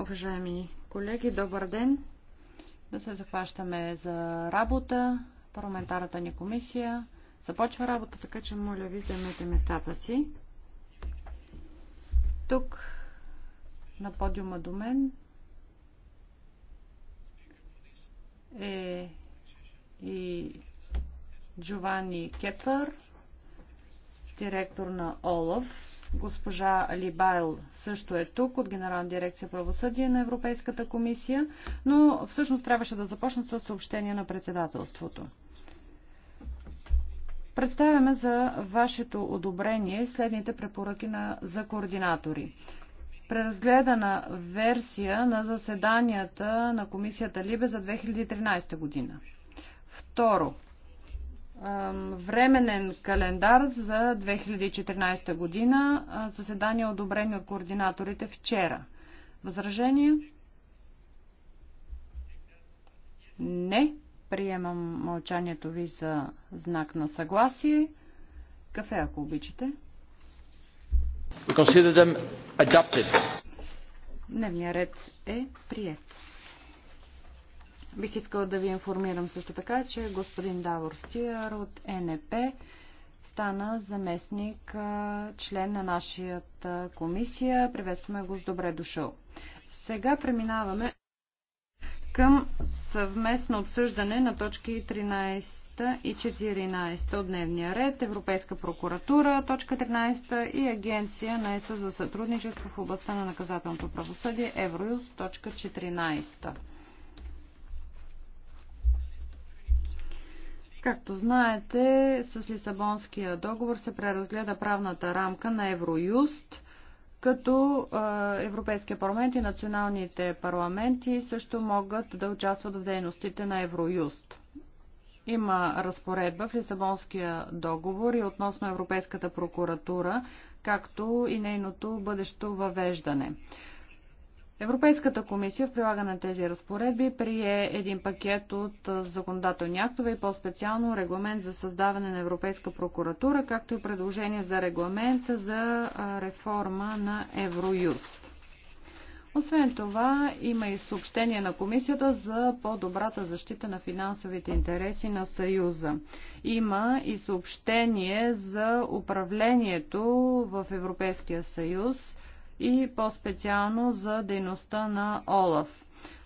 Уважаеми колеги, добър ден! Да се захващаме за работа. Парламентарната ни комисия започва работа, така че моля ви вземете местата си. Тук на подиума до мен е и Джовани Кетлър, директор на ОЛАФ, Госпожа Либайл също е тук от Генерална дирекция правосъдие на Европейската комисия, но всъщност трябваше да започнат с съобщение на председателството. Представяме за вашето одобрение следните препоръки на, за координатори. Преразгледана версия на заседанията на комисията Либе за 2013 година. Второ, временен календар за 2014 година. Заседание е одобрени от координаторите вчера. Възражение? Не. Приемам мълчанието ви за знак на съгласие. Кафе, ако обичате. Дневният ред е прият. Бих искала да ви информирам също така, че господин Давор Стиер от НП стана заместник член на нашата комисия. Приветстваме го с добре дошъл. Сега преминаваме към съвместно обсъждане на точки 13 и 14 от дневния ред, Европейска прокуратура, точка 13 и Агенция на ЕС за сътрудничество в областта на наказателното правосъдие, Евроюз, точка 14. Както знаете, с Лисабонския договор се преразгледа правната рамка на Евроюст, като Европейския парламент и националните парламенти също могат да участват в дейностите на Евроюст. Има разпоредба в Лисабонския договор и относно Европейската прокуратура, както и нейното бъдещо въвеждане. Европейската комисия в прилагане на тези разпоредби прие един пакет от законодателни актове и по-специално регламент за създаване на Европейска прокуратура, както и предложение за регламент за реформа на Евроюст. Освен това, има и съобщение на комисията за по-добрата защита на финансовите интереси на Съюза. Има и съобщение за управлението в Европейския съюз – и по-специално за дейността на ОЛАФ.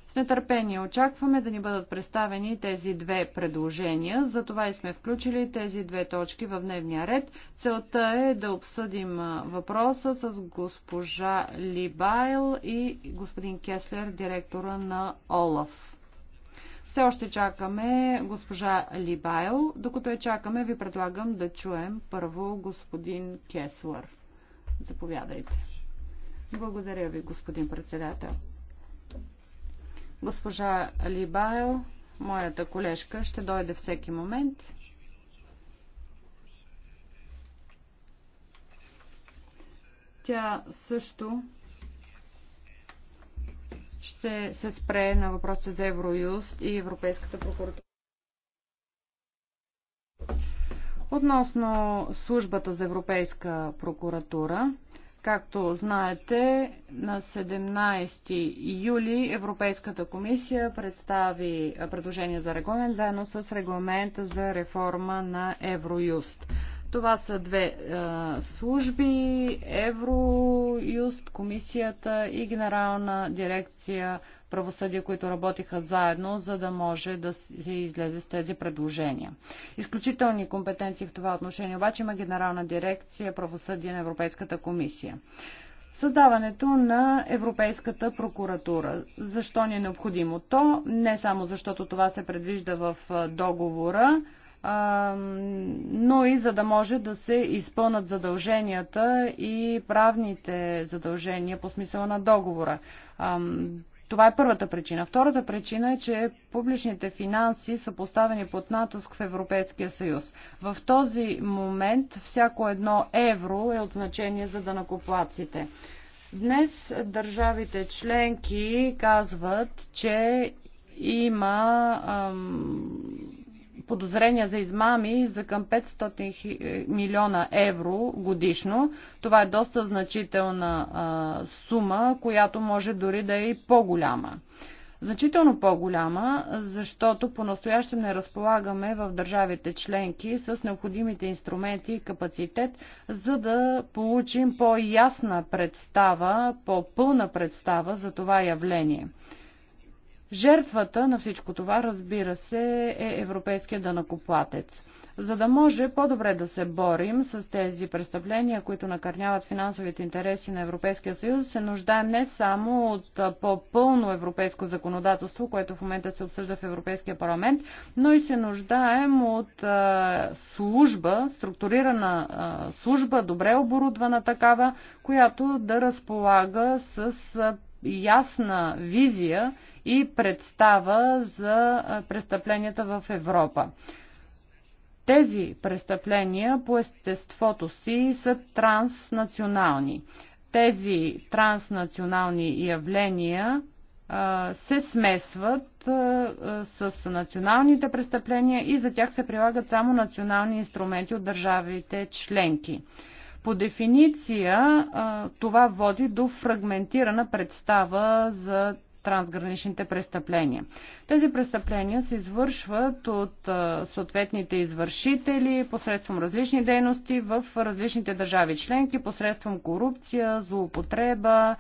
С нетърпение очакваме да ни бъдат представени тези две предложения, затова и сме включили тези две точки в дневния ред. Целта е да обсъдим въпроса с госпожа Либайл и господин Кеслер, директора на ОЛАФ. Все още чакаме госпожа Либайл. Докато я чакаме, ви предлагам да чуем първо господин Кеслър. Заповядайте. Благодаря ви, господин председател. Госпожа Либайл, моята колежка, ще дойде всеки момент. Тя също ще се спре на въпроса за Евроюст и Европейската прокуратура. Относно службата за Европейска прокуратура, Както знаете, на 17 юли Европейската комисия представи предложение за регламент заедно с регламент за реформа на Евроюст. Това са две а, е, служби, Евроюст, комисията и генерална дирекция правосъдие, които работиха заедно, за да може да се излезе с тези предложения. Изключителни компетенции в това отношение обаче има генерална дирекция правосъдие на Европейската комисия. Създаването на Европейската прокуратура. Защо ни е необходимо то? Не само защото това се предвижда в е, договора, но и за да може да се изпълнат задълженията и правните задължения по смисъла на договора. Това е първата причина. Втората причина е, че публичните финанси са поставени под натиск в Европейския съюз. В този момент всяко едно евро е от значение за данакоплаците. Днес държавите членки казват, че има ам, подозрения за измами за към 500 е, милиона евро годишно. Това е доста значителна а, сума, която може дори да е и по-голяма. Значително по-голяма, защото по-настоящем не разполагаме в държавите членки с необходимите инструменти и капацитет, за да получим по-ясна представа, по-пълна представа за това явление. Жертвата на всичко това, разбира се, е европейския данакоплатец. За да може по-добре да се борим с тези престъпления, които накърняват финансовите интереси на Европейския съюз, се нуждаем не само от по-пълно европейско законодателство, което в момента се обсъжда в Европейския парламент, но и се нуждаем от служба, структурирана служба, добре оборудвана такава, която да разполага с ясна визия и представа за престъпленията в Европа. Тези престъпления по естеството си са транснационални. Тези транснационални явления се смесват с националните престъпления и за тях се прилагат само национални инструменти от държавите членки. По дефиниция това води до фрагментирана представа за трансграничните престъпления. Тези престъпления се извършват от съответните извършители посредством различни дейности в различните държави членки, посредством корупция, злоупотреба,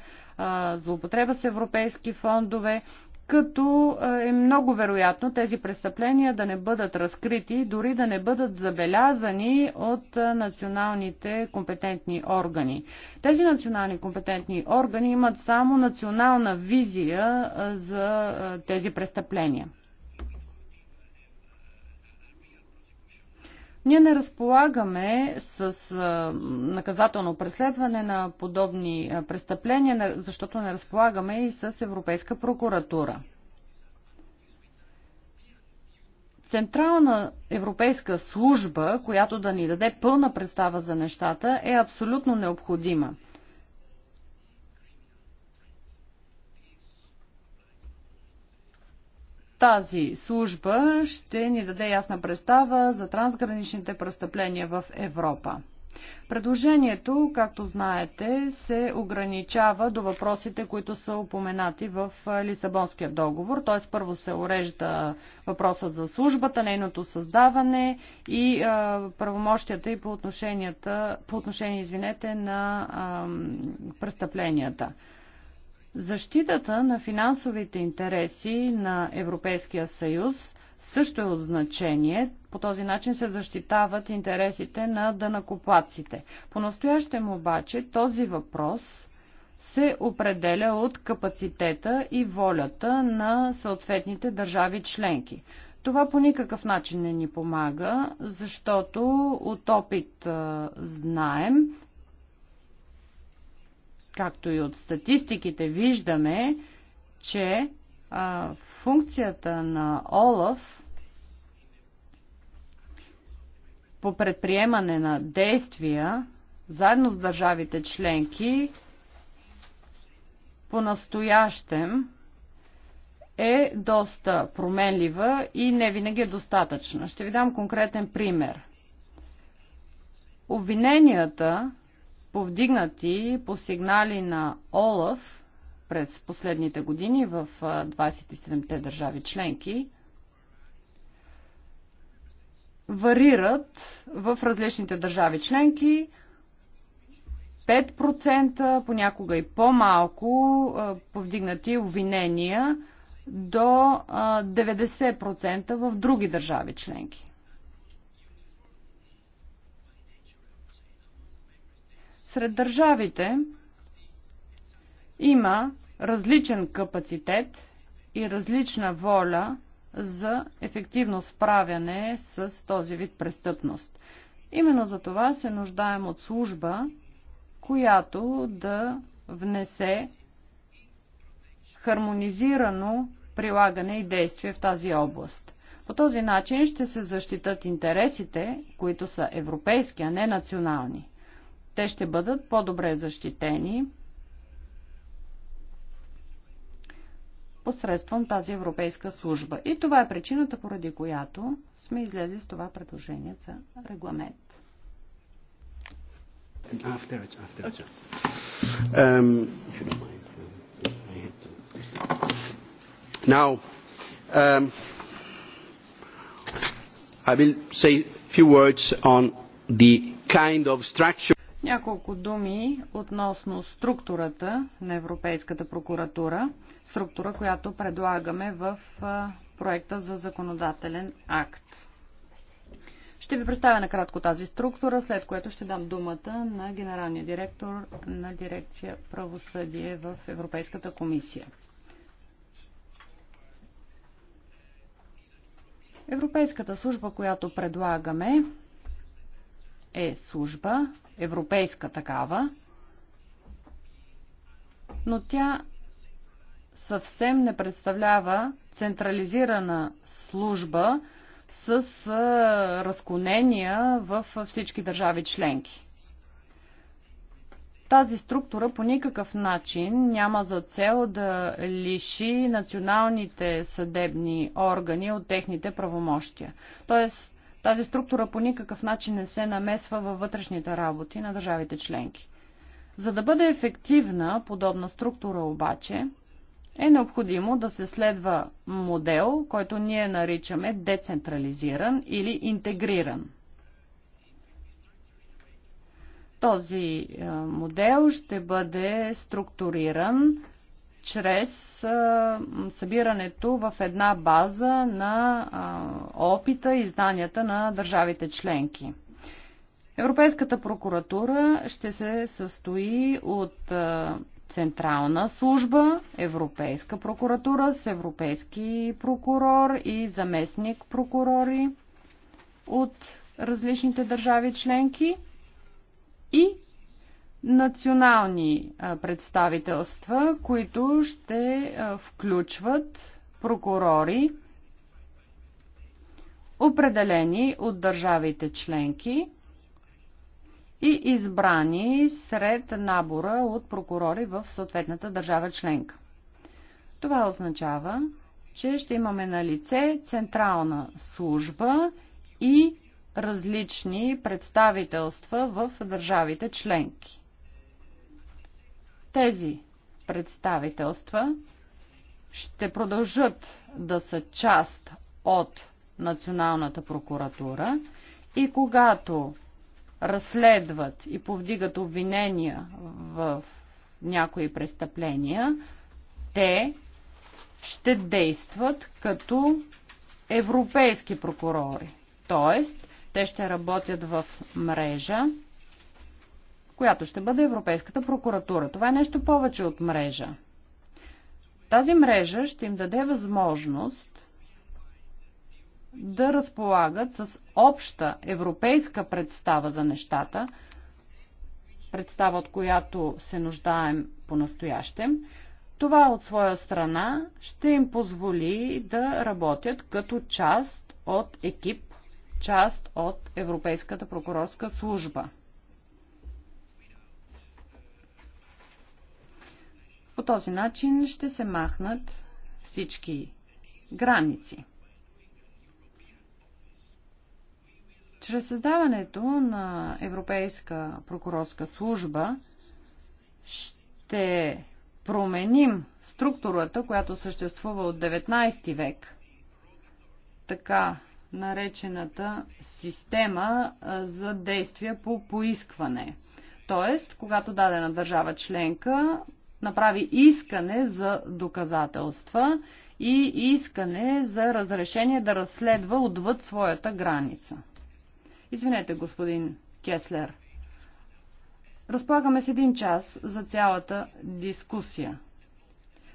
злоупотреба с европейски фондове като е много вероятно тези престъпления да не бъдат разкрити, дори да не бъдат забелязани от националните компетентни органи. Тези национални компетентни органи имат само национална визия за тези престъпления. Ние не разполагаме с наказателно преследване на подобни престъпления, защото не разполагаме и с Европейска прокуратура. Централна европейска служба, която да ни даде пълна представа за нещата, е абсолютно необходима. Тази служба ще ни даде ясна представа за трансграничните престъпления в Европа. Предложението, както знаете, се ограничава до въпросите, които са упоменати в Лисабонския договор. Т.е. първо се урежда въпросът за службата, нейното създаване и а, правомощията и по, отношенията, по отношение извинете, на а, престъпленията. Защитата на финансовите интереси на Европейския съюз също е от значение. По този начин се защитават интересите на дънакоплаците. По-настоящем обаче този въпрос се определя от капацитета и волята на съответните държави членки. Това по никакъв начин не ни помага, защото от опит знаем, както и от статистиките виждаме, че а, функцията на ОЛАФ по предприемане на действия заедно с държавите членки по-настоящем е доста променлива и не винаги е достатъчна. Ще ви дам конкретен пример. Обвиненията повдигнати по сигнали на ОЛАФ през последните години в 27-те държави членки варират в различните държави членки 5%, понякога и по-малко повдигнати обвинения до 90% в други държави членки. Сред държавите има различен капацитет и различна воля за ефективно справяне с този вид престъпност. Именно за това се нуждаем от служба, която да внесе хармонизирано прилагане и действие в тази област. По този начин ще се защитат интересите, които са европейски, а не национални. Те ще бъдат по-добре защитени посредством тази европейска служба. И това е причината, поради която сме излезли с това предложение за регламент. Um, now, um, I will say a few words on the kind of structure няколко думи относно структурата на Европейската прокуратура, структура, която предлагаме в проекта за законодателен акт. Ще ви представя накратко тази структура, след което ще дам думата на генералния директор на дирекция правосъдие в Европейската комисия. Европейската служба, която предлагаме, е служба, европейска такава, но тя съвсем не представлява централизирана служба с разклонения в всички държави членки. Тази структура по никакъв начин няма за цел да лиши националните съдебни органи от техните правомощия. Тоест, тази структура по никакъв начин не се намесва във вътрешните работи на държавите членки. За да бъде ефективна подобна структура обаче, е необходимо да се следва модел, който ние наричаме децентрализиран или интегриран. Този е, модел ще бъде структуриран чрез събирането в една база на опита и знанията на държавите членки. Европейската прокуратура ще се състои от Централна служба, Европейска прокуратура с европейски прокурор и заместник прокурори от различните държави членки и национални представителства, които ще включват прокурори, определени от държавите членки и избрани сред набора от прокурори в съответната държава членка. Това означава, че ще имаме на лице централна служба и различни представителства в държавите членки. Тези представителства ще продължат да са част от Националната прокуратура и когато разследват и повдигат обвинения в някои престъпления, те ще действат като европейски прокурори. Тоест, те ще работят в мрежа която ще бъде Европейската прокуратура. Това е нещо повече от мрежа. Тази мрежа ще им даде възможност да разполагат с обща европейска представа за нещата, представа от която се нуждаем по-настоящем. Това от своя страна ще им позволи да работят като част от екип, част от Европейската прокурорска служба. този начин ще се махнат всички граници. Чрез създаването на Европейска прокурорска служба ще променим структурата, която съществува от 19 век, така наречената система за действия по поискване. Тоест, когато дадена държава членка направи искане за доказателства и искане за разрешение да разследва отвъд своята граница. Извинете, господин Кеслер. Разполагаме с един час за цялата дискусия.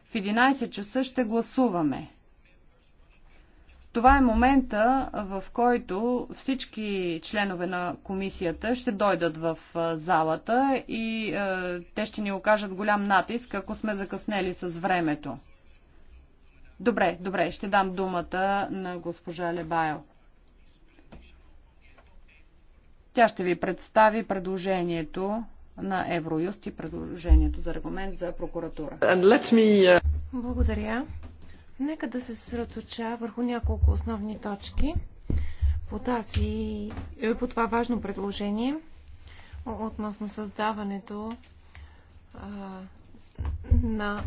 В 11 часа ще гласуваме. Това е момента, в който всички членове на комисията ще дойдат в залата и е, те ще ни окажат голям натиск, ако сме закъснели с времето. Добре, добре, ще дам думата на госпожа Лебайл. Тя ще ви представи предложението на Евроюст и предложението за регламент за прокуратура. Me... Uh, Благодаря. Нека да се съсредоточа върху няколко основни точки по, тази, е, по това важно предложение относно създаването а, на,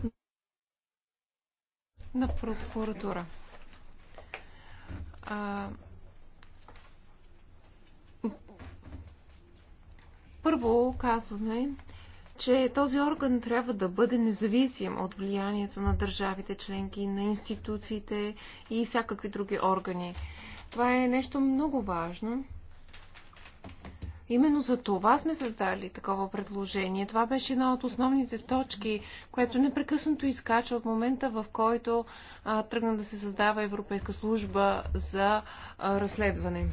на прокуратура. А, първо казваме, че този орган трябва да бъде независим от влиянието на държавите членки, на институциите и всякакви други органи. Това е нещо много важно. Именно за това сме създали такова предложение. Това беше една от основните точки, което непрекъснато изкача от момента, в който а, тръгна да се създава Европейска служба за а, разследване.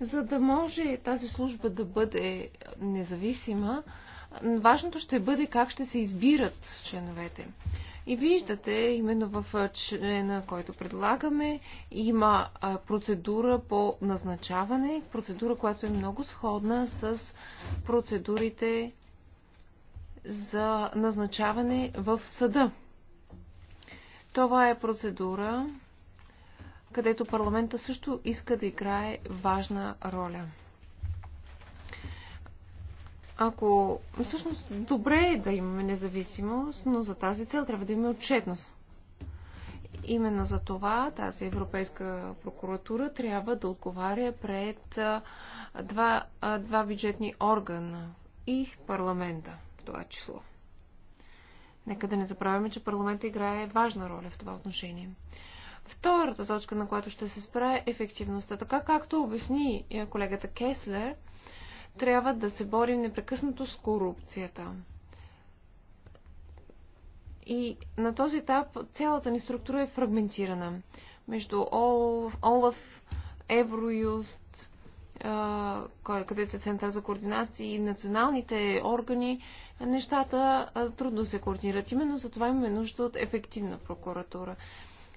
За да може тази служба да бъде независима, важното ще бъде как ще се избират членовете. И виждате, именно в члена, който предлагаме, има процедура по назначаване, процедура, която е много сходна с процедурите за назначаване в съда. Това е процедура, където парламента също иска да играе важна роля. Ако всъщност добре е да имаме независимост, но за тази цел трябва да имаме отчетност. Именно за това тази Европейска прокуратура трябва да отговаря пред два, два бюджетни органа и парламента в това число. Нека да не забравяме, че парламента играе важна роля в това отношение. Втората точка, на която ще се спра е ефективността. Така както обясни е, колегата Кеслер, трябва да се борим непрекъснато с корупцията. И на този етап цялата ни структура е фрагментирана. Между ОЛАФ, Евроюст, е, където е Център за координация и националните органи, нещата е, трудно се координират. Именно за това имаме нужда от ефективна прокуратура.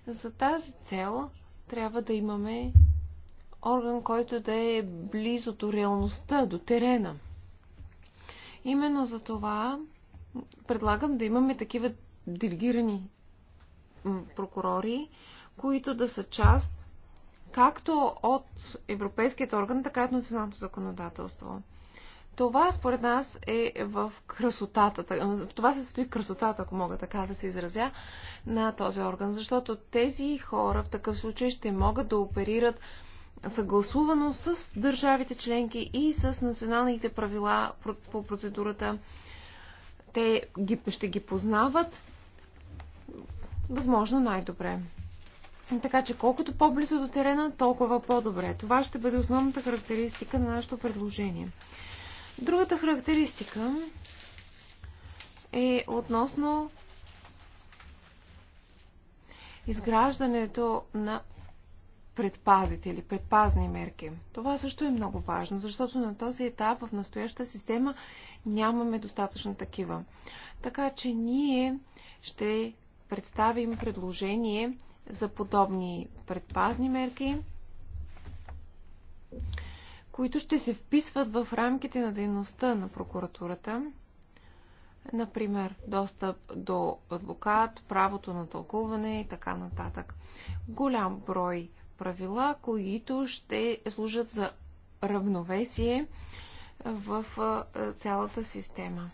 За тази цел трябва да имаме орган, който да е близо до реалността, до терена. Именно за това предлагам да имаме такива делегирани прокурори, които да са част както от Европейският орган, така и от националното законодателство. Това според нас е в красотата. В това се състои красотата, ако мога така да се изразя, на този орган. Защото тези хора в такъв случай ще могат да оперират съгласувано с държавите членки и с националните правила по процедурата. Те ги, ще ги познават възможно най-добре. Така че колкото по-близо до терена, толкова по-добре. Това ще бъде основната характеристика на нашето предложение. Другата характеристика е относно изграждането на предпазите или предпазни мерки. Това също е много важно, защото на този етап в настоящата система нямаме достатъчно такива. Така че ние ще представим предложение за подобни предпазни мерки които ще се вписват в рамките на дейността на прокуратурата. Например, достъп до адвокат, правото на тълкуване и така нататък. Голям брой правила, които ще служат за равновесие в цялата система.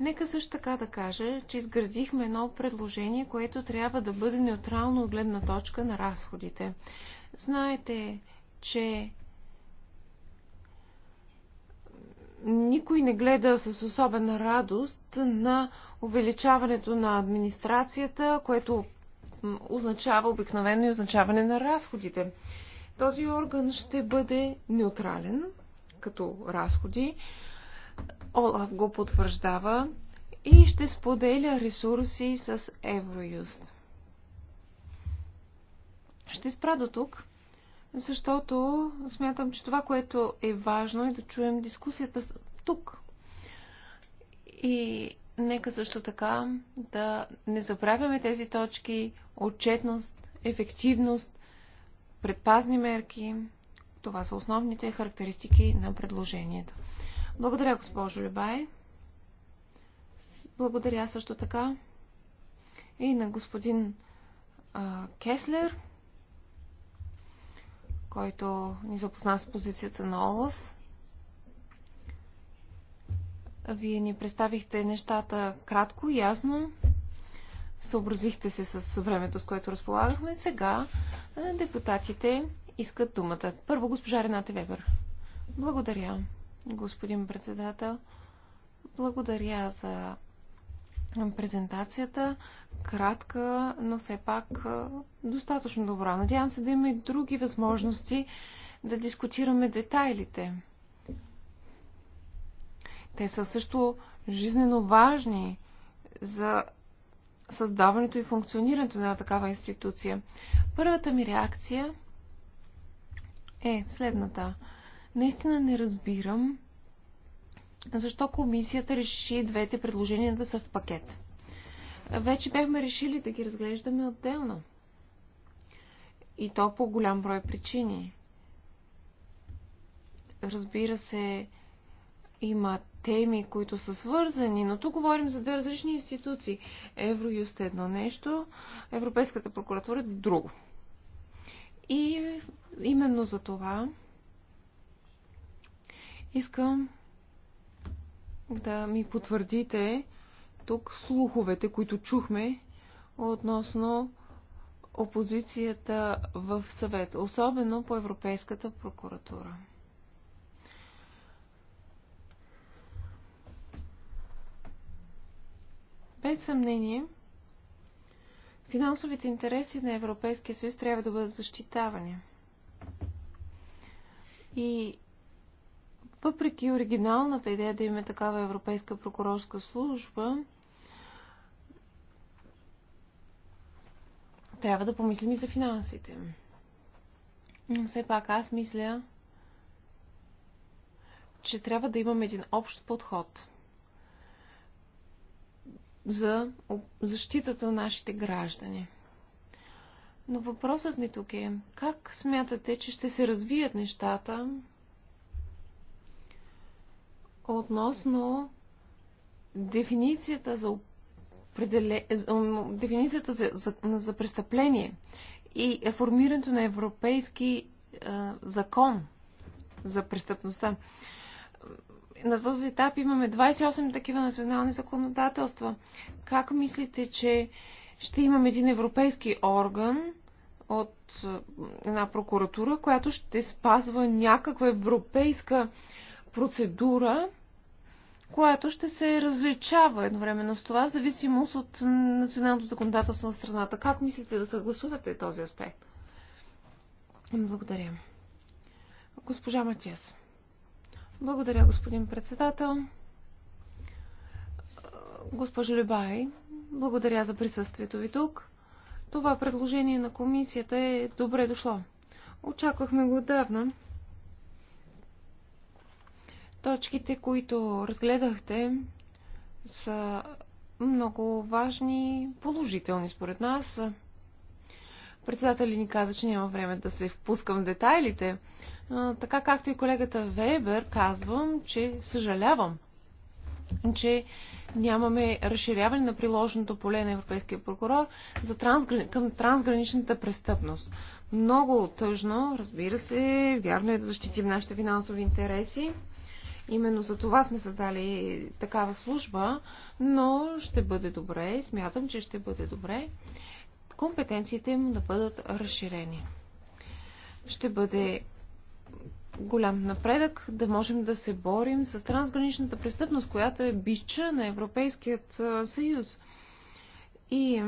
Нека също така да кажа, че изградихме едно предложение, което трябва да бъде неутрално от гледна точка на разходите. Знаете, че никой не гледа с особена радост на увеличаването на администрацията, което означава обикновено и означаване на разходите. Този орган ще бъде неутрален като разходи. Олаф го потвърждава и ще споделя ресурси с Евроюст. Ще спра до тук защото смятам, че това, което е важно е да чуем дискусията тук. И нека също така да не забравяме тези точки отчетност, ефективност, предпазни мерки. Това са основните характеристики на предложението. Благодаря, госпожо Любай. Благодаря също така и на господин а, Кеслер който ни запозна с позицията на Олаф. Вие ни представихте нещата кратко и ясно. Съобразихте се с времето, с което разполагахме. Сега е, депутатите искат думата. Първо госпожа Рената Вебер. Благодаря, господин председател. Благодаря за презентацията. Кратка, но все пак достатъчно добра. Надявам се да има и други възможности да дискутираме детайлите. Те са също жизнено важни за създаването и функционирането на такава институция. Първата ми реакция е следната. Наистина не разбирам защо комисията реши двете предложения да са в пакет. Вече бяхме решили да ги разглеждаме отделно. И то по голям брой причини. Разбира се, има теми, които са свързани, но тук говорим за две различни институции. Евроюст е едно нещо, Европейската прокуратура е друго. И именно за това искам да ми потвърдите тук слуховете, които чухме относно опозицията в съвет, особено по Европейската прокуратура. Без съмнение, финансовите интереси на Европейския съюз трябва да бъдат защитавани. И въпреки оригиналната идея да има такава Европейска прокурорска служба, трябва да помислим и за финансите. Но все пак аз мисля, че трябва да имаме един общ подход за защитата на нашите граждани. Но въпросът ми тук е, как смятате, че ще се развият нещата относно дефиницията за, определе... дефиницията за, за, за престъпление и формирането на европейски а, е, закон за престъпността. На този етап имаме 28 такива национални законодателства. Как мислите, че ще имаме един европейски орган от е, една прокуратура, която ще спазва някаква европейска а, процедура, която ще се различава едновременно с това, в зависимост от националното законодателство на страната. Как мислите да съгласувате този аспект? Благодаря. Госпожа Матиас. Благодаря, господин председател. Госпожо Любай, благодаря за присъствието ви тук. Това предложение на комисията е добре дошло. Очаквахме го отдавна. Точките, които разгледахте, са много важни, положителни според нас. Председателят ни каза, че няма време да се впускам в детайлите. Така както и колегата Вебер, казвам, че съжалявам, че нямаме разширяване на приложеното поле на Европейския прокурор за трансграни... към трансграничната престъпност. Много тъжно, разбира се, вярно е да защитим нашите финансови интереси, Именно за това сме създали такава служба, но ще бъде добре, смятам, че ще бъде добре, компетенциите им да бъдат разширени. Ще бъде голям напредък да можем да се борим с трансграничната престъпност, която е бича на Европейският съюз. И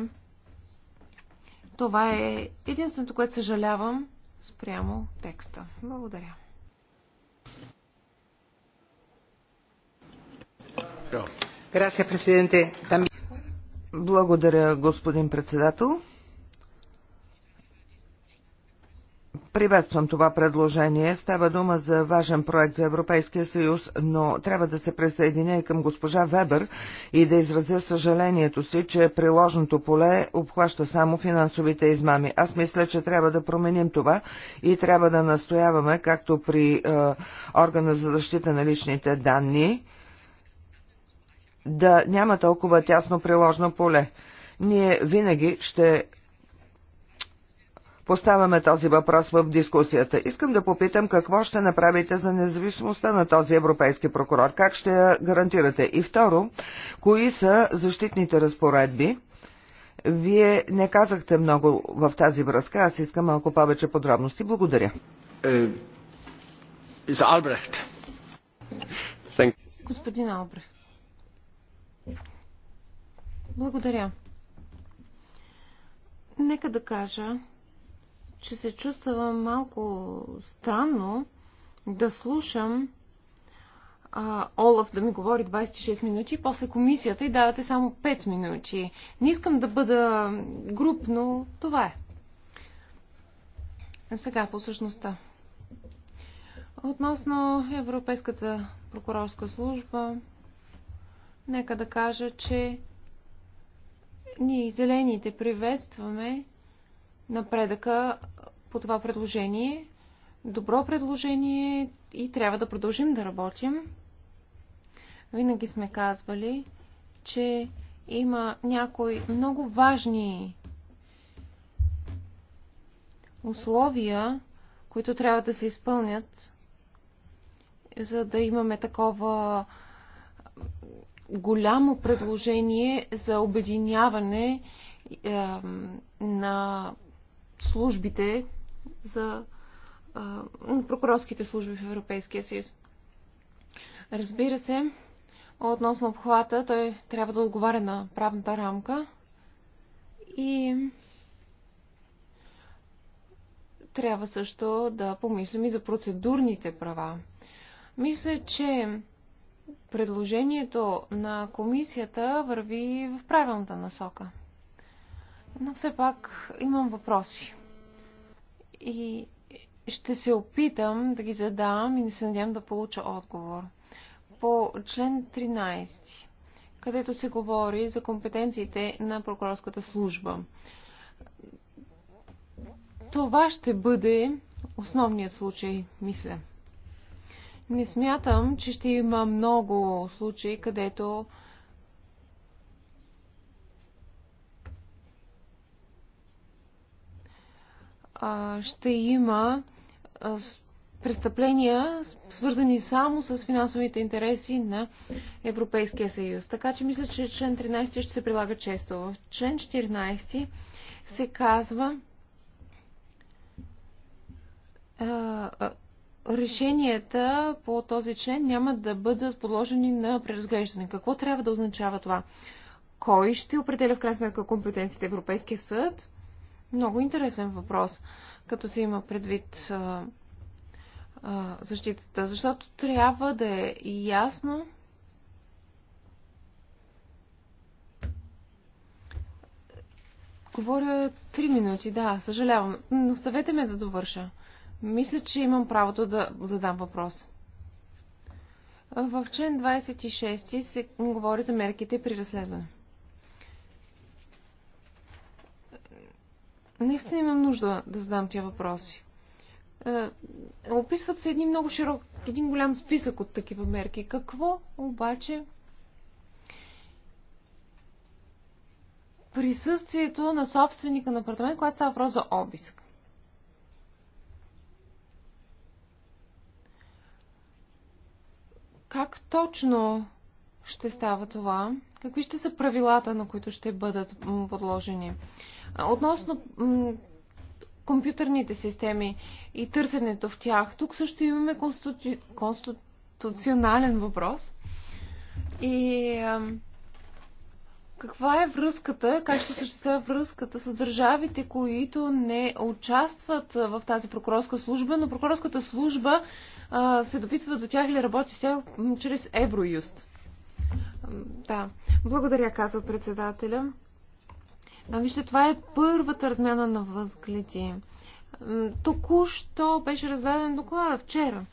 това е единственото, което съжалявам спрямо текста. Благодаря. Благодаря, господин председател. Приветствам това предложение. Става дума за важен проект за Европейския съюз, но трябва да се присъединя и към госпожа Вебер и да изразя съжалението си, че приложното поле обхваща само финансовите измами. Аз мисля, че трябва да променим това и трябва да настояваме, както при е, органа за защита на личните данни, да няма толкова тясно приложно поле. Ние винаги ще Поставяме този въпрос в дискусията. Искам да попитам какво ще направите за независимостта на този европейски прокурор. Как ще я гарантирате? И второ, кои са защитните разпоредби? Вие не казахте много в тази връзка. Аз искам малко повече подробности. Благодаря. Е, Господин Албрехт. Благодаря. Нека да кажа, че се чувствам малко странно да слушам а, Олаф да ми говори 26 минути, после комисията и давате само 5 минути. Не искам да бъда груп, но това е. Сега по същността. Относно Европейската прокурорска служба, нека да кажа, че ние, зелените, приветстваме напредъка по това предложение. Добро предложение и трябва да продължим да работим. Винаги сме казвали, че има някои много важни условия, които трябва да се изпълнят, за да имаме такова голямо предложение за обединяване на службите за прокурорските служби в Европейския съюз. Разбира се, относно обхвата, той трябва да отговаря на правната рамка и трябва също да помислим и за процедурните права. Мисля, че предложението на комисията върви в правилната насока. Но все пак имам въпроси. И ще се опитам да ги задам и не се надявам да получа отговор. По член 13, където се говори за компетенциите на прокурорската служба. Това ще бъде основният случай, мисля. Не смятам, че ще има много случаи, където ще има престъпления, свързани само с финансовите интереси на Европейския съюз. Така че мисля, че член 13 ще се прилага често. В член 14 се казва решенията по този член няма да бъдат подложени на преразглеждане. Какво трябва да означава това? Кой ще определя в крайна сметка компетенциите Европейския съд? Много интересен въпрос, като се има предвид а, а, защитата, защото трябва да е ясно Говоря три минути, да, съжалявам. Но ставете ме да довърша. Мисля, че имам правото да задам въпрос. В член 26 се говори за мерките при разследване. Наистина имам нужда да задам тия въпроси. Е, описват се един много широк, един голям списък от такива мерки. Какво обаче присъствието на собственика на апартамент, когато става въпрос за обиск? Как точно ще става това? Какви ще са правилата, на които ще бъдат подложени? Относно компютърните системи и търсенето в тях, тук също имаме конститу... конституционален въпрос. И каква е връзката, как ще съществува връзката с държавите, които не участват в тази прокурорска служба, но прокурорската служба а, се допитва до тях или работи с тях чрез Евроюст? Да, благодаря, казва председателя. А, вижте, това е първата размяна на възгледи. Току-що беше раздаден доклада вчера.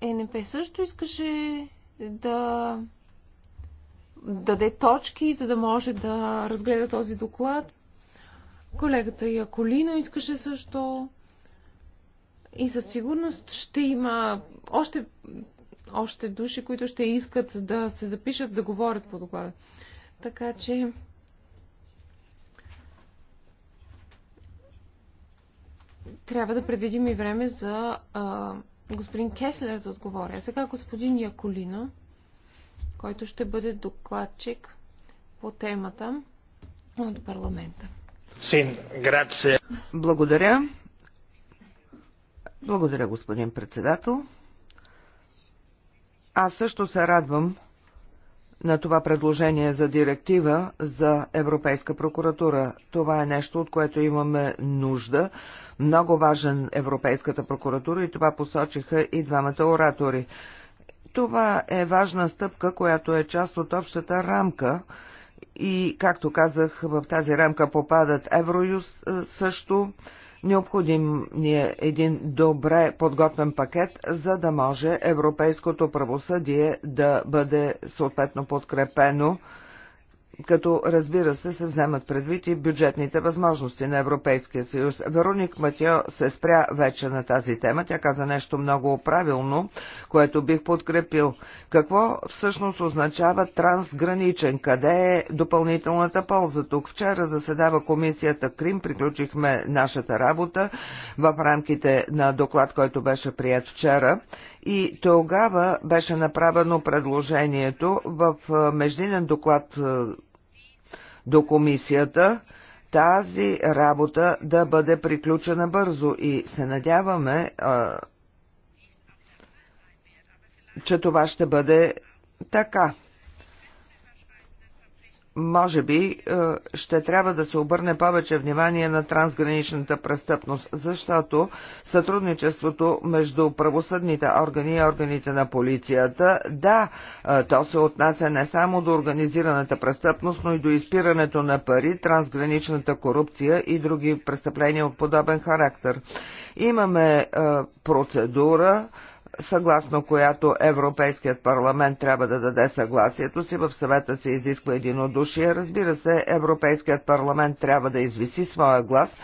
ЕНП също искаше да даде точки, за да може да разгледа този доклад. Колегата Яколино искаше също. И със сигурност ще има още, още души, които ще искат да се запишат да говорят по доклада. Така че. Трябва да предвидим и време за а, господин Кеслер да отговоря. Сега господин Яколина, който ще бъде докладчик по темата от парламента. Син, грация. Благодаря. Благодаря, господин председател. Аз също се радвам на това предложение за директива за Европейска прокуратура. Това е нещо, от което имаме нужда много важен Европейската прокуратура и това посочиха и двамата оратори. Това е важна стъпка, която е част от общата рамка и, както казах, в тази рамка попадат Евроюз е, също. Необходим ни е един добре подготвен пакет, за да може европейското правосъдие да бъде съответно подкрепено като разбира се се вземат предвид и бюджетните възможности на Европейския съюз. Вероник Матио се спря вече на тази тема. Тя каза нещо много правилно, което бих подкрепил. Какво всъщност означава трансграничен? Къде е допълнителната полза тук? Вчера заседава комисията Крим, приключихме нашата работа в рамките на доклад, който беше прият вчера и тогава беше направено предложението в междинен доклад до комисията тази работа да бъде приключена бързо и се надяваме, че това ще бъде така може би е, ще трябва да се обърне повече внимание на трансграничната престъпност, защото сътрудничеството между правосъдните органи и органите на полицията, да, е, то се отнася не само до организираната престъпност, но и до изпирането на пари, трансграничната корупция и други престъпления от подобен характер. Имаме е, процедура, съгласно която Европейският парламент трябва да даде съгласието си. В съвета се изисква единодушие. Разбира се, Европейският парламент трябва да извиси своя глас.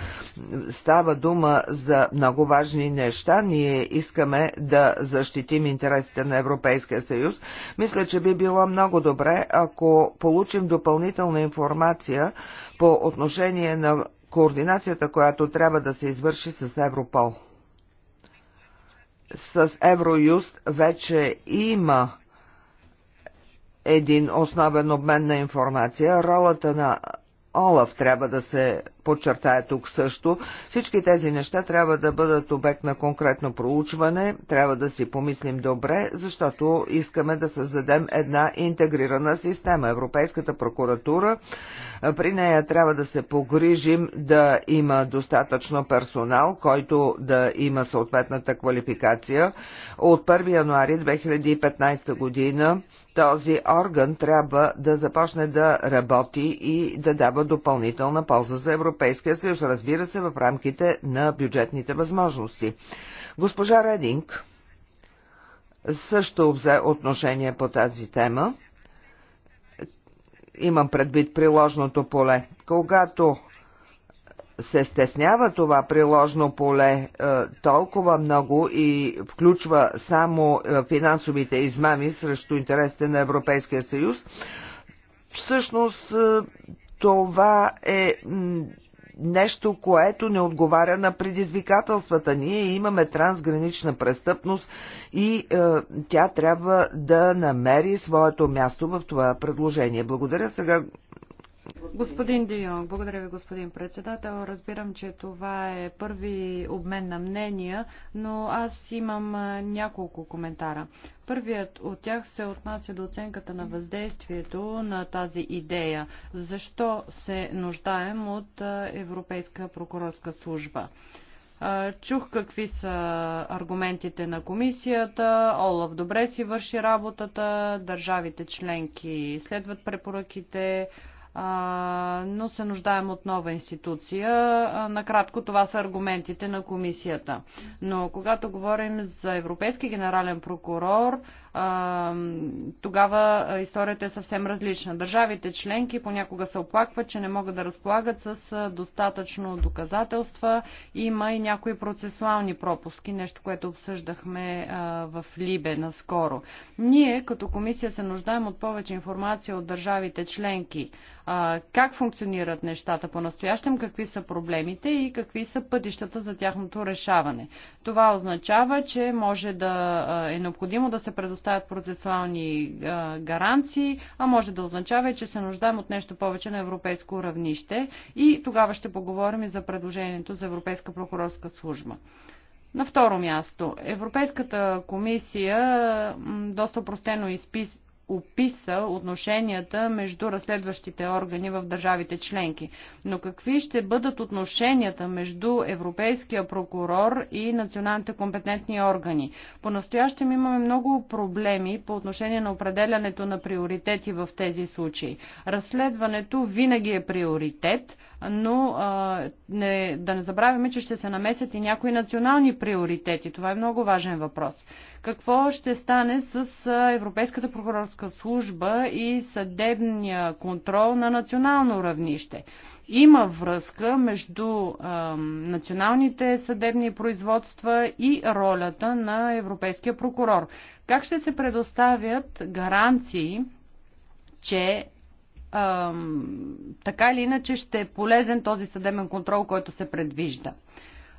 Става дума за много важни неща. Ние искаме да защитим интересите на Европейския съюз. Мисля, че би било много добре, ако получим допълнителна информация по отношение на координацията, която трябва да се извърши с Европол с Евроюст вече има един основен обмен на информация. Ролата на Олаф трябва да се подчертая тук също. Всички тези неща трябва да бъдат обект на конкретно проучване, трябва да си помислим добре, защото искаме да създадем една интегрирана система. Европейската прокуратура, при нея трябва да се погрижим да има достатъчно персонал, който да има съответната квалификация. От 1 януари 2015 година този орган трябва да започне да работи и да дава допълнителна полза за Европейската. Европейския съюз, разбира се, в рамките на бюджетните възможности. Госпожа Рединг също взе отношение по тази тема. Имам предвид приложното поле. Когато се стеснява това приложно поле е, толкова много и включва само е, финансовите измами срещу интересите на Европейския съюз, всъщност е, това е нещо, което не отговаря на предизвикателствата. Ние имаме трансгранична престъпност и е, тя трябва да намери своето място в това предложение. Благодаря сега Господин Дион, благодаря ви, господин председател. Разбирам, че това е първи обмен на мнения, но аз имам няколко коментара. Първият от тях се отнася до оценката на въздействието на тази идея. Защо се нуждаем от Европейска прокурорска служба? Чух какви са аргументите на комисията. Олаф добре си върши работата, държавите членки следват препоръките, но се нуждаем от нова институция. Накратко това са аргументите на комисията. Но когато говорим за Европейски генерален прокурор, тогава историята е съвсем различна. Държавите членки понякога се оплакват, че не могат да разполагат с достатъчно доказателства. Има и някои процесуални пропуски, нещо, което обсъждахме в Либе наскоро. Ние като комисия се нуждаем от повече информация от държавите членки. Как функционират нещата по-настоящем, какви са проблемите и какви са пътищата за тяхното решаване. Това означава, че може да е необходимо да се предоставят предоставят процесуални гаранции, а може да означава и, че се нуждаем от нещо повече на европейско равнище и тогава ще поговорим и за предложението за Европейска прокурорска служба. На второ място, Европейската комисия доста простено изпис описа отношенията между разследващите органи в държавите членки. Но какви ще бъдат отношенията между Европейския прокурор и националните компетентни органи? По-настоящем имаме много проблеми по отношение на определянето на приоритети в тези случаи. Разследването винаги е приоритет, но а, не, да не забравяме, че ще се намесят и някои национални приоритети. Това е много важен въпрос. Какво ще стане с Европейската прокурорска служба и съдебния контрол на национално равнище? Има връзка между а, националните съдебни производства и ролята на Европейския прокурор. Как ще се предоставят гаранции, че а, така или иначе ще е полезен този съдебен контрол, който се предвижда?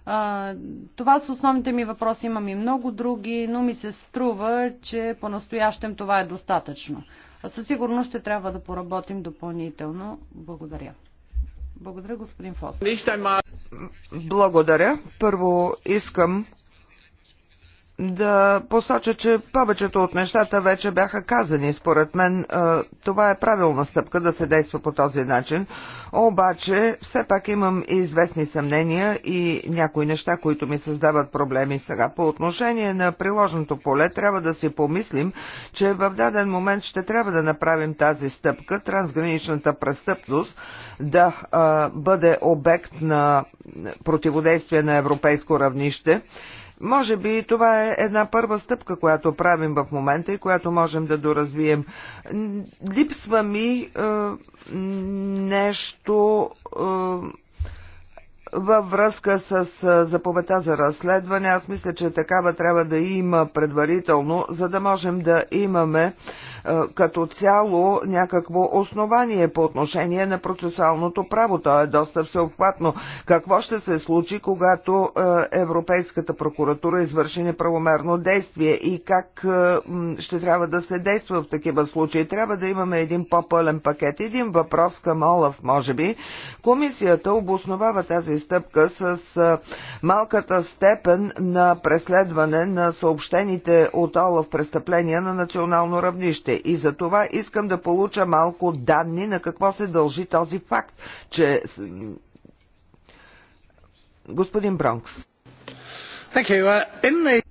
А, това са основните ми въпроси. Имам и много други, но ми се струва, че по-настоящем това е достатъчно. А със сигурност ще трябва да поработим допълнително. Благодаря. Благодаря, господин Фос. Благодаря. Първо искам да посоча, че повечето от нещата вече бяха казани. Според мен е, това е правилна стъпка да се действа по този начин. Обаче, все пак имам и известни съмнения и някои неща, които ми създават проблеми сега. По отношение на приложното поле, трябва да си помислим, че в даден момент ще трябва да направим тази стъпка, трансграничната престъпност да е, бъде обект на противодействие на европейско равнище може би това е една първа стъпка, която правим в момента и която можем да доразвием. Липсва ми е, нещо е, във връзка с е, заповедта за разследване. Аз мисля, че такава трябва да има предварително, за да можем да имаме е, като цяло някакво основание по отношение на процесуалното право. То е доста всеобхватно. Какво ще се случи, когато е, Европейската прокуратура извърши неправомерно действие и как е, ще трябва да се действа в такива случаи? Трябва да имаме един по-пълен пакет. Един въпрос към Олаф, може би. Комисията обосновава тази стъпка с малката степен на преследване на съобщените от Олаф престъпления на национално равнище данните и за това искам да получа малко данни на какво се дължи този факт, че господин Бронкс. Uh,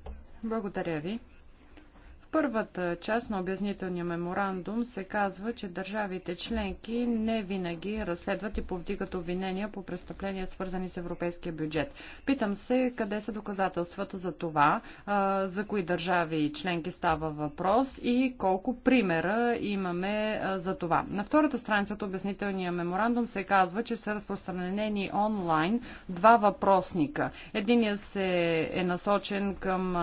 Благодаря ви първата част на обяснителния меморандум се казва, че държавите членки не винаги разследват и повдигат обвинения по престъпления, свързани с европейския бюджет. Питам се къде са доказателствата за това, за кои държави и членки става въпрос и колко примера имаме за това. На втората страница от обяснителния меморандум се казва, че са разпространени онлайн два въпросника. Единият се е насочен към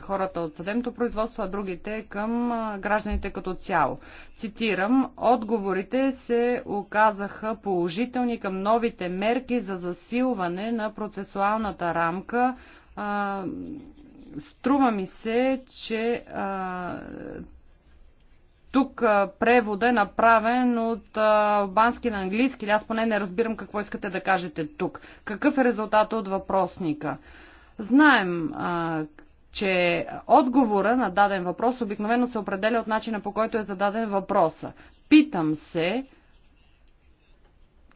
хората от съдебното производство, а другите към гражданите като цяло. Цитирам, отговорите се оказаха положителни към новите мерки за засилване на процесуалната рамка. Струва ми се, че тук превода е направен от албански на английски. Аз поне не разбирам какво искате да кажете тук. Какъв е резултатът от въпросника? Знаем а, че отговора на даден въпрос обикновено се определя от начина по който е зададен въпроса. Питам се,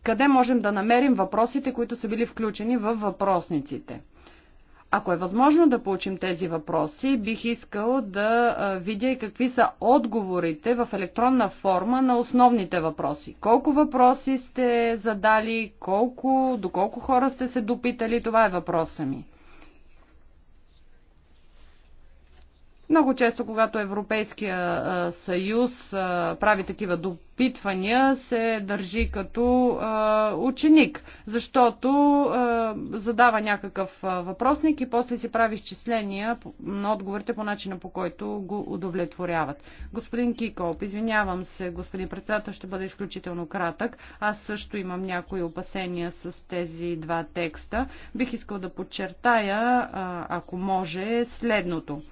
къде можем да намерим въпросите, които са били включени в въпросниците. Ако е възможно да получим тези въпроси, бих искал да видя и какви са отговорите в електронна форма на основните въпроси. Колко въпроси сте задали, колко, до колко хора сте се допитали, това е въпроса ми. Много често, когато Европейския съюз прави такива допитвания, се държи като ученик, защото задава някакъв въпросник и после си прави изчисления на отговорите по начина по който го удовлетворяват. Господин Киков, извинявам се, господин председател, ще бъда изключително кратък. Аз също имам някои опасения с тези два текста. Бих искал да подчертая, ако може, следното.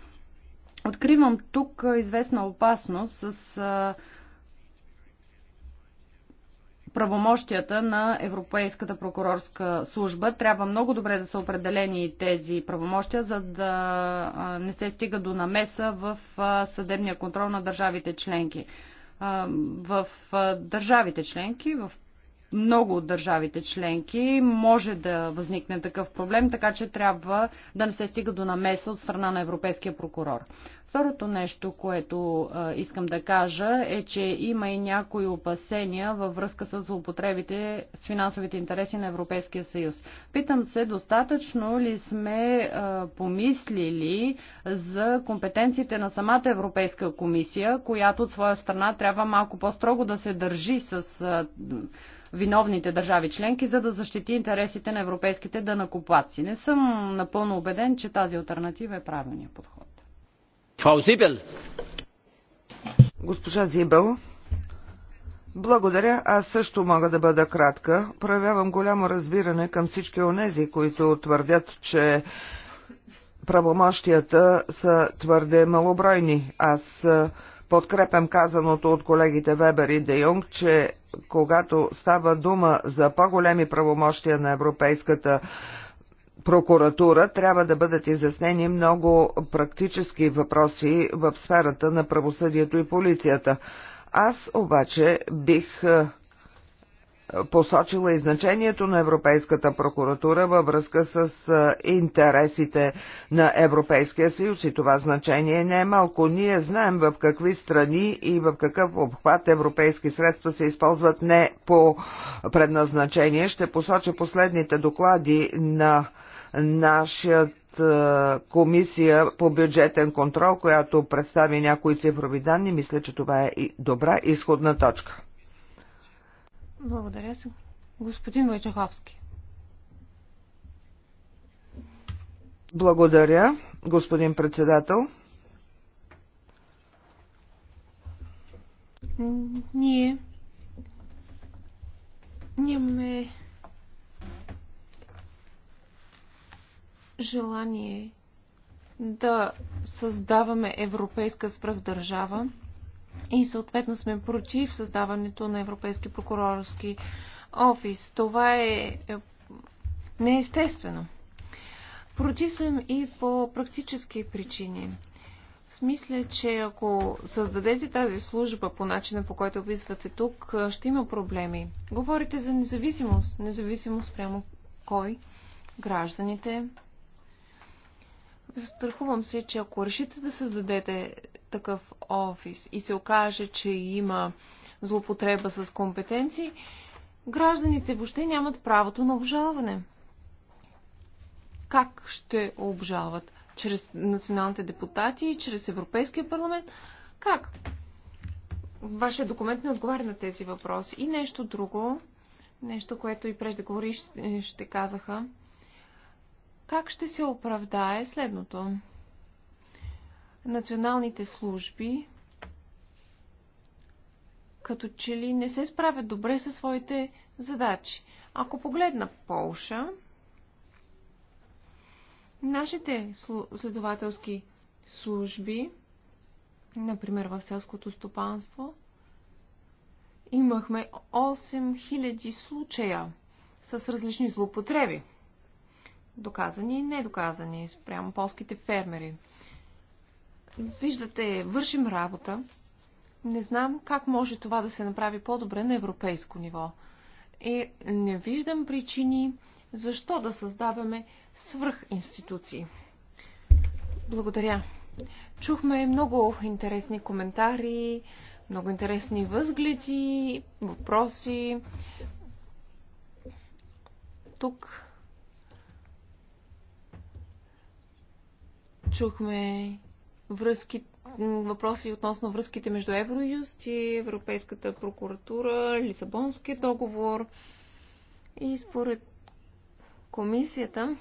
Откривам тук известна опасност с правомощията на Европейската прокурорска служба. Трябва много добре да са определени тези правомощия, за да не се стига до намеса в съдебния контрол на държавите членки. В държавите членки, в много от държавите членки може да възникне такъв проблем, така че трябва да не се стига до намеса от страна на Европейския прокурор. Второто нещо, което а, искам да кажа е, че има и някои опасения във връзка с злоупотребите с финансовите интереси на Европейския съюз. Питам се, достатъчно ли сме а, помислили за компетенциите на самата Европейска комисия, която от своя страна трябва малко по-строго да се държи с. А, виновните държави членки, за да защити интересите на европейските дънакоплаци. Не съм напълно убеден, че тази альтернатива е правилният подход. Фрау Зибел. Госпожа Зибел. Благодаря, аз също мога да бъда кратка. Проявявам голямо разбиране към всички онези, които твърдят, че правомощията са твърде малобройни. Аз Подкрепям казаното от колегите Вебер и Де Юнг, че когато става дума за по-големи правомощия на Европейската прокуратура трябва да бъдат изяснени много практически въпроси в сферата на правосъдието и полицията. Аз обаче бих посочила и значението на Европейската прокуратура във връзка с интересите на Европейския съюз и това значение не е малко. Ние знаем в какви страни и в какъв обхват европейски средства се използват не по предназначение. Ще посоча последните доклади на нашият комисия по бюджетен контрол, която представи някои цифрови данни. Мисля, че това е и добра изходна точка. Благодаря се. Господин Войчаховски. Благодаря, господин председател. Ние нямаме желание да създаваме европейска справдържава и съответно сме против създаването на Европейски прокурорски офис. Това е, е неестествено. Против съм и по практически причини. Смисля, че ако създадете тази служба по начина по който описвате тук, ще има проблеми. Говорите за независимост. Независимост прямо кой? Гражданите. Страхувам се, че ако решите да създадете такъв офис и се окаже, че има злопотреба с компетенции, гражданите въобще нямат правото на обжалване. Как ще обжалват? Чрез националните депутати, чрез Европейския парламент? Как? Вашия документ не отговаря на тези въпроси. И нещо друго, нещо, което и преждеговорившите казаха. Как ще се оправдае следното? националните служби като че ли не се справят добре със своите задачи. Ако погледна Полша, нашите следователски служби, например в селското стопанство, имахме 8000 случая с различни злоупотреби. Доказани и недоказани спрямо полските фермери. Виждате, вършим работа. Не знам как може това да се направи по-добре на европейско ниво. И не виждам причини защо да създаваме свръхинституции. Благодаря. Чухме много интересни коментари, много интересни възгледи, въпроси. Тук чухме връзки, въпроси относно връзките между Евроюст и Европейската прокуратура, Лисабонския договор. И според комисията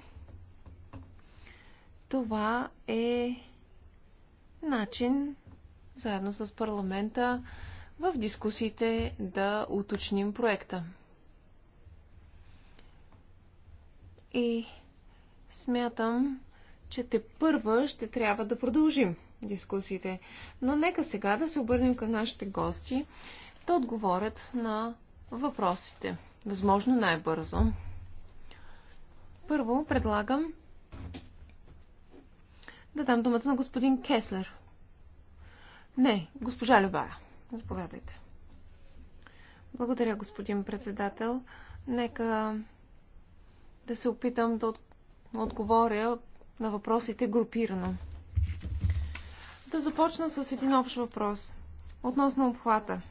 това е начин, заедно с парламента, в дискусиите да уточним проекта. И смятам, че те първа ще трябва да продължим дискусиите. Но нека сега да се обърнем към нашите гости да отговорят на въпросите. Възможно най-бързо. Първо предлагам да дам думата на господин Кеслер. Не, госпожа Любая. Заповядайте. Благодаря, господин председател. Нека да се опитам да отговоря на въпросите групирано. Да започна с един общ въпрос относно обхвата.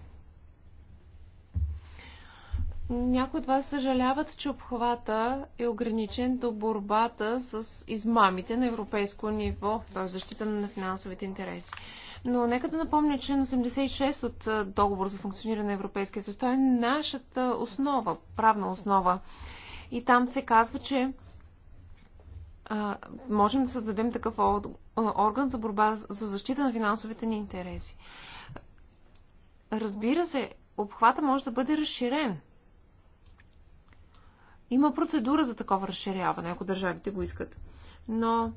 Някои от вас съжаляват, че обхвата е ограничен до борбата с измамите на европейско ниво, т.е. защита на финансовите интереси. Но нека да напомня член 86 от договор за функциониране на Европейския съюз. Той е нашата основа, правна основа. И там се казва, че а, можем да създадем такъв орган за борба за защита на финансовите ни интереси. Разбира се, обхвата може да бъде разширен. Има процедура за такова разширяване, ако държавите го искат. Но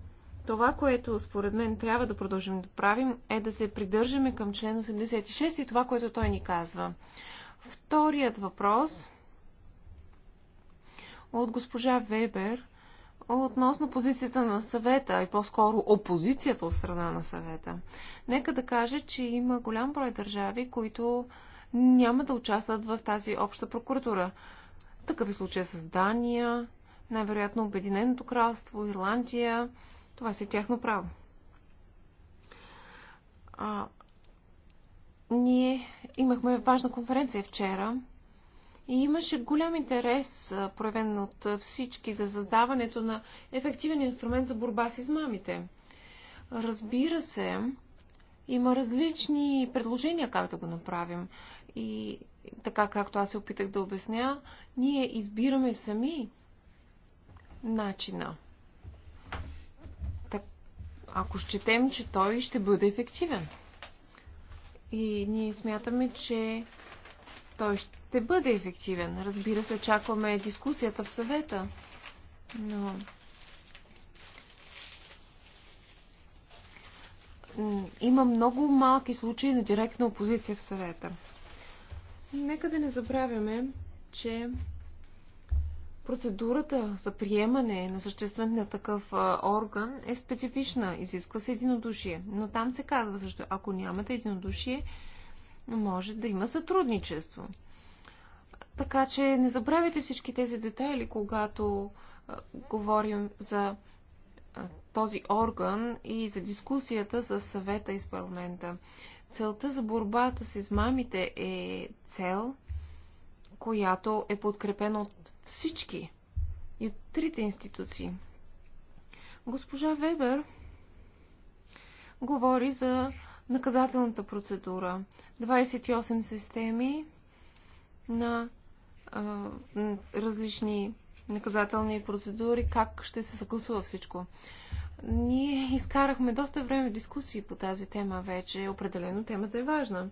това, което според мен трябва да продължим да правим, е да се придържаме към член 86 и това, което той ни казва. Вторият въпрос от госпожа Вебер – относно позицията на съвета и по-скоро опозицията от страна на съвета. Нека да кажа, че има голям брой държави, които няма да участват в тази обща прокуратура. Такъв е случай с Дания, най-вероятно Обединеното кралство, Ирландия. Това си е тяхно право. А, ние имахме важна конференция вчера и имаше голям интерес, проявен от всички, за създаването на ефективен инструмент за борба с измамите. Разбира се, има различни предложения как да го направим. И така както аз се опитах да обясня, ние избираме сами начина. Так, ако счетем, че той ще бъде ефективен. И ние смятаме, че той ще ще бъде ефективен. Разбира се, очакваме дискусията в съвета, но има много малки случаи на директна опозиция в съвета. Нека да не забравяме, че процедурата за приемане на съществен на такъв орган е специфична, изисква се единодушие. Но там се казва също, ако нямате единодушие, може да има сътрудничество. Така че не забравяйте всички тези детайли, когато а, говорим за а, този орган и за дискусията с съвета и с парламента. Целта за борбата с измамите е цел, която е подкрепена от всички и от трите институции. Госпожа Вебер говори за наказателната процедура. 28 системи на а, различни наказателни процедури, как ще се съгласува всичко. Ние изкарахме доста време в дискусии по тази тема вече. Определено темата е важна.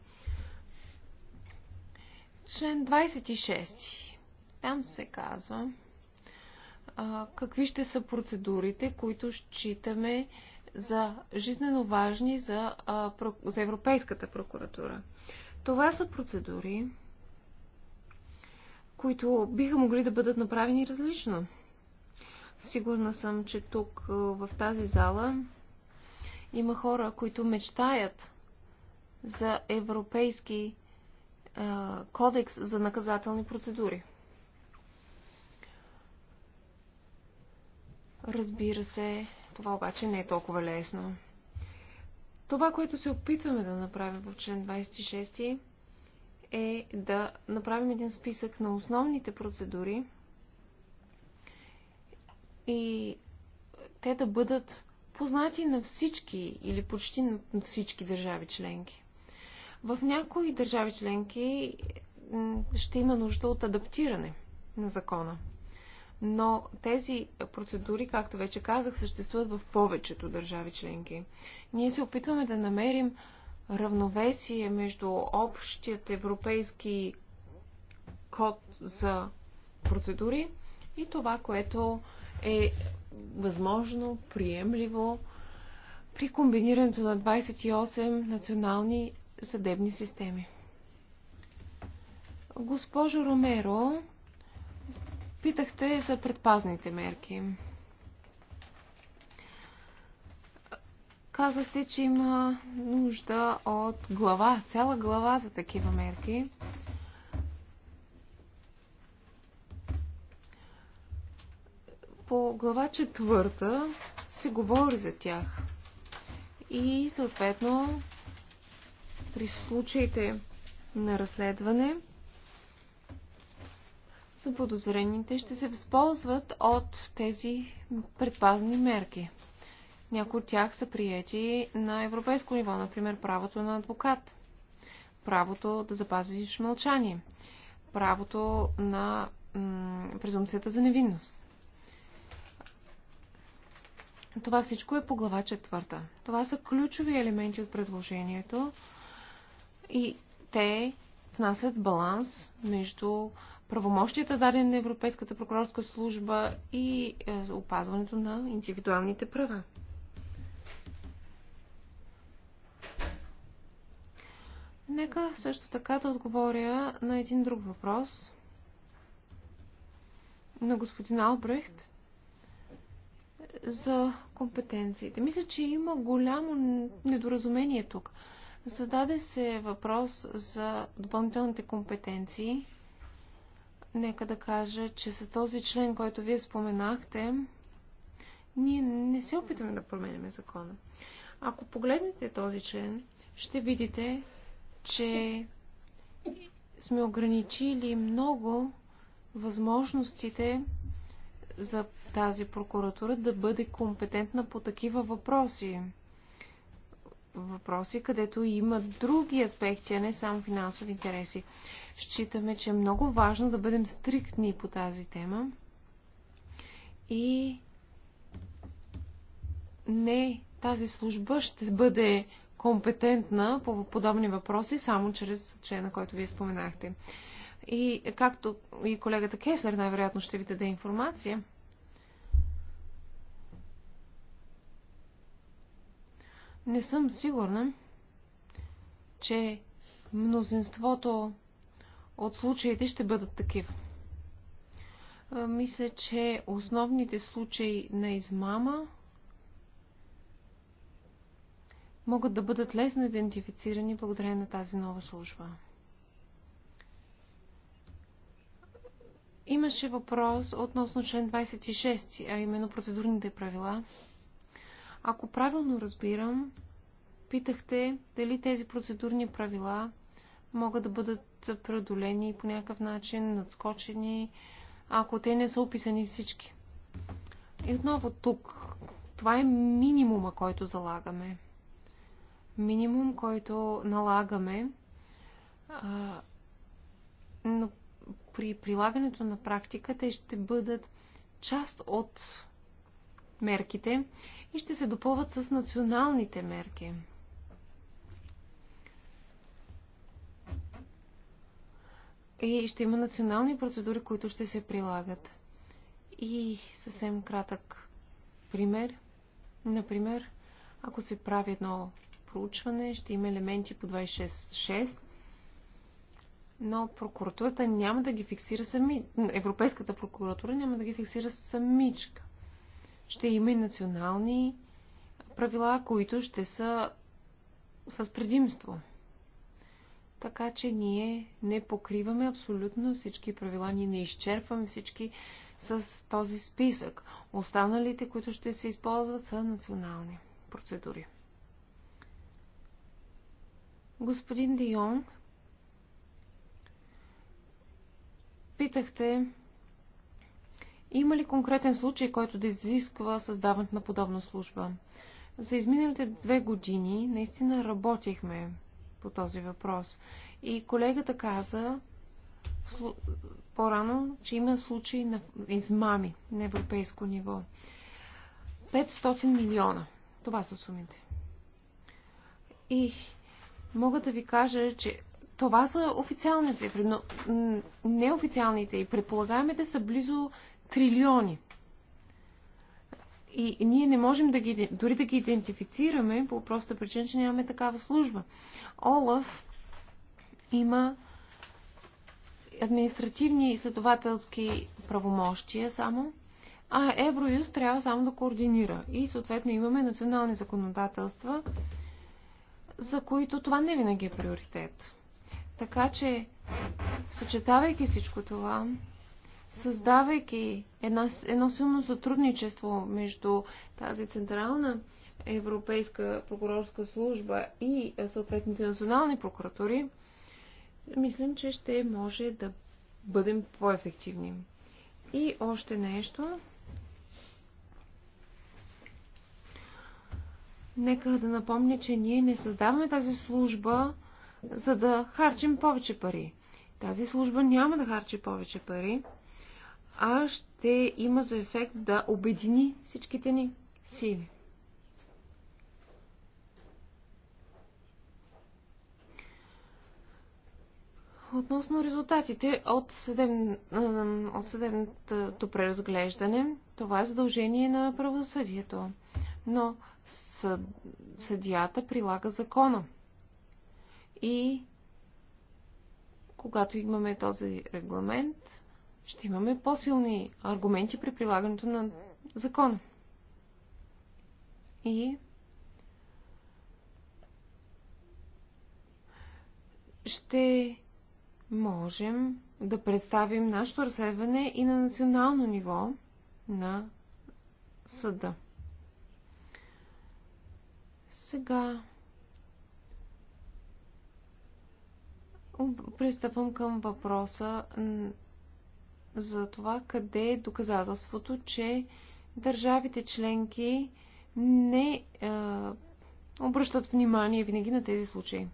Член 26. Там се казва а, какви ще са процедурите, които считаме за жизнено важни за, а, за Европейската прокуратура. Това са процедури, които биха могли да бъдат направени различно. Сигурна съм, че тук е, в тази зала има хора, които мечтаят за европейски е, кодекс за наказателни процедури. Разбира се, това обаче не е толкова лесно. Това, което се опитваме да направим в член 26 е да направим един списък на основните процедури и те да бъдат познати на всички или почти на всички държави членки. В някои държави членки ще има нужда от адаптиране на закона. Но тези процедури, както вече казах, съществуват в повечето държави членки. Ние се опитваме да намерим равновесие между общият европейски код за процедури и това, което е възможно, приемливо при комбинирането на 28 национални съдебни системи. Госпожо Ромеро, питахте за предпазните мерки. Казахте, че има нужда от глава, цяла глава за такива мерки. По глава четвърта се говори за тях. И съответно при случаите на разследване заподозрените ще се възползват от тези предпазни мерки. Някои от тях са приети на европейско ниво, например правото на адвокат, правото да запазиш мълчание, правото на презумцията за невинност. Това всичко е по глава четвърта. Това са ключови елементи от предложението и те внасят баланс между правомощията дадени на Европейската прокурорска служба и е, опазването на индивидуалните права. Нека също така да отговоря на един друг въпрос на господин Албрехт за компетенциите. Мисля, че има голямо недоразумение тук. Зададе се въпрос за допълнителните компетенции. Нека да кажа, че с този член, който вие споменахте, ние не се опитваме да променяме закона. Ако погледнете този член, ще видите, че сме ограничили много възможностите за тази прокуратура да бъде компетентна по такива въпроси. Въпроси, където има други аспекти, а не само финансови интереси. Считаме, че е много важно да бъдем стриктни по тази тема и не тази служба ще бъде компетентна по подобни въпроси само чрез члена, който вие споменахте. И както и колегата Кеслер най-вероятно ще ви даде информация, не съм сигурна, че мнозинството от случаите ще бъдат такива. Мисля, че основните случаи на измама могат да бъдат лесно идентифицирани благодарение на тази нова служба. Имаше въпрос относно член 26, а именно процедурните правила. Ако правилно разбирам, питахте дали тези процедурни правила могат да бъдат преодолени по някакъв начин, надскочени, ако те не са описани всички. И отново тук, това е минимума, който залагаме минимум, който налагаме, а, но при прилагането на практика те ще бъдат част от мерките и ще се допълват с националните мерки. И ще има национални процедури, които ще се прилагат. И съвсем кратък пример. Например, ако се прави едно проучване ще има елементи по 26.6, но прокуратурата няма да ги фиксира сами. Европейската прокуратура няма да ги фиксира самичка. Ще има и национални правила, които ще са с предимство. Така че ние не покриваме абсолютно всички правила, ние не изчерпваме всички с този списък. Останалите, които ще се използват, са национални процедури. Господин Де Йонг, питахте има ли конкретен случай, който да изисква създаването на подобна служба? За изминалите две години наистина работихме по този въпрос. И колегата каза по-рано, че има случаи на измами на европейско ниво. 500 милиона. Това са сумите. И мога да ви кажа, че това са официални цифри, но неофициалните и предполагаемите са близо трилиони. И ние не можем да ги, дори да ги идентифицираме по проста причина, че нямаме такава служба. Олаф има административни и следователски правомощия само, а Евроюз трябва само да координира. И съответно имаме национални законодателства, за които това не винаги е приоритет. Така че, съчетавайки всичко това, създавайки една, едно силно сътрудничество между тази централна европейска прокурорска служба и е, съответните национални прокуратури, мислим, че ще може да бъдем по-ефективни. И още нещо. Нека да напомня, че ние не създаваме тази служба, за да харчим повече пари. Тази служба няма да харчи повече пари, а ще има за ефект да обедини всичките ни сили. Относно резултатите от, съдеб... от съдебното преразглеждане, това е задължение на правосъдието. Но съд, съдията прилага закона. И когато имаме този регламент, ще имаме по-силни аргументи при прилагането на закона. И ще можем да представим нашето разследване и на национално ниво на съда. Сега пристъпвам към въпроса за това къде е доказателството, че държавите членки не е, обръщат внимание винаги на тези случаи.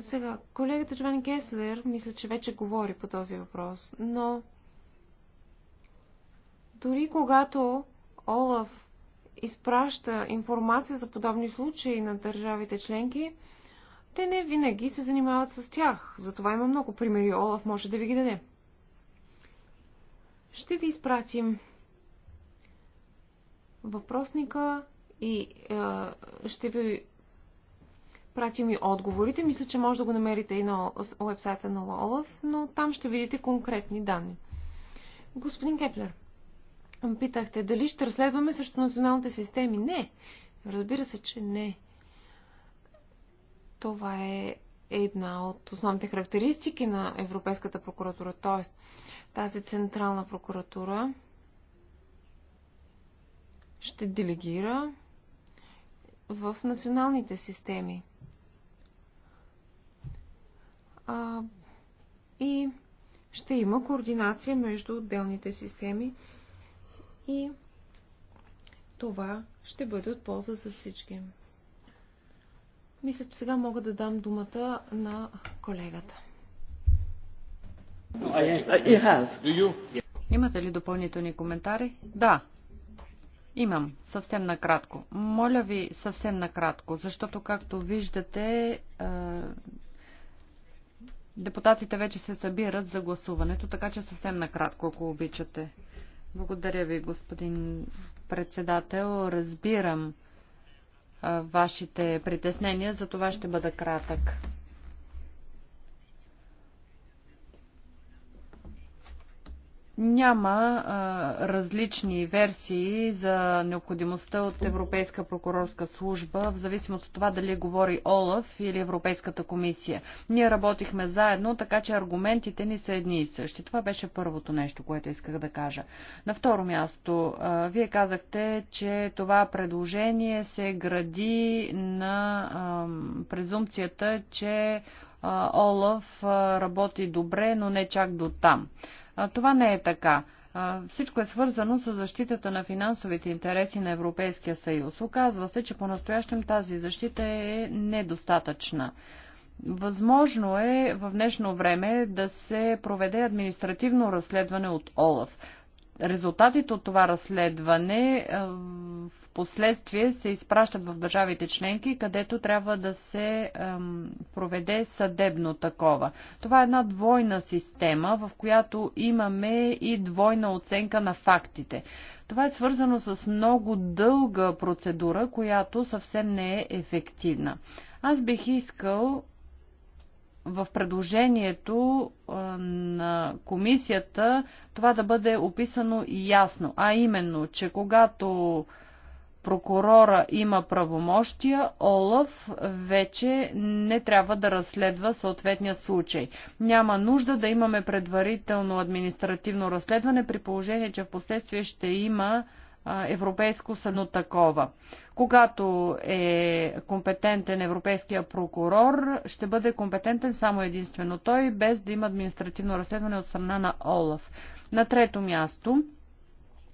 Сега, колегата Джован Кеслер мисля, че вече говори по този въпрос, но дори когато Олаф изпраща информация за подобни случаи на държавите членки, те не винаги се занимават с тях. Затова има много примери. Олаф може да ви ги даде. Ще ви изпратим въпросника и е, ще ви пратим и отговорите. Мисля, че може да го намерите и на уебсайта на Олаф, но там ще видите конкретни данни. Господин Кеплер, Питахте дали ще разследваме срещу националните системи. Не. Разбира се, че не. Това е една от основните характеристики на Европейската прокуратура. Т.е. тази централна прокуратура ще делегира в националните системи. А, и ще има координация между отделните системи и това ще бъде от полза за всички. Мисля, че сега мога да дам думата на колегата. Oh, uh, Имате ли допълнителни коментари? Да. Имам, съвсем накратко. Моля ви, съвсем накратко, защото, както виждате, е, депутатите вече се събират за гласуването, така че съвсем накратко, ако обичате. Благодаря ви, господин председател. Разбирам вашите притеснения, за това ще бъда кратък. Няма а, различни версии за необходимостта от Европейска прокурорска служба, в зависимост от това дали говори Олаф или Европейската комисия. Ние работихме заедно, така че аргументите ни са едни и същи. Това беше първото нещо, което исках да кажа. На второ място, а, вие казахте, че това предложение се гради на а, презумцията, че Олаф работи добре, но не чак до там. Това не е така. Всичко е свързано с защитата на финансовите интереси на Европейския съюз. Оказва се, че по-настоящем тази защита е недостатъчна. Възможно е в днешно време да се проведе административно разследване от ОЛАФ. Резултатите от това разследване в последствие се изпращат в държавите членки, където трябва да се ем, проведе съдебно такова. Това е една двойна система, в която имаме и двойна оценка на фактите. Това е свързано с много дълга процедура, която съвсем не е ефективна. Аз бих искал в предложението на комисията това да бъде описано и ясно, а именно, че когато прокурора има правомощия, Олаф вече не трябва да разследва съответния случай. Няма нужда да имаме предварително административно разследване при положение, че в последствие ще има европейско съдно такова. Когато е компетентен европейския прокурор, ще бъде компетентен само единствено той, без да има административно разследване от страна на Олаф. На трето място,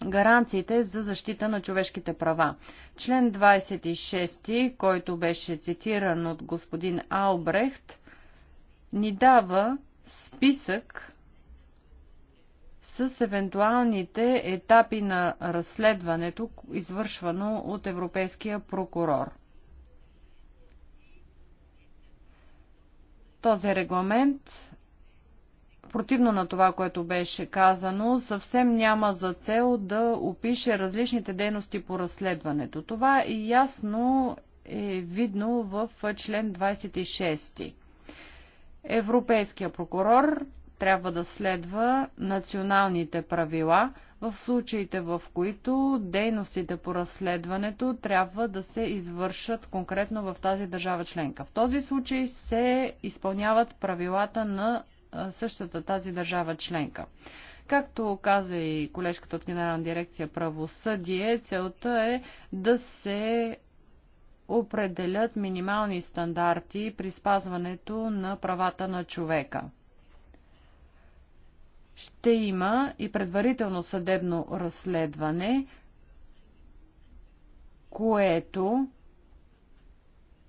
гаранциите за защита на човешките права. Член 26, който беше цитиран от господин Албрехт, ни дава списък с евентуалните етапи на разследването, извършвано от Европейския прокурор. Този регламент противно на това, което беше казано, съвсем няма за цел да опише различните дейности по разследването. Това и ясно е видно в член 26. Европейския прокурор трябва да следва националните правила в случаите, в които дейностите по разследването трябва да се извършат конкретно в тази държава членка. В този случай се изпълняват правилата на същата тази държава членка. Както каза и колежката от Генерална дирекция правосъдие, целта е да се определят минимални стандарти при спазването на правата на човека. Ще има и предварително съдебно разследване, което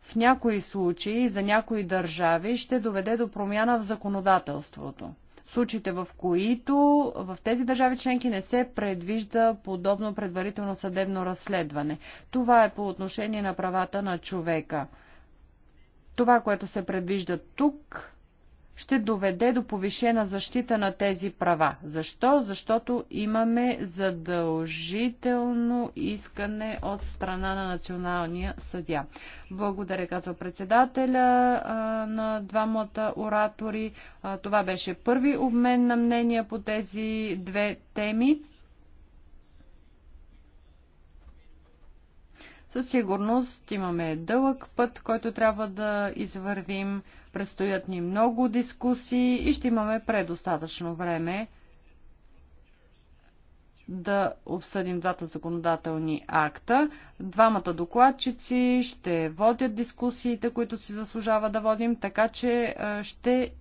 в някои случаи за някои държави ще доведе до промяна в законодателството. Случаите, в които в тези държави членки не се предвижда подобно предварително съдебно разследване. Това е по отношение на правата на човека. Това, което се предвижда тук, ще доведе до повишена защита на тези права. Защо? Защото имаме задължително искане от страна на националния съдя. Благодаря, казва председателя на двамата оратори. Това беше първи обмен на мнения по тези две теми. Със сигурност имаме дълъг път, който трябва да извървим. Предстоят ни много дискусии и ще имаме предостатъчно време да обсъдим двата законодателни акта. Двамата докладчици ще водят дискусиите, които си заслужава да водим, така че ще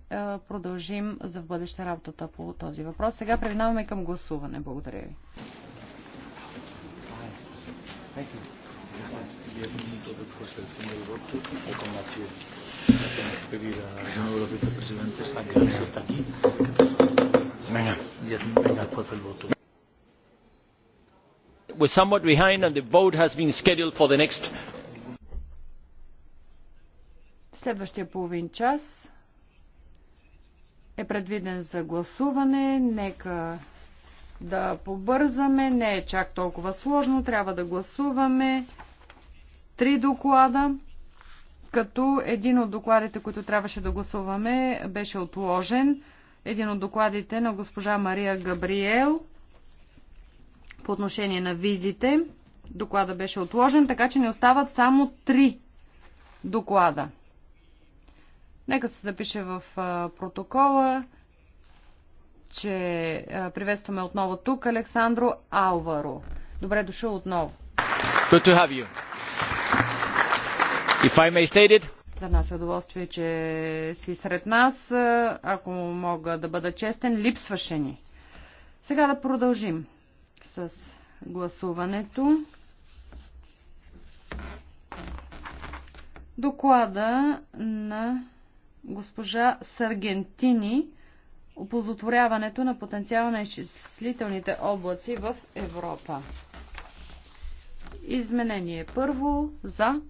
продължим за в бъдеще работата по този въпрос. Сега преминаваме към гласуване. Благодаря ви. Thank you. We're somewhat behind and the vote has been scheduled for the next Следващия половин час е предвиден за гласуване. Нека да побързаме. Не е чак толкова сложно. Трябва да гласуваме три доклада, като един от докладите, които трябваше да гласуваме, беше отложен. Един от докладите на госпожа Мария Габриел по отношение на визите. Доклада беше отложен, така че не остават само три доклада. Нека се запише в протокола, че приветстваме отново тук Александро Алваро. Добре дошъл отново. Good to have you. If I may state it, за нас е удоволствие, че си сред нас. Ако мога да бъда честен, липсваше ни. Сега да продължим с гласуването. Доклада на госпожа Саргентини оползотворяването на потенциала на изчислителните облаци в Европа. Изменение първо за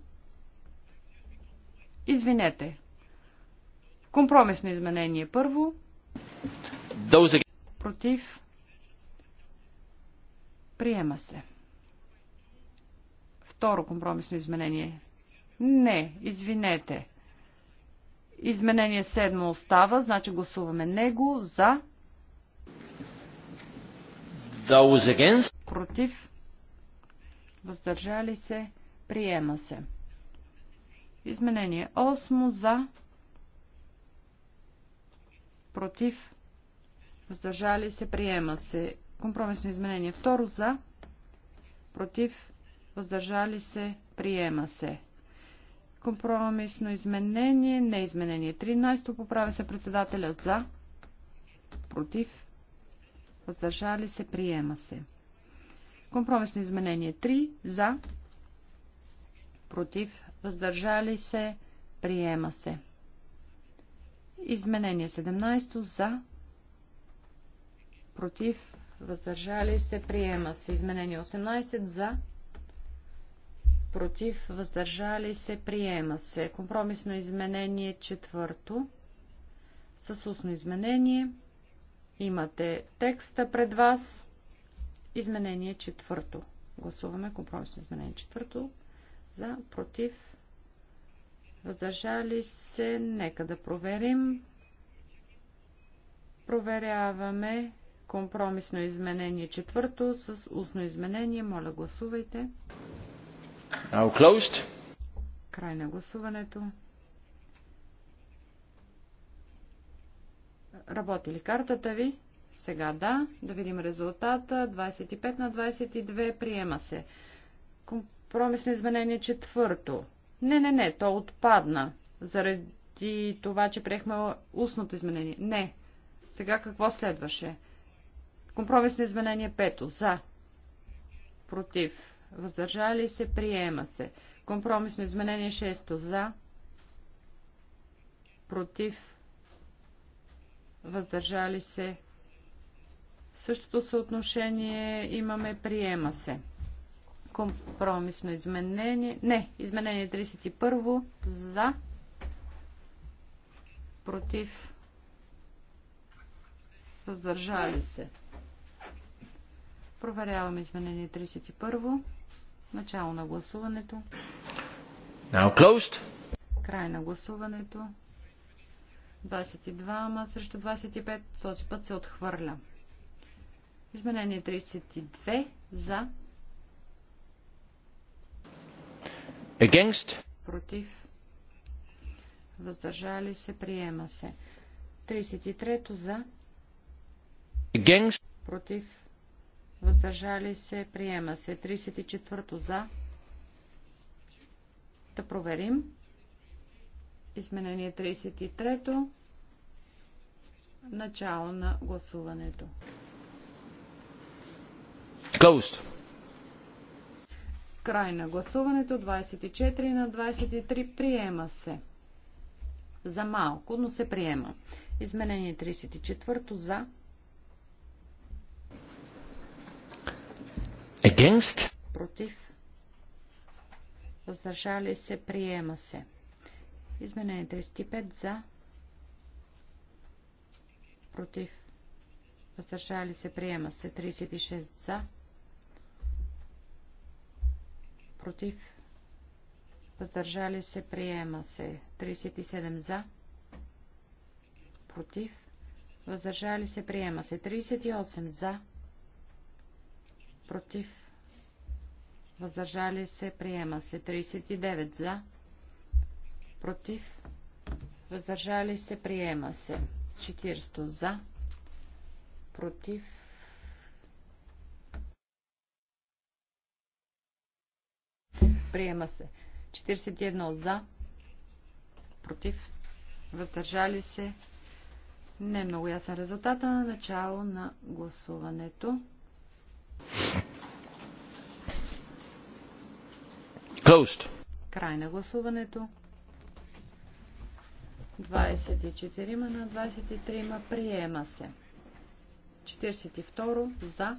Извинете. Компромисно изменение първо. Против. Приема се. Второ компромисно изменение. Не, извинете. Изменение седмо остава, значи гласуваме него за. Против. Въздържали се. Приема се. Изменение 8 за, против, въздържали се, приема се. Компромисно изменение 2 за, против, въздържали се, приема се. Компромисно изменение, не изменение 13, поправя се председателят за, против, въздържали се, приема се. Компромисно изменение 3 за, против, въздържали се, приема се. Изменение 17 за, против, въздържали се, приема се. Изменение 18 за, против, въздържали се, приема се. Компромисно изменение четвърто. С устно изменение имате текста пред вас. Изменение четвърто. Гласуваме компромисно изменение четвърто. За, против, въздържали се. Нека да проверим. Проверяваме компромисно изменение четвърто с устно изменение. Моля, гласувайте. Now closed. Край на гласуването. Работи ли картата ви? Сега да. Да видим резултата. 25 на 22. Приема се. Компромисно Промисно изменение четвърто. Не, не, не, то отпадна. Заради това, че приехме устното изменение. Не. Сега какво следваше? Компромисно изменение пето. За. Против. Въздържали се. Приема се. Компромисно изменение 6. За. Против. Въздържали се. Същото съотношение имаме. Приема се. Компромисно изменение. Не, изменение 31 за против въздържали се. Проверяваме изменение 31. Начало на гласуването. Now closed. Край на гласуването. 22 ма срещу 25. Този път се отхвърля. Изменение 32 за Against? Против. Въздържали се. Приема се. 33 за. Against? Против. Въздържали се. Приема се. 34 за. Да проверим. Изменение 33. Начало на гласуването. Closed. Край на гласуването. 24 на 23. Приема се. За малко, но се приема. Изменение 34 за. Against. Против. Въздържали се. Приема се. Изменение 35 за. Против. Въздържали се. Приема се. 36 за против, въздържали се, приема се. 37 за, против, въздържали се, приема се. 38 за, против, въздържали се, приема се. 39 за, против, въздържали се, приема се. 40 за, против, Приема се. 41 за. Против. Въздържали се. Не е много ясен резултата на начало на гласуването. Closed. Край на гласуването. 24 на 23 ма. приема се. 42 за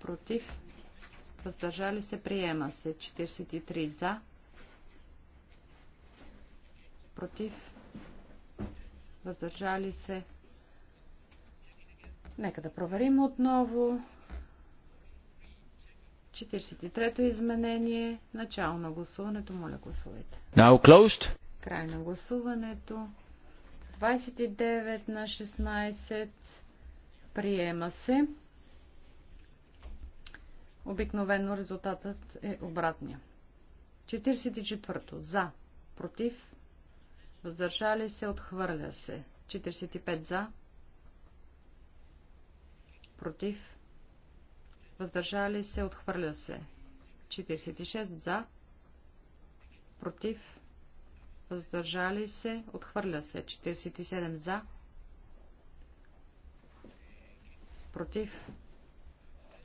против въздържали се, приема се. 43 за, против, въздържали се. Нека да проверим отново. 43-то изменение. Начало на гласуването. Моля, гласувайте. Now closed. Край на гласуването. 29 на 16. Приема се. Обикновено резултатът е обратния. 44. За. Против. Въздържали се. Отхвърля се. 45. За. Против. Въздържали се. Отхвърля се. 46. За. Против. Въздържали се. Отхвърля се. 47. За. Против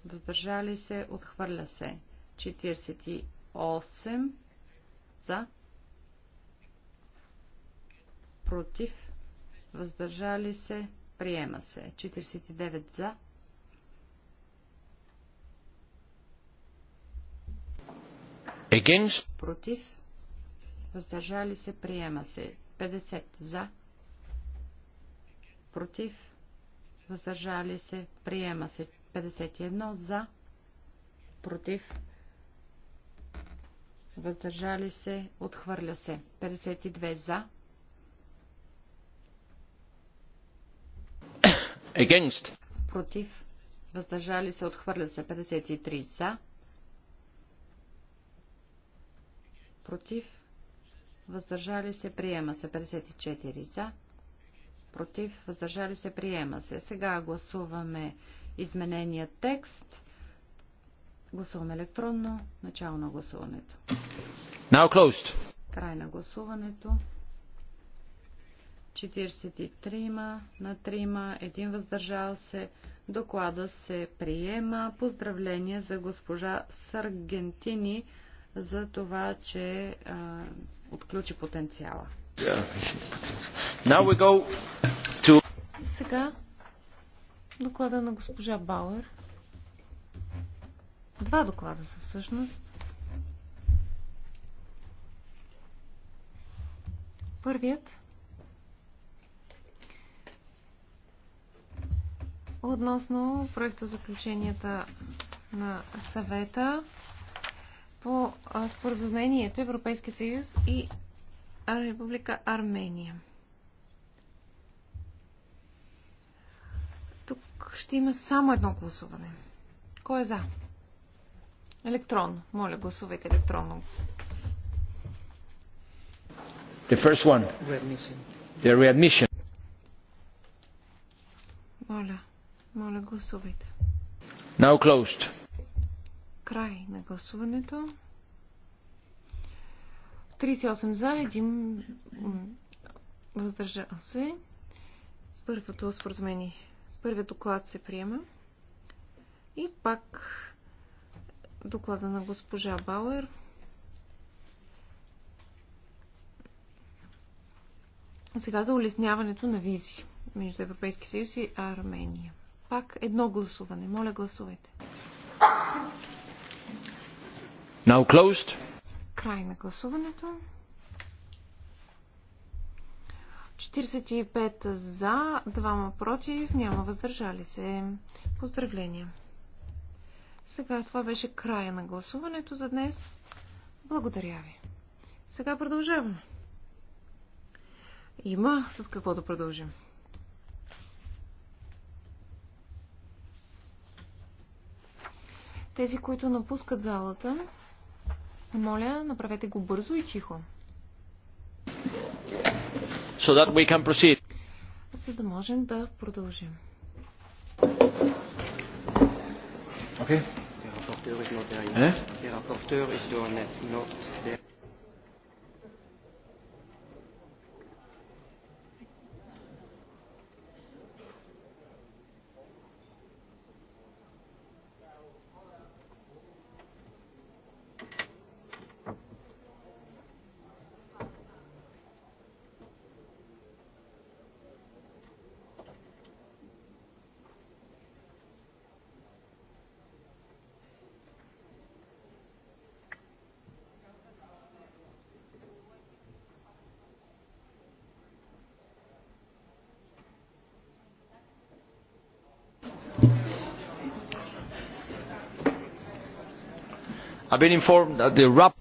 въздържали се, отхвърля се. 48 за, против, въздържали се, приема се. 49 за. Against. Против, въздържали се, приема се. 50 за, против, въздържали се, приема се. 51 за, против, въздържали се, отхвърля се. 52 за. Against. Против, въздържали се, отхвърля се. 53 за. Против, въздържали се, приема се. 54 за. Против, въздържали се, приема се. Сега гласуваме изменения текст. Гласуваме електронно. Начало на гласуването. Now closed. Край на гласуването. 43 на 3, един въздържал се. Доклада се приема. Поздравление за госпожа Саргентини за това, че а, отключи потенциала. Yeah. To... Сега Доклада на госпожа Бауер. Два доклада са всъщност. Първият относно проекта заключенията на съвета по споразумението Европейския съюз и Република Армения. Тук ще има само едно гласуване. Кой е за? Електронно. Моля, гласувайте електронно. The first one. Readmission. The readmission. Моля, моля, гласувайте. Now closed. Край на гласуването. 38 за, 1 въздържал се. Първото споразумение Първият доклад се приема. И пак доклада на госпожа Бауер. Сега за улесняването на визи между Европейски съюз и Армения. Пак едно гласуване. Моля, гласувайте. Now closed. Край на гласуването. 45 за, 2 против, няма въздържали се. Поздравления! Сега това беше края на гласуването за днес. Благодаря ви. Сега продължаваме. Има с какво да продължим. Тези, които напускат залата, моля, направете го бързо и тихо so that we can proceed. За да можем да продължим. Okay. Eh? The...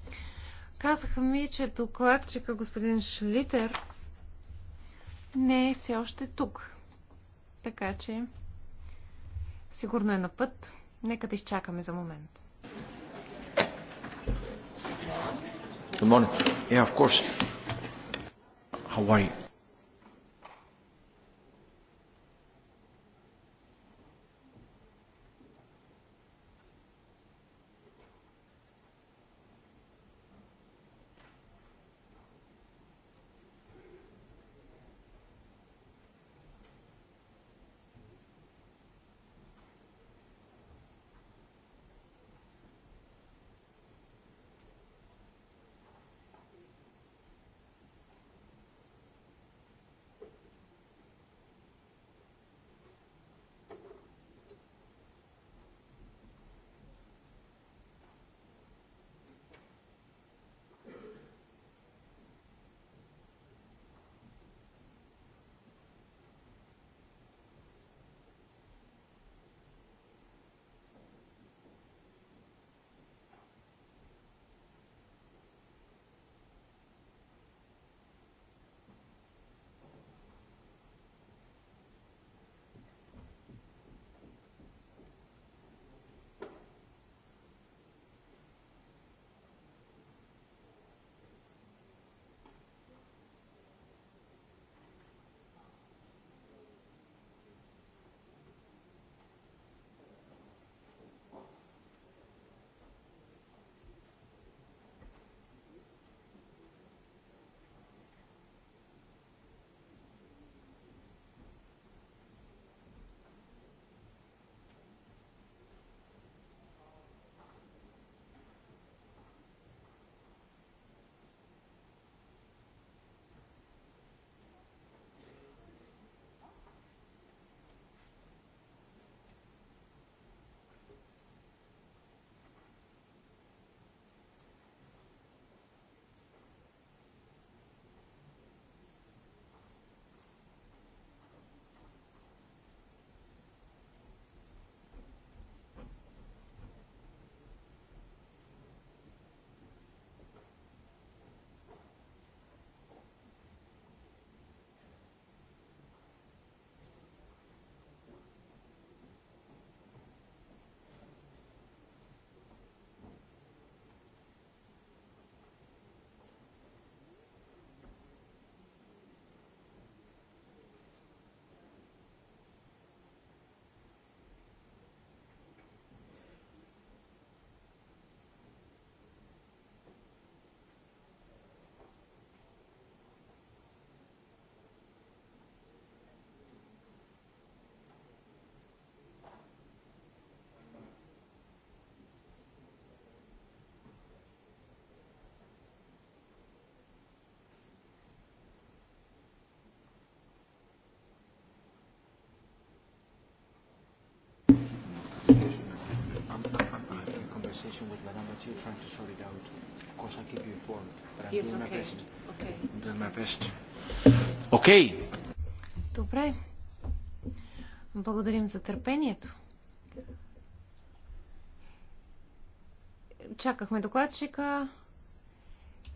Казаха ми, че докладчика господин Шлитер не е все още тук. Така че сигурно е на път. Нека да изчакаме за момент. Good morning. Yeah, of course. How are you? you're trying to sort it out. Of course, I'll keep you informed, but I'm yes, doing okay. my best. Okay. I'm doing my best. Okay. Добре. Благодарим за търпението. Чакахме докладчика.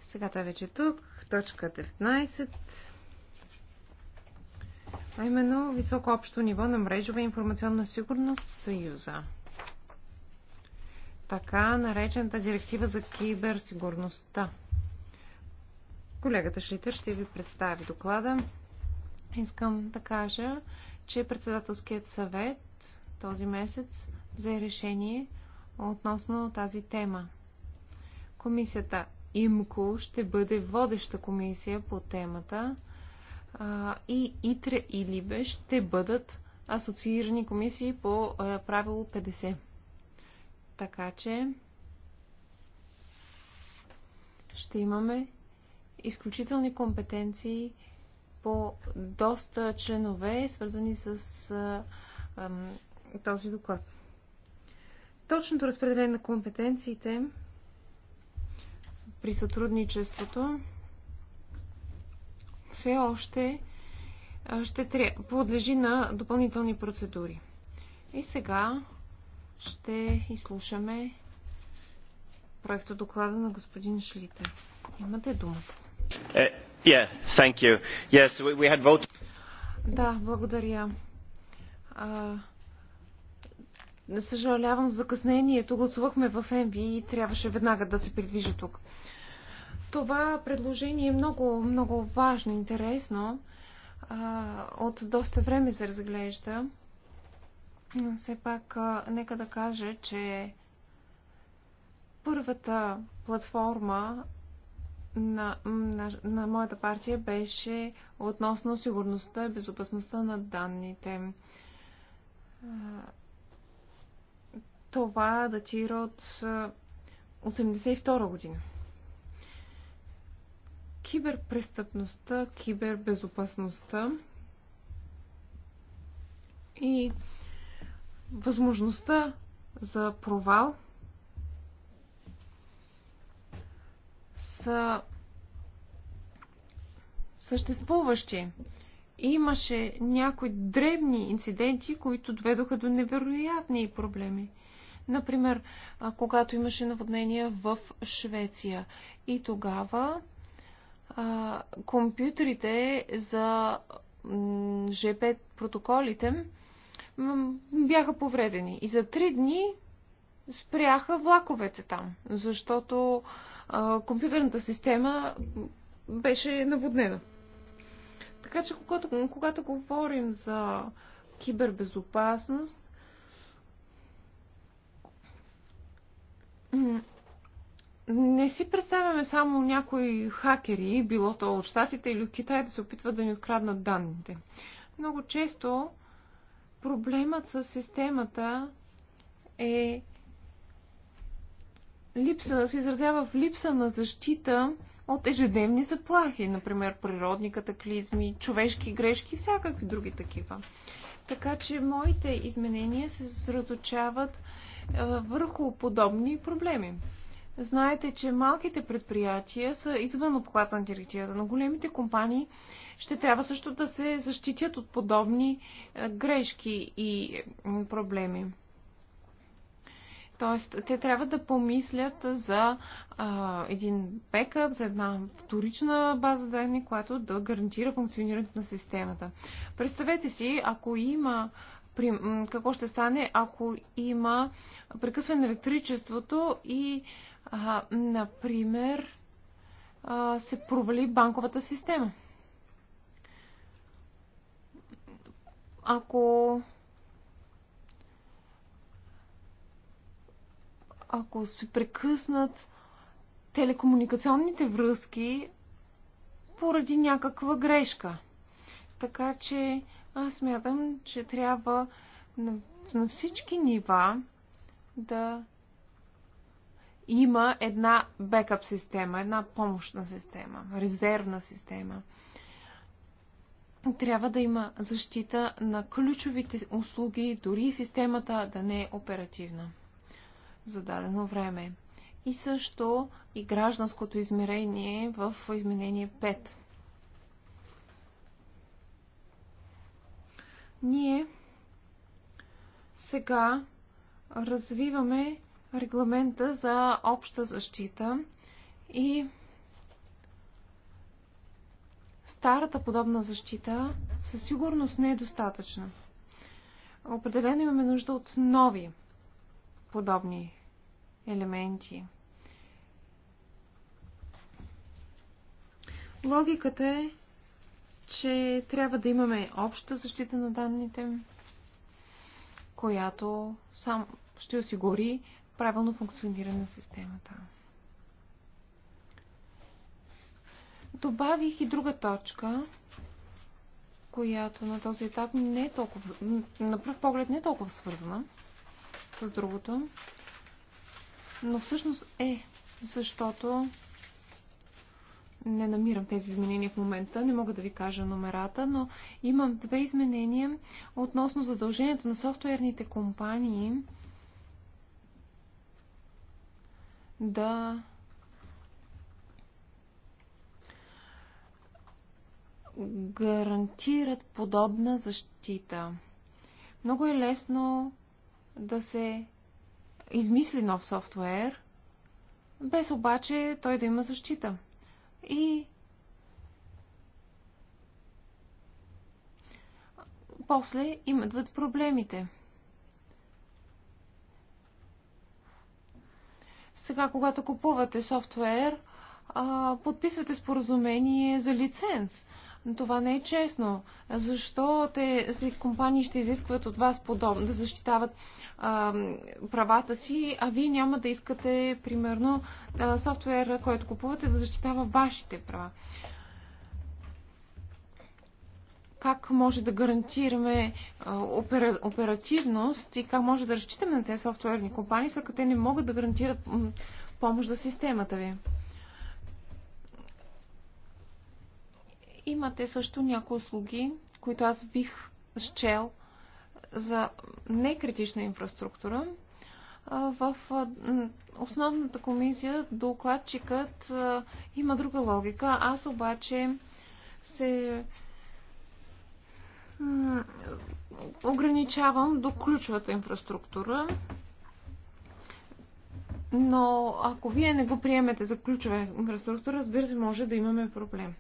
Сега той вече е тук. Точка 19. А именно високо общо ниво на мрежова информационна сигурност Съюза така наречената директива за киберсигурността. Колегата Шлитър ще ви представи доклада. Искам да кажа, че председателският съвет този месец взе решение относно тази тема. Комисията ИМКО ще бъде водеща комисия по темата а, и ИТРЕ и ЛИБЕ ще бъдат асоциирани комисии по а, правило 50. Така че ще имаме изключителни компетенции по доста членове, свързани с а, този доклад. Точното разпределение на компетенциите при сътрудничеството все още ще подлежи на допълнителни процедури. И сега ще изслушаме проекта доклада на господин Шлите. Имате думата. Uh, yeah, thank you. Yes, we, we had Да, благодаря. А, не съжалявам за закъснението. Гласувахме в МВИ и трябваше веднага да се придвижи тук. Това предложение е много, много важно, интересно. А, от доста време се разглежда. Но все пак, нека да кажа, че първата платформа на, на, на моята партия беше относно сигурността и безопасността на данните. Това датира от 1982 година. Киберпрестъпността, кибербезопасността и възможността за провал са съществуващи. Имаше някои дребни инциденти, които доведоха до невероятни проблеми. Например, когато имаше наводнения в Швеция. И тогава а, компютрите за ЖП протоколите бяха повредени. И за три дни спряха влаковете там, защото а, компютърната система беше наводнена. Така че, когато, когато говорим за кибербезопасност, не си представяме само някои хакери, било то от Штатите или от Китай, да се опитват да ни откраднат данните. Много често Проблемът с системата е липса, се изразява в липса на защита от ежедневни заплахи, например природни катаклизми, човешки грешки и всякакви други такива. Така че моите изменения се съсредоточават върху подобни проблеми. Знаете, че малките предприятия са извън обхвата на директивата, но големите компании ще трябва също да се защитят от подобни е, грешки и проблеми. Тоест, те трябва да помислят за а, един бекъп, за една вторична база данни, която да гарантира функционирането на системата. Представете си, ако има при, какво ще стане, ако има прекъсване на електричеството и а, например, а, се провали банковата система. Ако ако се прекъснат телекомуникационните връзки поради някаква грешка. Така че аз смятам, че трябва на, на всички нива да има една бекап система, една помощна система, резервна система. Трябва да има защита на ключовите услуги, дори системата да не е оперативна за дадено време. И също и гражданското измерение в изменение 5. Ние сега развиваме регламента за обща защита и старата подобна защита със сигурност не е достатъчна. Определено имаме нужда от нови подобни елементи. Логиката е, че трябва да имаме обща защита на данните, която сам ще осигури правилно функциониране на системата. Добавих и друга точка, която на този етап не е толкова, на пръв поглед не е толкова свързана с другото, но всъщност е, защото не намирам тези изменения в момента, не мога да ви кажа номерата, но имам две изменения относно задълженията на софтуерните компании да гарантират подобна защита. Много е лесно да се измисли нов софтуер, без обаче той да има защита. И после имат проблемите. сега, когато купувате софтуер, подписвате споразумение за лиценз. Това не е честно. Защо тези компании ще изискват от вас подобно, да защитават а, правата си, а вие няма да искате, примерно, а, който купувате, да защитава вашите права? как може да гарантираме опера, оперативност и как може да разчитаме на тези софтуерни компании, след като те не могат да гарантират помощ за системата ви. Имате също някои услуги, които аз бих счел за некритична инфраструктура. В основната комисия докладчикът има друга логика. Аз обаче се ограничавам до ключовата инфраструктура. Но ако вие не го приемете за ключова инфраструктура, разбира се, може да имаме проблем.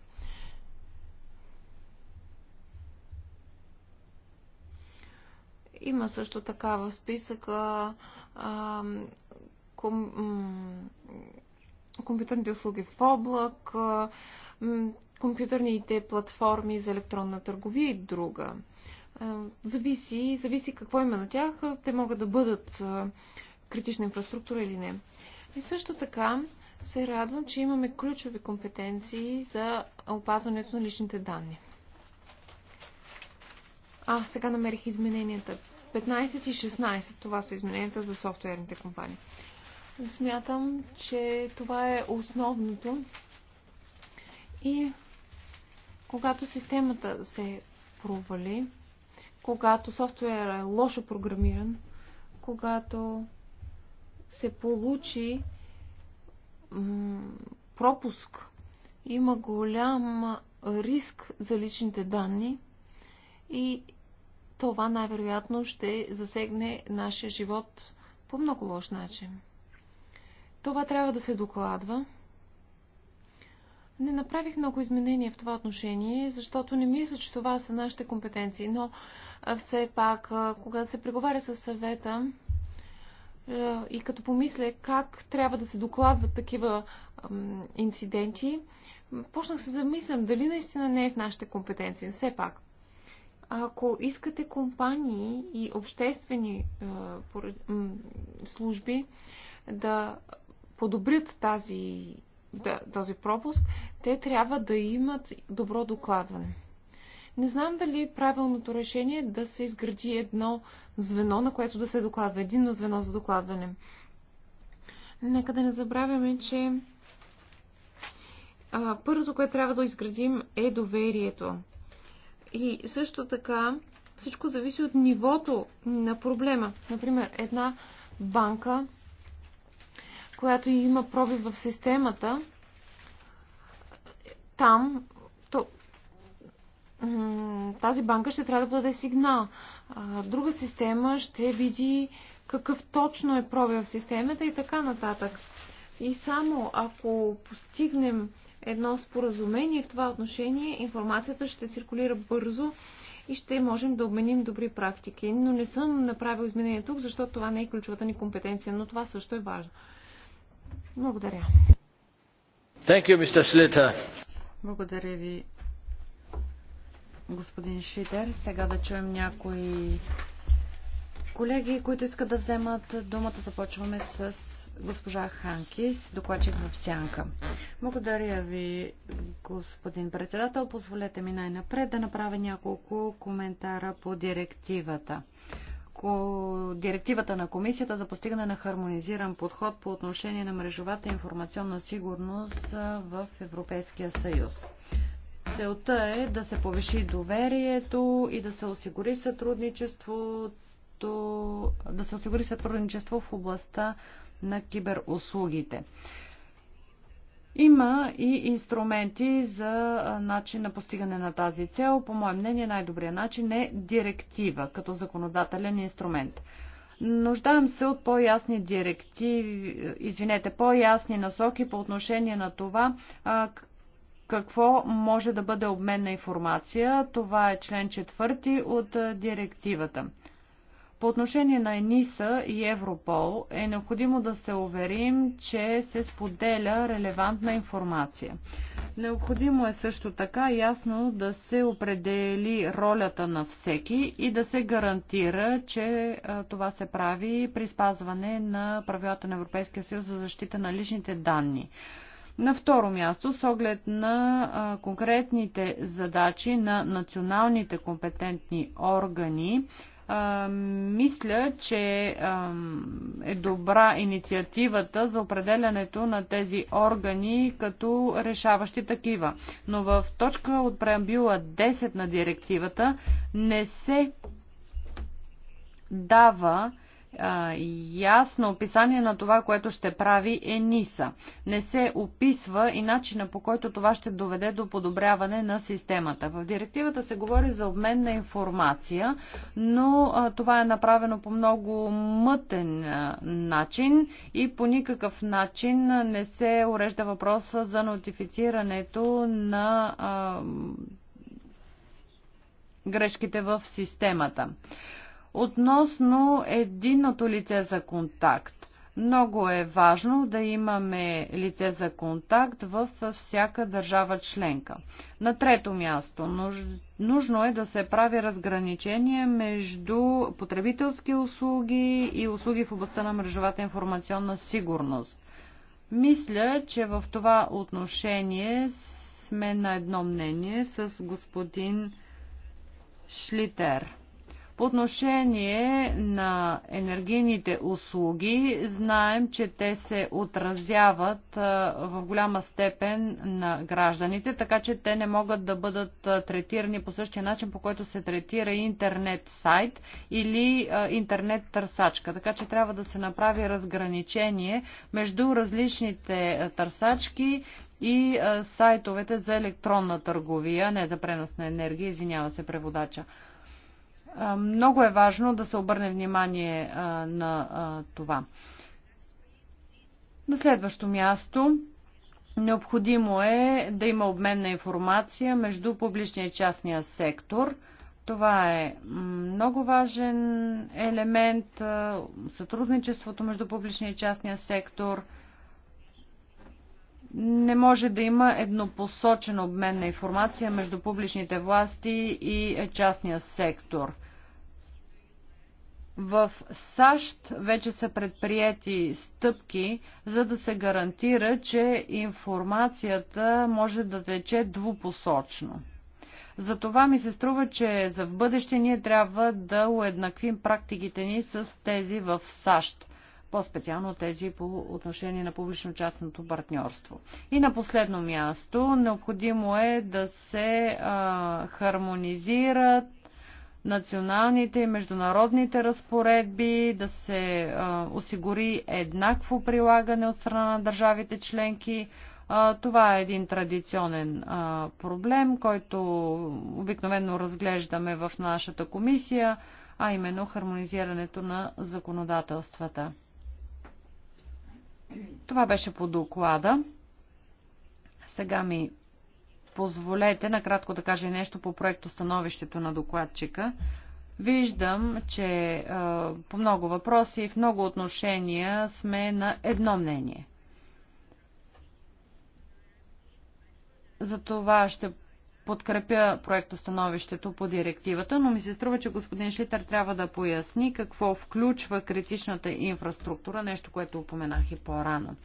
Има също така в списъка а, ком, компютърните услуги в облак, а, компютърните платформи за електронна търговия и друга. Зависи, зависи какво има на тях. Те могат да бъдат критична инфраструктура или не. И също така се радвам, че имаме ключови компетенции за опазването на личните данни. А, сега намерих измененията. 15 и 16, това са измененията за софтуерните компании. Смятам, че това е основното и когато системата се провали, когато софтуерът е лошо програмиран, когато се получи пропуск, има голям риск за личните данни и това най-вероятно ще засегне нашия живот по много лош начин. Това трябва да се докладва не направих много изменения в това отношение, защото не мисля, че това са нашите компетенции, но все пак, когато се преговаря с съвета и като помисля как трябва да се докладват такива инциденти, почнах се замислям дали наистина не е в нашите компетенции. Все пак, ако искате компании и обществени служби да подобрят тази този пропуск, те трябва да имат добро докладване. Не знам дали е правилното решение е да се изгради едно звено, на което да се докладва. Единно звено за докладване. Нека да не забравяме, че а, първото, което трябва да изградим е доверието. И също така всичко зависи от нивото на проблема. Например, една банка която има проби в системата, там то, тази банка ще трябва да подаде сигнал. Друга система ще види какъв точно е пробив в системата и така нататък. И само ако постигнем едно споразумение в това отношение, информацията ще циркулира бързо и ще можем да обменим добри практики. Но не съм направил изменение тук, защото това не е ключовата ни компетенция, но това също е важно. Благодаря. Thank you, Mr. Slater. Благодаря ви, господин Шидер. Сега да чуем някои колеги, които искат да вземат думата. Започваме с госпожа Ханкис, докладчик в Сянка. Благодаря ви, господин председател. Позволете ми най-напред да направя няколко коментара по директивата директивата на комисията за постигане на хармонизиран подход по отношение на мрежовата информационна сигурност в Европейския съюз. Целта е да се повиши доверието и да се осигури сътрудничеството, да се осигури сътрудничество в областта на киберуслугите. Има и инструменти за начин на постигане на тази цел. По мое мнение, най-добрият начин е директива като законодателен инструмент. Нуждаем се от по-ясни директиви, извинете, по-ясни насоки по отношение на това какво може да бъде обмен на информация. Това е член четвърти от директивата. По отношение на ЕНИСА и Европол е необходимо да се уверим, че се споделя релевантна информация. Необходимо е също така ясно да се определи ролята на всеки и да се гарантира, че това се прави при спазване на правилата на Европейския съюз за защита на личните данни. На второ място, с оглед на конкретните задачи на националните компетентни органи, а, мисля, че а, е добра инициативата за определянето на тези органи като решаващи такива. Но в точка от преамбюла 10 на директивата не се дава а, ясно описание на това, което ще прави ЕНИСА. Не се описва и начина по който това ще доведе до подобряване на системата. В директивата се говори за обмен на информация, но а, това е направено по много мътен а, начин и по никакъв начин не се урежда въпроса за нотифицирането на а, грешките в системата. Относно единното лице за контакт. Много е важно да имаме лице за контакт във всяка държава членка. На трето място, нужно е да се прави разграничение между потребителски услуги и услуги в областта на мрежовата информационна сигурност. Мисля, че в това отношение сме на едно мнение с господин Шлитер. По отношение на енергийните услуги, знаем, че те се отразяват в голяма степен на гражданите, така че те не могат да бъдат третирани по същия начин, по който се третира интернет сайт или интернет търсачка. Така че трябва да се направи разграничение между различните търсачки и сайтовете за електронна търговия, не за пренос на енергия, извинява се преводача. Много е важно да се обърне внимание на това. На следващо място необходимо е да има обмен на информация между публичния и частния сектор. Това е много важен елемент, сътрудничеството между публичния и частния сектор. Не може да има еднопосочен обмен на информация между публичните власти и частния сектор – в САЩ вече са предприяти стъпки, за да се гарантира, че информацията може да тече двупосочно. Затова ми се струва, че за в бъдеще ние трябва да уеднаквим практиките ни с тези в САЩ, по-специално тези по отношение на публично-частното партньорство. И на последно място, необходимо е да се а, хармонизират националните и международните разпоредби, да се а, осигури еднакво прилагане от страна на държавите членки. А, това е един традиционен а, проблем, който обикновено разглеждаме в нашата комисия, а именно хармонизирането на законодателствата. Това беше по доклада. Сега ми позволете накратко да кажа нещо по проекто становището на докладчика. Виждам, че е, по много въпроси и в много отношения сме на едно мнение. За това ще подкрепя становището по директивата, но ми се струва, че господин Шлитър трябва да поясни какво включва критичната инфраструктура, нещо, което упоменах и по-рано.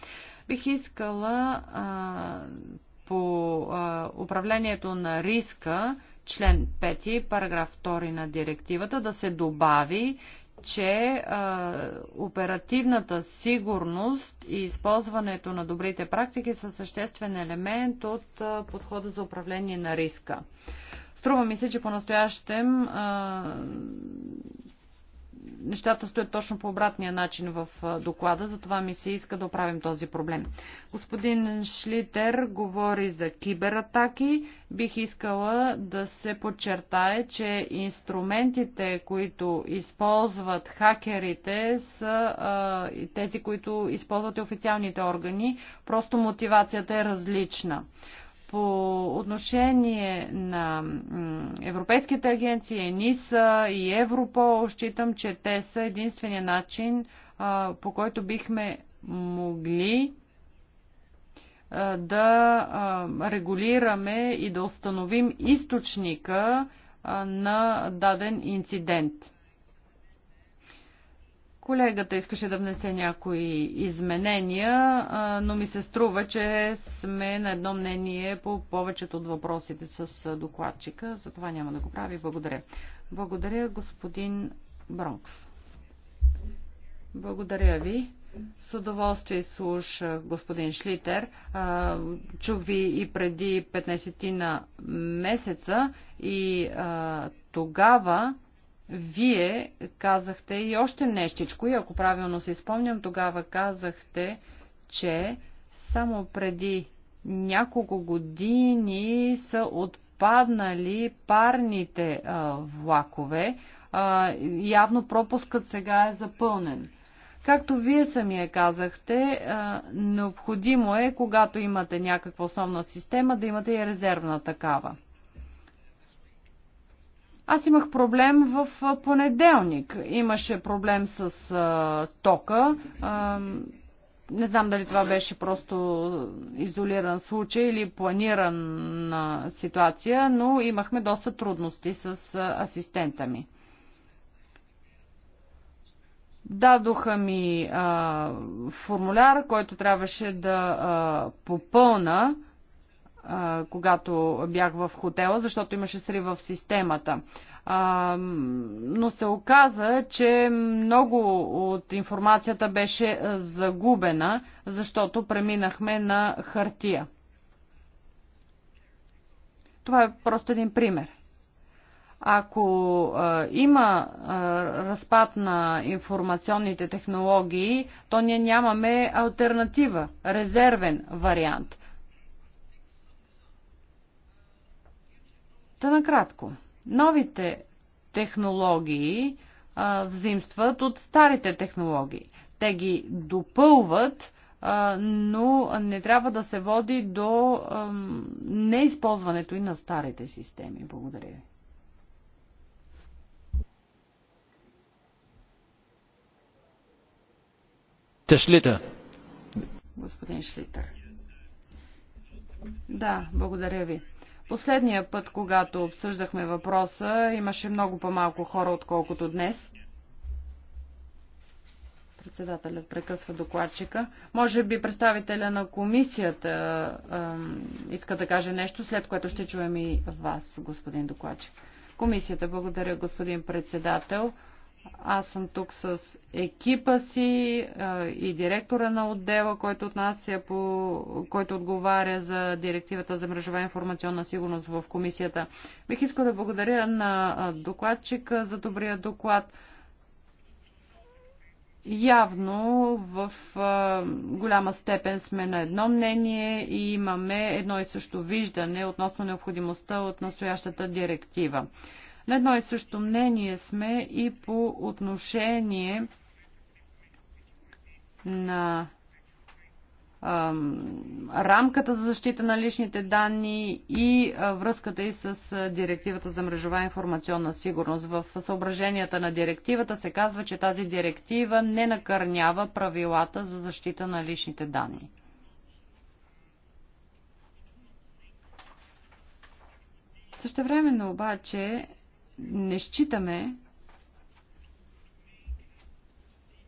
Бих искала а, по а, управлението на риска, член 5, параграф 2 на директивата, да се добави, че а, оперативната сигурност и използването на добрите практики са съществен елемент от а, подхода за управление на риска. Струва ми се, че по-настоящем нещата стоят точно по обратния начин в доклада, затова ми се иска да оправим този проблем. Господин Шлитер говори за кибератаки. Бих искала да се подчертае, че инструментите, които използват хакерите, са а, тези, които използват и официалните органи. Просто мотивацията е различна по отношение на европейските агенции, ЕНИСА и Европол, считам, че те са единствения начин, по който бихме могли да регулираме и да установим източника на даден инцидент. Колегата искаше да внесе някои изменения, но ми се струва, че сме на едно мнение по повечето от въпросите с докладчика. Затова няма да го прави. Благодаря. Благодаря, господин Бронкс. Благодаря ви. С удоволствие слушах господин Шлитер. Чух ви и преди 15 ти на месеца и тогава вие казахте и още нещичко, и ако правилно се изпомням, тогава казахте, че само преди няколко години са отпаднали парните а, влакове. А, явно пропускът сега е запълнен. Както вие самия казахте, а, необходимо е, когато имате някаква основна система, да имате и резервна такава. Аз имах проблем в понеделник. Имаше проблем с а, тока. А, не знам дали това беше просто изолиран случай или планирана ситуация, но имахме доста трудности с асистента ми. Дадоха ми а, формуляр, който трябваше да а, попълна. А, когато бях в хотела, защото имаше срив в системата. Но се оказа, че много от информацията беше загубена, защото преминахме на хартия. Това е просто един пример. Ако а, има а, разпад на информационните технологии, то ние нямаме альтернатива, резервен вариант. Та накратко, новите технологии а, взимстват от старите технологии. Те ги допълват, а, но не трябва да се води до а, неизползването и на старите системи. Благодаря ви. Шлитър. Господин Шлитър. Да, благодаря ви. Последния път, когато обсъждахме въпроса, имаше много по-малко хора, отколкото днес. Председателят прекъсва докладчика. Може би представителя на комисията э, иска да каже нещо, след което ще чуем и вас, господин докладчик. Комисията, благодаря, господин председател. Аз съм тук с екипа си и директора на отдела, който, от нас е по, който отговаря за директивата за мрежова информационна сигурност в комисията. Бих искал да благодаря на докладчика за добрия доклад. Явно в а, голяма степен сме на едно мнение и имаме едно и също виждане относно необходимостта от настоящата директива. На едно и също мнение сме и по отношение на рамката за защита на личните данни и връзката и с директивата за мрежова информационна сигурност. В съображенията на директивата се казва, че тази директива не накърнява правилата за защита на личните данни. Същевременно обаче не считаме,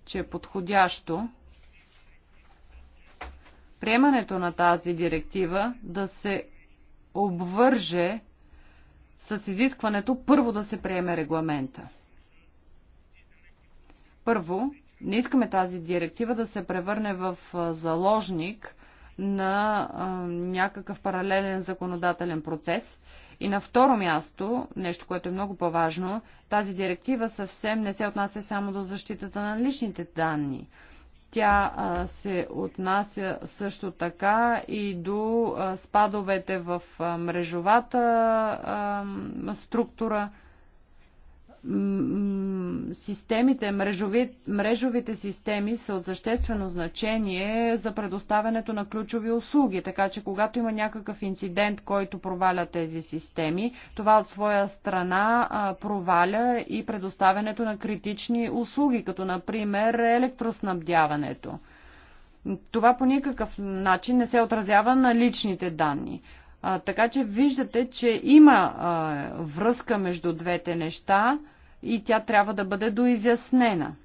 че е подходящо приемането на тази директива да се обвърже с изискването първо да се приеме регламента. Първо, не искаме тази директива да се превърне в заложник на а, някакъв паралелен законодателен процес и на второ място, нещо, което е много по-важно, тази директива съвсем не се отнася само до защитата на личните данни. Тя а, се отнася също така и до а, спадовете в а, мрежовата а, структура системите, мрежови, мрежовите системи са от съществено значение за предоставянето на ключови услуги, така че когато има някакъв инцидент, който проваля тези системи, това от своя страна проваля и предоставянето на критични услуги, като например електроснабдяването. Това по никакъв начин не се отразява на личните данни. А, така че виждате, че има а, връзка между двете неща и тя трябва да бъде доизяснена.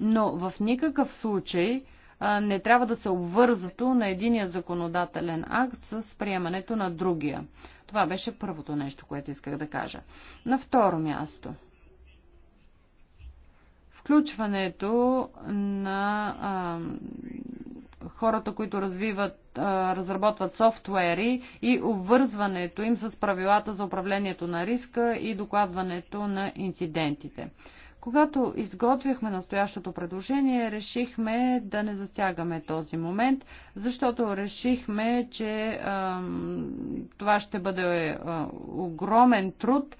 Но в никакъв случай а, не трябва да се обвързато на единия законодателен акт с приемането на другия. Това беше първото нещо, което исках да кажа. На второ място. Включването на а, хората, които развиват разработват софтуери и обвързването им с правилата за управлението на риска и докладването на инцидентите. Когато изготвяхме настоящото предложение, решихме да не засягаме този момент, защото решихме, че а, това ще бъде а, огромен труд,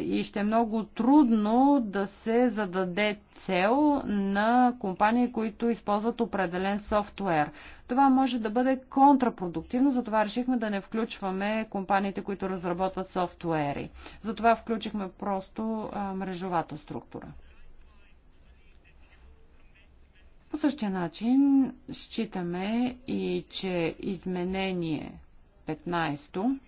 и ще е много трудно да се зададе цел на компании, които използват определен софтуер. Това може да бъде контрапродуктивно, затова решихме да не включваме компаниите, които разработват софтуери. Затова включихме просто мрежовата структура. По същия начин считаме и, че изменение 15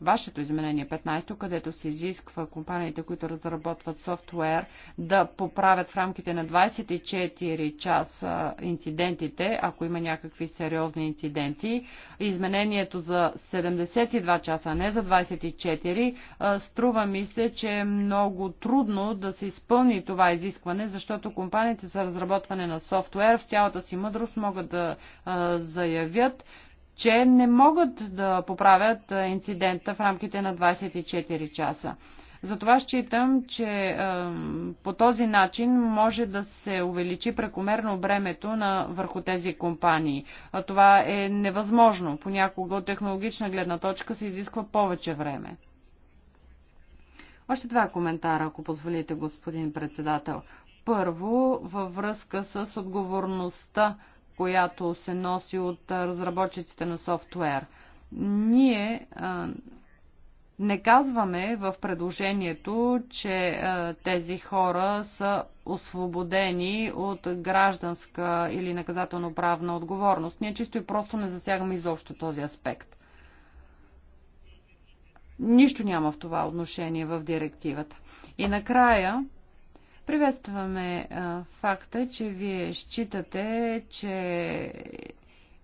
вашето изменение 15, където се изисква компаниите, които разработват софтуер, да поправят в рамките на 24 часа инцидентите, ако има някакви сериозни инциденти. Изменението за 72 часа, а не за 24, струва ми се, че е много трудно да се изпълни това изискване, защото компаниите за разработване на софтуер в цялата си мъдрост могат да заявят, че не могат да поправят инцидента в рамките на 24 часа. Затова считам, че е, по този начин може да се увеличи прекомерно бремето на, върху тези компании. А това е невъзможно. Понякога от технологична гледна точка се изисква повече време. Още два коментара, ако позволите, господин председател. Първо, във връзка с отговорността която се носи от разработчиците на софтуер. Ние не казваме в предложението, че тези хора са освободени от гражданска или наказателно-правна отговорност. Ние чисто и просто не засягаме изобщо този аспект. Нищо няма в това отношение в директивата. И накрая, Приветстваме а, факта, че вие считате, че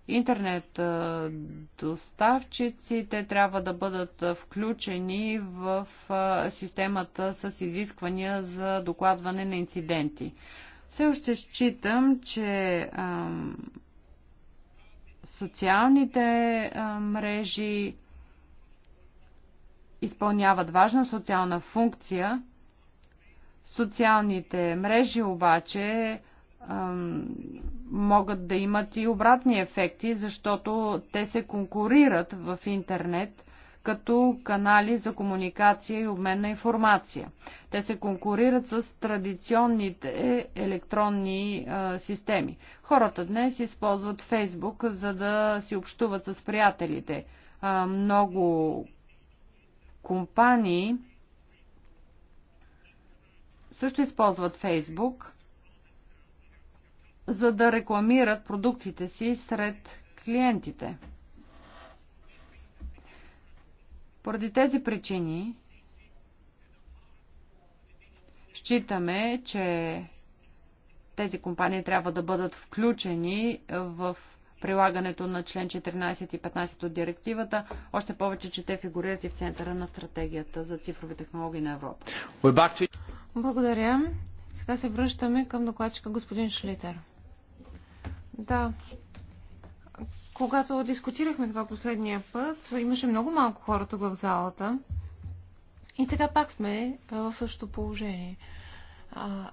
интернет а, доставчиците трябва да бъдат включени в а, системата с изисквания за докладване на инциденти. Все още считам, че социалните мрежи изпълняват важна социална функция – Социалните мрежи обаче могат да имат и обратни ефекти, защото те се конкурират в интернет като канали за комуникация и обмен на информация. Те се конкурират с традиционните електронни а, системи. Хората днес използват Фейсбук, за да си общуват с приятелите. А, много компании също използват Фейсбук, за да рекламират продуктите си сред клиентите. Поради тези причини считаме, че тези компании трябва да бъдат включени в прилагането на член 14 и 15 от директивата, още повече, че те фигурират и в центъра на стратегията за цифрови технологии на Европа. Благодаря. Сега се връщаме към докладчика господин Шлитер. Да. Когато дискутирахме това последния път, имаше много малко хора тук в залата. И сега пак сме е, в същото положение. А,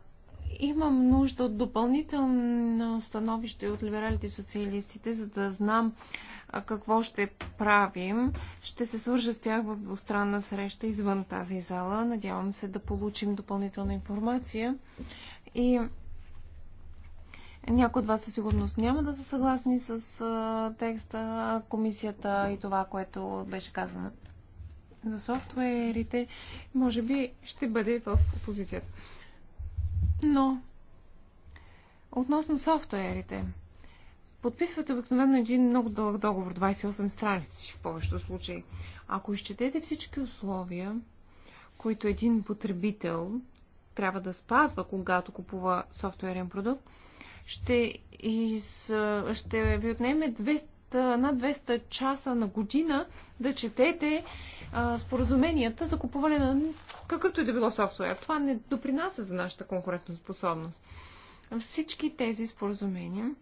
имам нужда от допълнително становище от либералите и социалистите, за да знам какво ще правим. Ще се свържа с тях в двустранна среща извън тази зала. Надявам се да получим допълнителна информация. И някои от вас със сигурност няма да са съгласни с текста, комисията и това, което беше казано за софтуерите. Може би ще бъде в опозицията. Но, относно софтуерите, подписвате обикновено един много дълъг договор, 28 страници в повечето случаи. Ако изчетете всички условия, които един потребител трябва да спазва, когато купува софтуерен продукт, ще, из, ще ви отнеме 200, над 200 часа на година да четете а, споразуменията за купуване на какъвто и да било софтуер. Това не допринася за нашата конкурентоспособност. Всички тези споразумения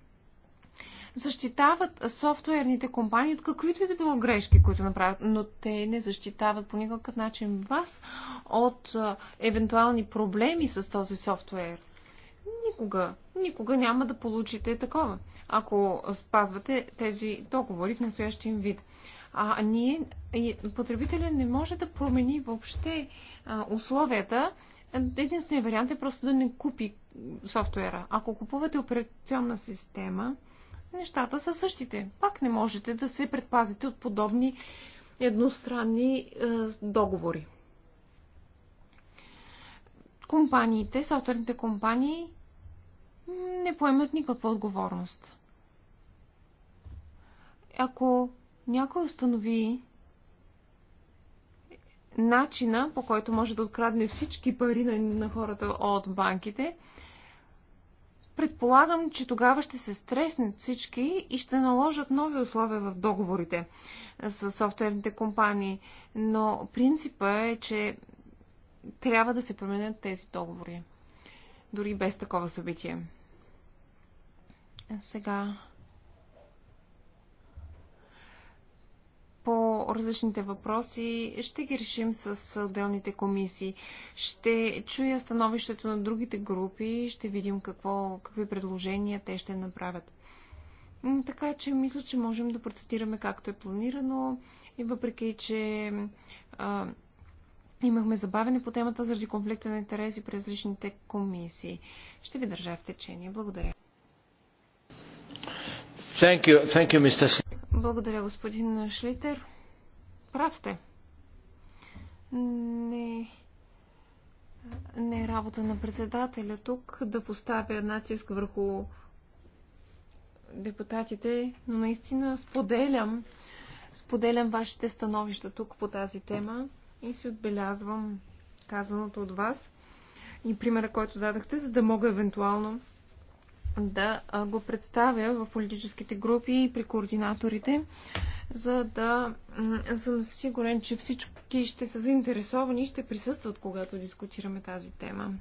защитават софтуерните компании от каквито и да било грешки, които направят, но те не защитават по никакъв начин вас от евентуални проблеми с този софтуер. Никога, никога няма да получите такова, ако спазвате тези договори в настоящия им вид. А ние, потребителя не може да промени въобще а, условията. Единственият вариант е просто да не купи софтуера. Ако купувате операционна система, нещата са същите. Пак не можете да се предпазите от подобни едностранни е, договори. Компаниите, софтуерните компании не поемат никаква отговорност. Ако някой установи начина, по който може да открадне всички пари на, на хората от банките, предполагам, че тогава ще се стреснат всички и ще наложат нови условия в договорите е, с софтуерните компании. Но принципа е, че трябва да се променят тези договори. Дори без такова събитие. Сега различните въпроси ще ги решим с отделните комисии. Ще чуя становището на другите групи, ще видим какво, какви предложения те ще направят. Така че мисля, че можем да процедираме както е планирано и въпреки, че а, имахме забавене по темата заради конфликта на интереси през различните комисии. Ще ви държа в течение. Благодаря. Thank you. Thank you, Благодаря, господин Шлитер. Прав сте. Не, не е работа на председателя тук да поставя натиск върху депутатите, но наистина споделям, споделям вашите становища тук по тази тема и си отбелязвам казаното от вас и примера, който дадахте, за да мога евентуално да го представя в политическите групи и при координаторите, за да съм сигурен, че всички ще са заинтересовани и ще присъстват, когато дискутираме тази тема.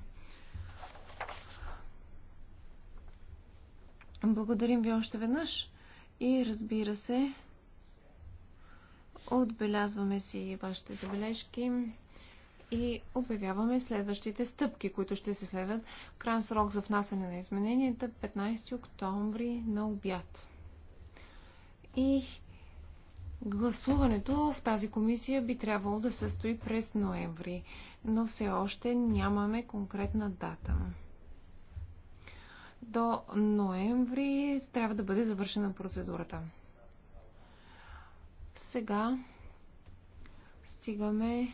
Благодарим ви още веднъж и разбира се, отбелязваме си вашите забележки и обявяваме следващите стъпки, които ще се следват. Крайен срок за внасяне на измененията 15 октомври на обяд. И Гласуването в тази комисия би трябвало да се стои през ноември, но все още нямаме конкретна дата. До ноември трябва да бъде завършена процедурата. Сега стигаме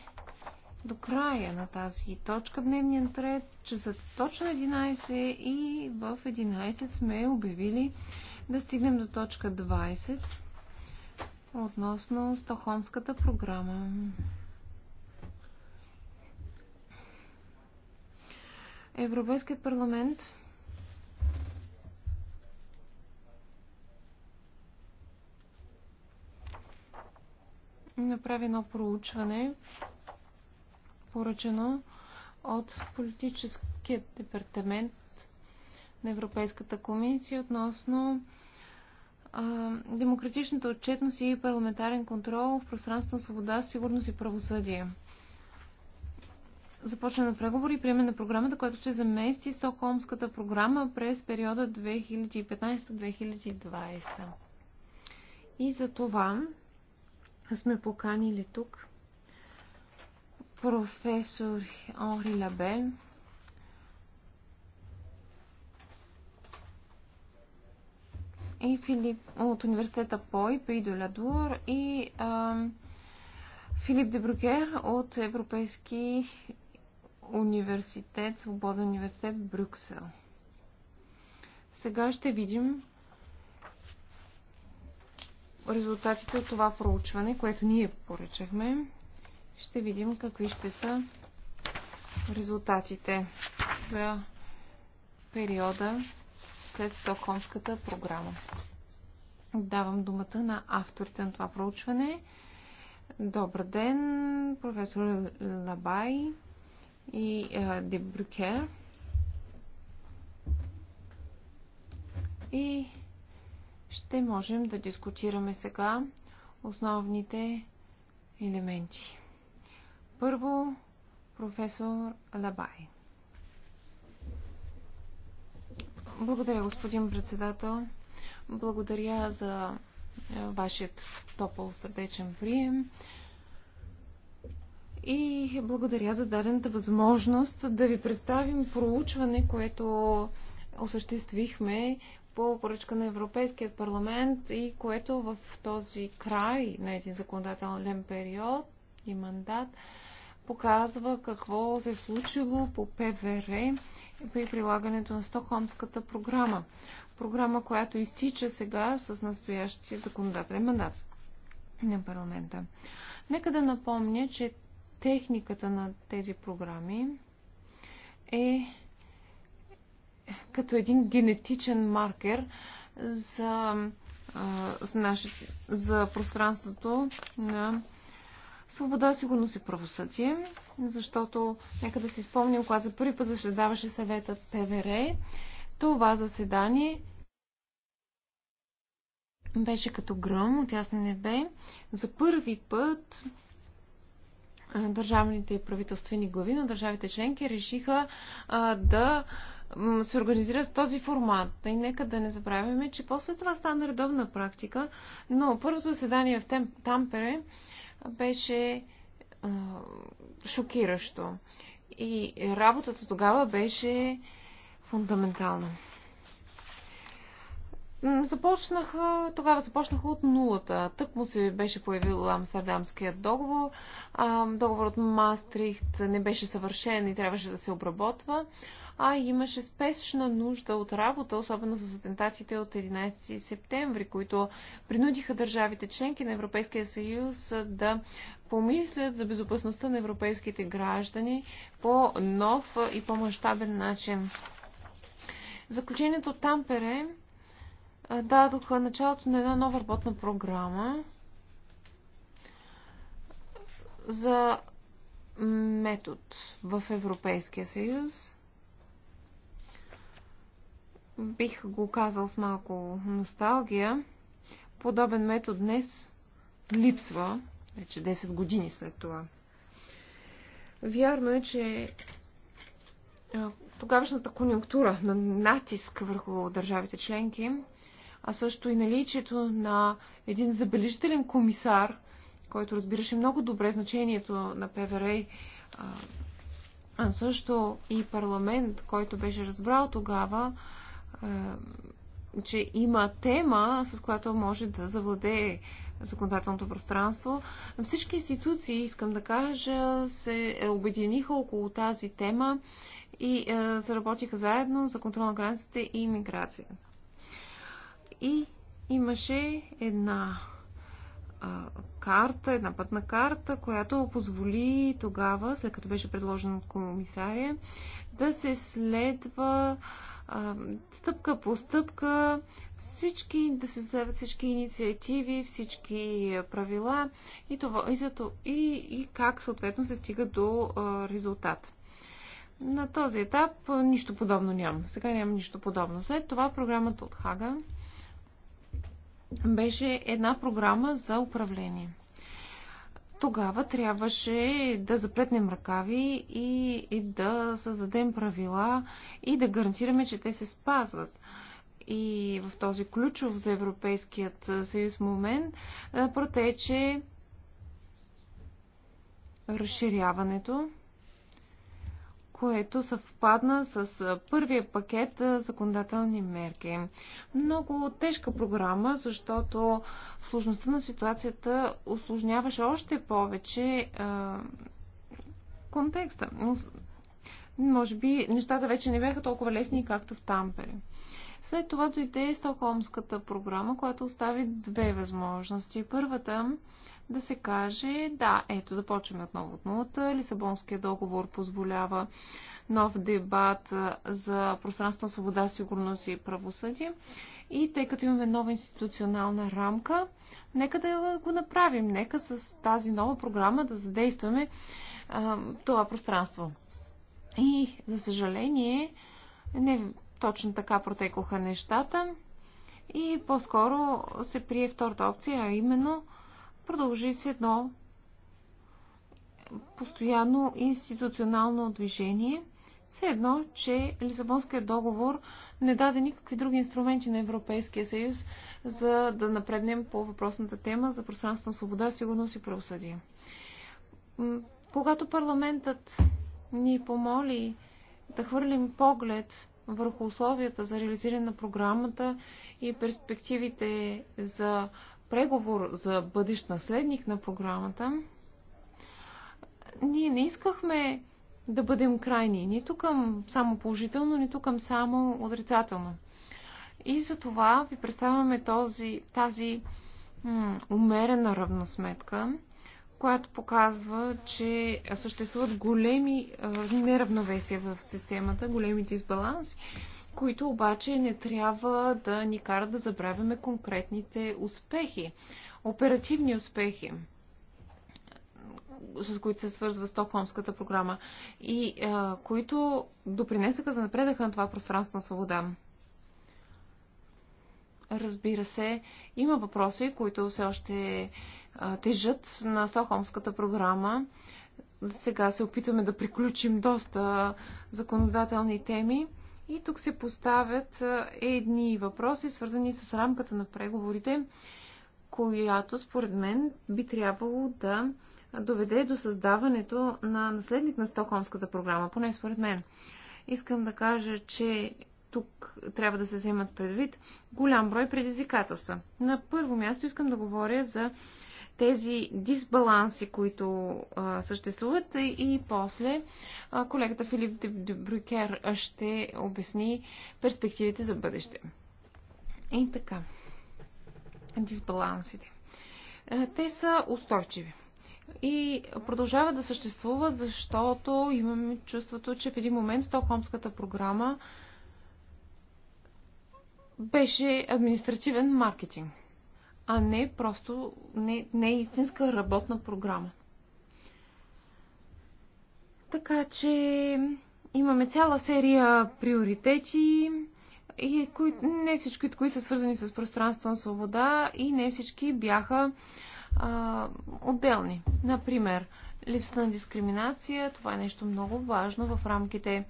до края на тази точка в дневния ред, че са точно 11 и в 11 сме обявили да стигнем до точка 20 относно Стохомската програма. Европейският парламент направи едно проучване, поръчено от политическият департамент на Европейската комисия относно демократичната отчетност и парламентарен контрол в пространство на свобода, сигурност и правосъдие. Започна на преговори и приеме на програмата, която ще замести Стокхолмската програма през периода 2015-2020. И за това сме поканили тук професор Ори Лабен, и Филип, от университета Пой, Пей до и а, Филип Дебрукер от Европейски университет, Свободен университет в Брюксел. Сега ще видим резултатите от това проучване, което ние поръчахме. Ще видим какви ще са резултатите за периода след Стокхолмската програма. Давам думата на авторите на това проучване. Добър ден, професор Лабай и е, Дебрюкер. И ще можем да дискутираме сега основните елементи. Първо, професор Лабай. Благодаря, господин председател. Благодаря за е, вашият топъл сърдечен прием. И благодаря за дадената възможност да ви представим проучване, което осъществихме по поръчка на Европейският парламент и което в този край на един законодателен период и мандат показва какво се е случило по ПВР при прилагането на Стокхолмската програма. Програма, която изтича сега с настоящия законодателен мандат на парламента. Нека да напомня, че техниката на тези програми е като един генетичен маркер за, за, за пространството на свобода, сигурност и правосъдие, защото нека да си спомним, когато за първи път заседаваше съветът ПВР, това заседание беше като гръм от ясно небе. За първи път държавните и правителствени глави на държавите членки решиха а, да се организират този формат. И нека да не забравяме, че после това стана редовна практика, но първото заседание в Тампере беше а, шокиращо. И работата тогава беше фундаментална. Започнаха, тогава започнаха от нулата. Тък му се беше появил Амстердамският договор. А, договорът Мастрихт не беше съвършен и трябваше да се обработва а имаше спешна нужда от работа, особено с атентатите от 11 септември, които принудиха държавите членки на Европейския съюз да помислят за безопасността на европейските граждани по нов и по-масштабен начин. Заключението от Тампере дадоха началото на една нова работна програма за метод в Европейския съюз – бих го казал с малко носталгия, подобен метод днес липсва вече 10 години след това. Вярно е, че тогавашната конъюнктура на натиск върху държавите членки, а също и наличието на един забележителен комисар, който разбираше много добре значението на ПВР, а също и парламент, който беше разбрал тогава, че има тема, с която може да завладее законодателното пространство. Всички институции, искам да кажа, се е, обединиха около тази тема и е, заработиха заедно за контрол на границите и иммиграция. И имаше една карта, една пътна карта, която позволи тогава, след като беше предложена от комисария, да се следва стъпка по стъпка всички, да се създават всички инициативи, всички правила и, това, и, зато, и, и как съответно се стига до а, резултат. На този етап нищо подобно няма. Сега няма нищо подобно. След това програмата от Хага беше една програма за управление тогава трябваше да запретнем ръкави и, и да създадем правила и да гарантираме, че те се спазват. И в този ключов за Европейският съюз момент протече разширяването което съвпадна с първия пакет законодателни мерки. Много тежка програма, защото сложността на ситуацията осложняваше още повече а, контекста. Може би нещата вече не бяха толкова лесни, както в Тампере. След това дойде Стокхолмската програма, която остави две възможности. Първата да се каже, да, ето, започваме отново от нулата. Лисабонския договор позволява нов дебат за пространство на свобода, сигурност и правосъдие. И тъй като имаме нова институционална рамка, нека да го направим. Нека с тази нова програма да задействаме а, това пространство. И, за съжаление, не точно така протекоха нещата. И по-скоро се прие втората опция, а именно – продължи с едно постоянно институционално движение, все едно, че Лисабонският договор не даде никакви други инструменти на Европейския съюз, за да напреднем по въпросната тема за пространство на свобода, сигурност и правосъдие. Когато парламентът ни помоли да хвърлим поглед върху условията за реализиране на програмата и перспективите за преговор за бъдещ наследник на програмата, ние не искахме да бъдем крайни, нито към само положително, нито към само отрицателно. И за това ви представяме този, тази м- умерена равносметка, която показва, че съществуват големи а, неравновесия в системата, големи дисбаланси които обаче не трябва да ни карат да забравяме конкретните успехи, оперативни успехи с които се свързва Стокхолмската програма и а, които допринесаха за напредъка на това пространство на свобода. Разбира се, има въпроси, които все още тежат на Стокхолмската програма. Сега се опитваме да приключим доста законодателни теми. И тук се поставят едни въпроси, свързани с рамката на преговорите, която според мен би трябвало да доведе до създаването на наследник на Стокхолмската програма, поне според мен. Искам да кажа, че тук трябва да се вземат предвид голям брой предизвикателства. На първо място искам да говоря за тези дисбаланси, които а, съществуват. И после а, колегата Филип Дебрюкер ще обясни перспективите за бъдеще. И така. Дисбалансите. Те са устойчиви и продължават да съществуват, защото имаме чувството, че в един момент Стокхомската програма беше административен маркетинг а не просто не, не е истинска работна програма. Така че имаме цяла серия приоритети, и кои, не всички, които са свързани с пространство на свобода и не всички бяха а, отделни. Например, липса на дискриминация, това е нещо много важно в рамките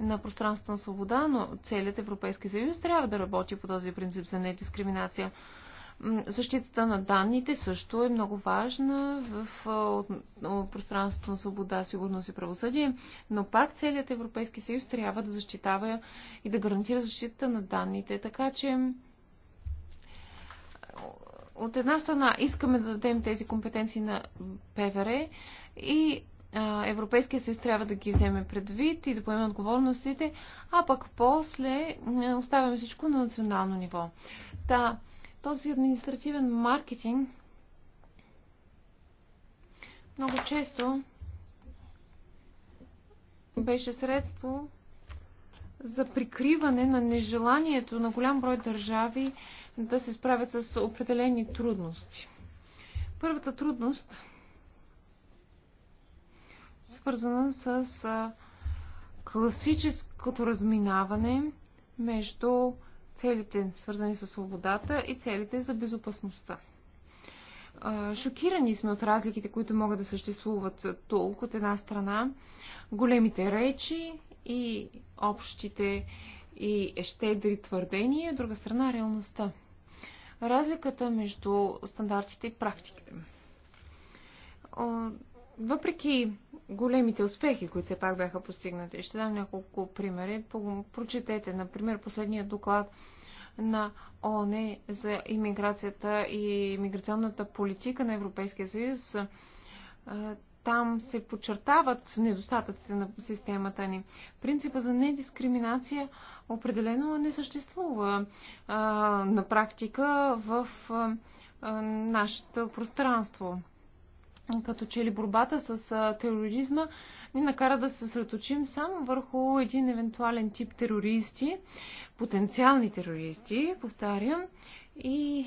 на пространство на свобода, но целият Европейски съюз трябва да работи по този принцип за недискриминация. Защитата на данните също е много важна в пространството на свобода, сигурност и правосъдие, но пак целият Европейски съюз трябва да защитава и да гарантира защитата на данните. Така че от една страна искаме да дадем тези компетенции на ПВР и Европейския съюз трябва да ги вземе предвид и да поеме отговорностите, а пък после оставяме всичко на национално ниво. Та, да, този административен маркетинг много често беше средство за прикриване на нежеланието на голям брой държави да се справят с определени трудности. Първата трудност свързана с класическото разминаване между целите свързани с свободата и целите за безопасността. Шокирани сме от разликите, които могат да съществуват тук от една страна. Големите речи и общите и щедри твърдения, от друга страна реалността. Разликата между стандартите и практиките. Въпреки големите успехи, които все пак бяха постигнати. Ще дам няколко примери. Прочетете, например, последния доклад на ООН за иммиграцията и иммиграционната политика на Европейския съюз. Там се подчертават недостатъците на системата ни. Принципа за недискриминация определено не съществува на практика в нашето пространство като че ли борбата с тероризма ни накара да се съсредоточим само върху един евентуален тип терористи, потенциални терористи, повтарям, и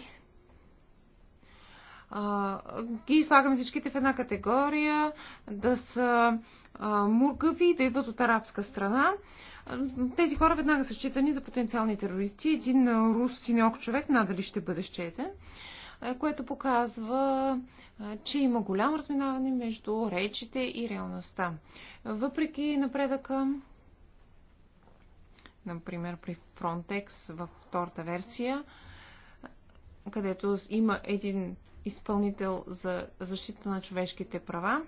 а, ги слагам всичките в една категория, да са а, мургави, да идват от арабска страна. Тези хора веднага са считани за потенциални терористи. Един рус синьок човек надали ще бъде щетен. Е, което показва, е, че има голямо разминаване между речите и реалността. Въпреки напредъка, например при Frontex във втората версия, където има един изпълнител за защита на човешките права,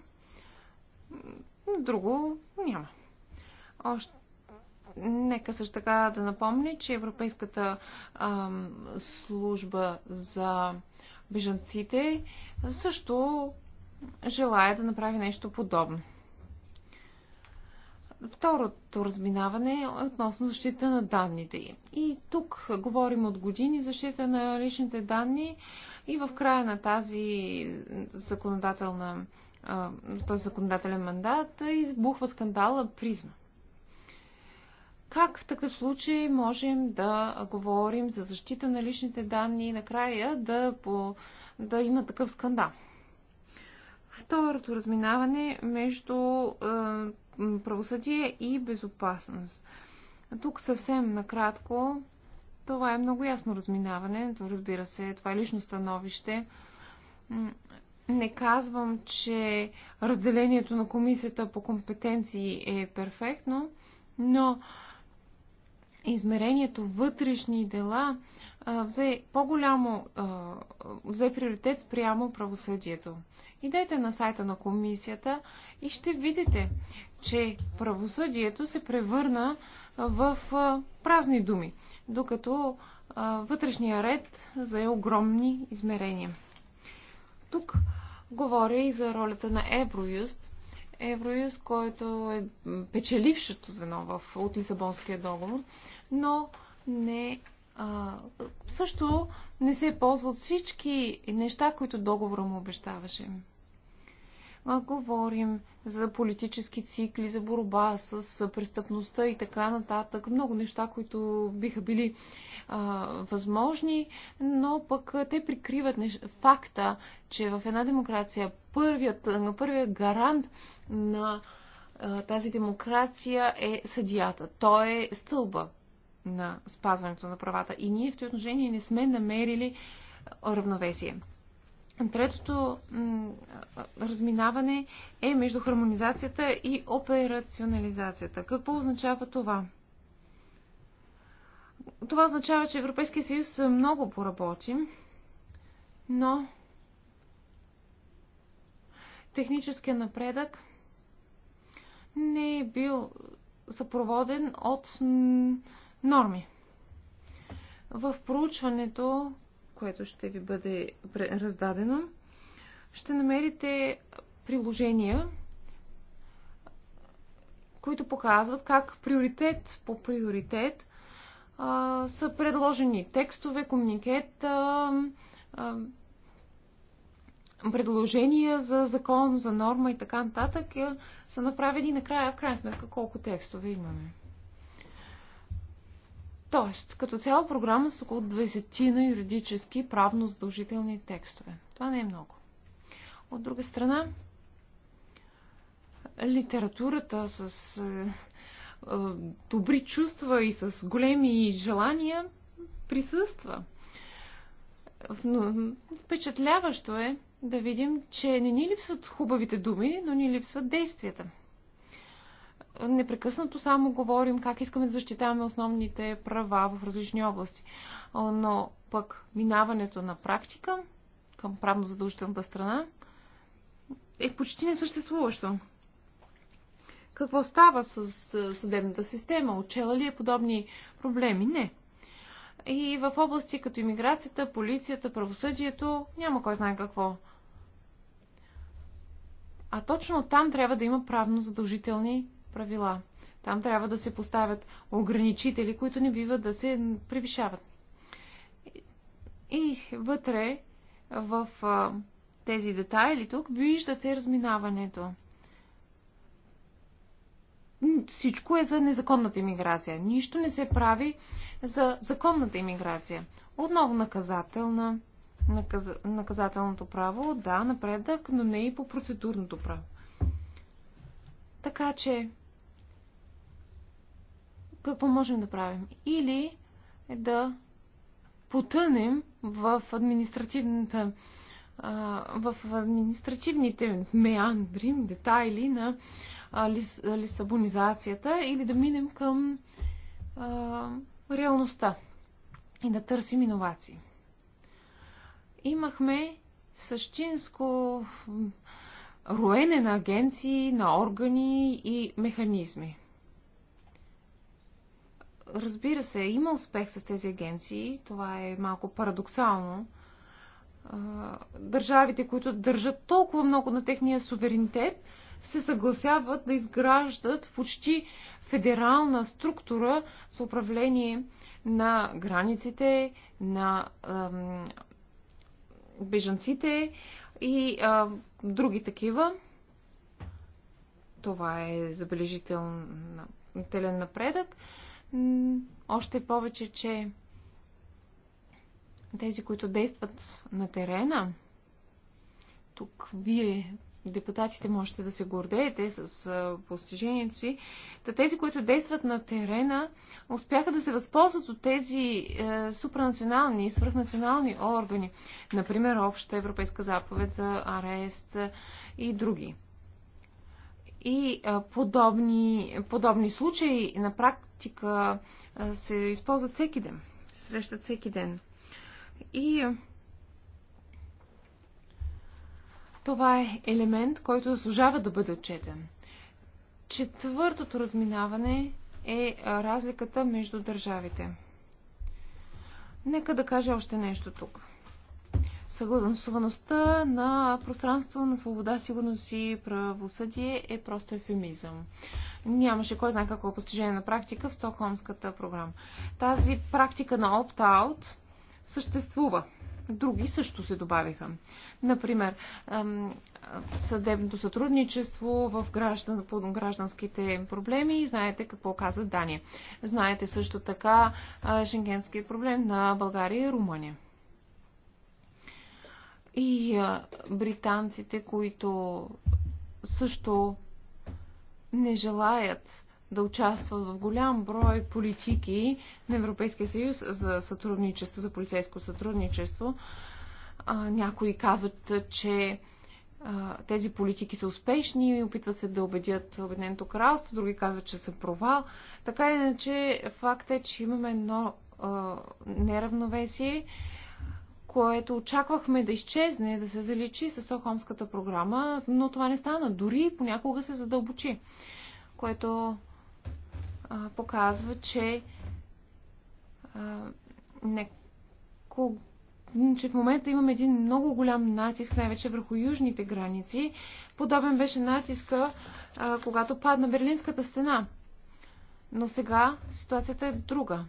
друго няма. Още Нека също така да напомня, че Европейската а, служба за бежанците също желая да направи нещо подобно. Второто разминаване е относно защита на данните. И тук говорим от години защита на личните данни и в края на тази законодателна, този законодателен мандат избухва скандала призма. Как в такъв случай можем да говорим за защита на личните данни и накрая да, по, да има такъв скандал? Второто разминаване между е, правосъдие и безопасност. Тук съвсем накратко, това е много ясно разминаване, разбира се, това е лично становище. Не казвам, че разделението на комисията по компетенции е перфектно, но измерението вътрешни дела взе по-голямо, взе приоритет спрямо правосъдието. Идете на сайта на комисията и ще видите, че правосъдието се превърна в празни думи, докато вътрешния ред зае огромни измерения. Тук говоря и за ролята на Евроюст, Евроюз, който е печелившето звено в, от Лисабонския договор, но не, а, също не се ползва от всички неща, които договора му обещаваше говорим за политически цикли, за борба с престъпността и така нататък. Много неща, които биха били а, възможни, но пък те прикриват нещ... факта, че в една демокрация първият, първия гарант на а, тази демокрация е съдията. Той е стълба на спазването на правата. И ние в този отношение не сме намерили равновесие. Третото разминаване е между хармонизацията и операционализацията. Какво означава това? Това означава, че Европейския съюз много поработи, но техническия напредък не е бил съпроводен от норми. В проучването което ще ви бъде раздадено, ще намерите приложения, които показват как приоритет по приоритет а, са предложени текстове, комуникет, а, а, предложения за закон, за норма и така нататък, е, са направени накрая, в крайна сметка, колко текстове имаме. Тоест, като цяло програма са около 20 на юридически правно задължителни текстове. Това не е много. От друга страна, литературата с е, е, добри чувства и с големи желания присъства. Но, впечатляващо е да видим, че не ни липсват хубавите думи, но ни липсват действията непрекъснато само говорим как искаме да защитаваме основните права в различни области. Но пък минаването на практика към правно задължителната страна е почти несъществуващо. Какво става с съдебната система? Отчела ли е подобни проблеми? Не. И в области като иммиграцията, полицията, правосъдието няма кой знае какво. А точно там трябва да има правно задължителни правила. Там трябва да се поставят ограничители, които не биват да се превишават. И вътре в тези детайли тук виждате разминаването. Всичко е за незаконната иммиграция. Нищо не се прави за законната иммиграция. Отново наказателна, наказ... наказателното право, да, напредък, но не и по процедурното право. Така че какво можем да правим? Или да потънем в административната в административните меандри, детайли на лисабонизацията или да минем към реалността и да търсим иновации. Имахме същинско роене на агенции, на органи и механизми. Разбира се, има успех с тези агенции. Това е малко парадоксално. Държавите, които държат толкова много на техния суверенитет, се съгласяват да изграждат почти федерална структура с управление на границите, на ам, бежанците и а, други такива. Това е забележителен напредък. Още повече, че тези, които действат на терена, тук вие, депутатите, можете да се гордеете с постижението си, да тези, които действат на терена, успяха да се възползват от тези е, супранационални и свръхнационални органи, например Обща европейска заповед за арест е, и други. И подобни, подобни случаи на практика се използват всеки ден, срещат всеки ден. И това е елемент, който заслужава да бъде отчетен. Четвъртото разминаване е разликата между държавите. Нека да кажа още нещо тук съгласуваността на пространство на свобода, сигурност и правосъдие е просто ефемизъм. Нямаше кой знае какво постижение на практика в Стокхолмската програма. Тази практика на опт-аут съществува. Други също се добавиха. Например, съдебното сътрудничество в граждан, по гражданските проблеми. Знаете какво каза Дания. Знаете също така шенгенският проблем на България и Румъния и британците, които също не желаят да участват в голям брой политики на Европейския съюз за сътрудничество, за полицейско сътрудничество. някои казват, че тези политики са успешни и опитват се да убедят Обединеното кралство, други казват, че са провал. Така иначе, факт е, че имаме едно неравновесие което очаквахме да изчезне, да се заличи с Стокхолмската програма, но това не стана. Дори понякога се задълбочи, което а, показва, че, а, не, ко, че в момента имаме един много голям натиск, най-вече върху южните граници. Подобен беше натиска, а, когато падна Берлинската стена. Но сега ситуацията е друга.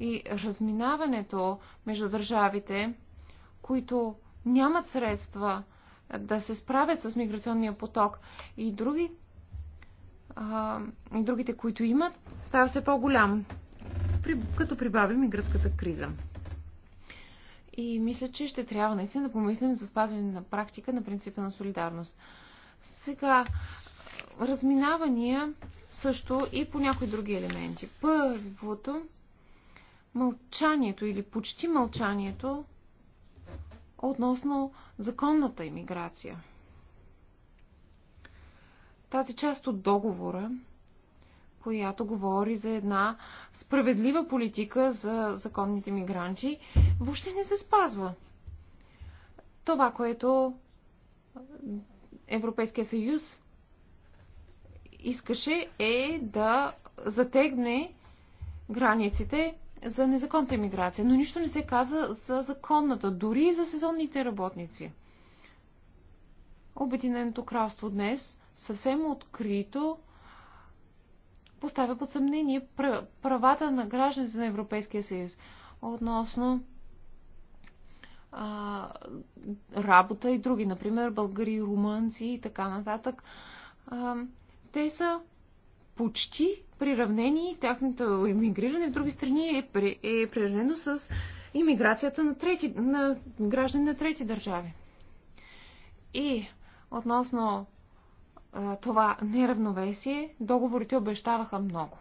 И разминаването между държавите, които нямат средства да се справят с миграционния поток и други, а, и другите, които имат, става все по-голям, при, като прибавим и гръцката криза. И мисля, че ще трябва наистина да помислим за спазване на практика на принципа на солидарност. Сега, разминавания също и по някои други елементи. Първото, мълчанието или почти мълчанието относно законната иммиграция. Тази част от договора, която говори за една справедлива политика за законните мигранти, въобще не се спазва. Това, което Европейския съюз искаше е да затегне границите за незаконната иммиграция, но нищо не се каза за законната, дори и за сезонните работници. Обединеното кралство днес съвсем открито поставя под съмнение правата на гражданите на Европейския съюз относно а, работа и други, например българи, румънци и така нататък. А, те са почти приравнени, тяхното иммигриране в други страни е, е приравнено с иммиграцията на, трети, на граждани на трети държави. И относно а, това неравновесие, договорите обещаваха много.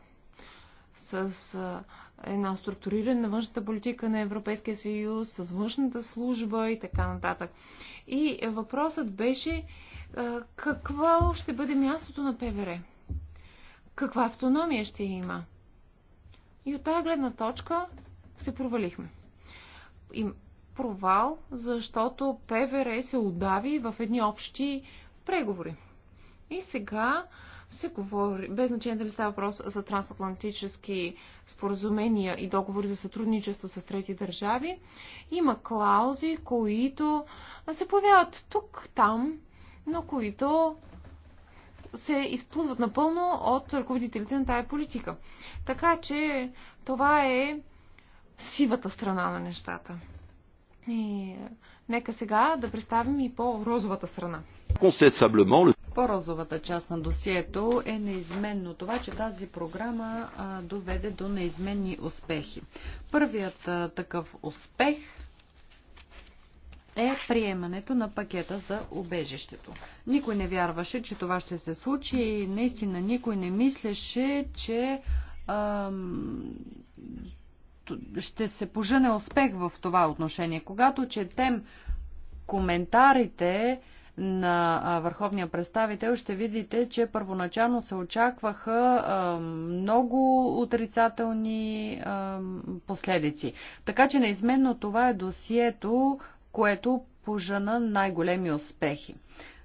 С а, една структуриране на външната политика на Европейския съюз, с външната служба и така нататък. И въпросът беше а, какво ще бъде мястото на ПВР каква автономия ще има. И от тази гледна точка се провалихме. И провал, защото ПВР се удави в едни общи преговори. И сега се говори, без значение дали става въпрос за трансатлантически споразумения и договори за сътрудничество с трети държави, има клаузи, които се появяват тук, там, но които се изплъзват напълно от ръководителите на тая политика. Така че това е сивата страна на нещата. И е, нека сега да представим и по-розовата страна. По-розовата част на досието е неизменно това, че тази програма а, доведе до неизменни успехи. Първият а, такъв успех е приемането на пакета за убежището. Никой не вярваше, че това ще се случи и наистина никой не мислеше, че ам, ще се пожене успех в това отношение. Когато четем коментарите на върховния представител, ще видите, че първоначално се очакваха много отрицателни последици. Така че неизменно това е досието, което пожена най-големи успехи.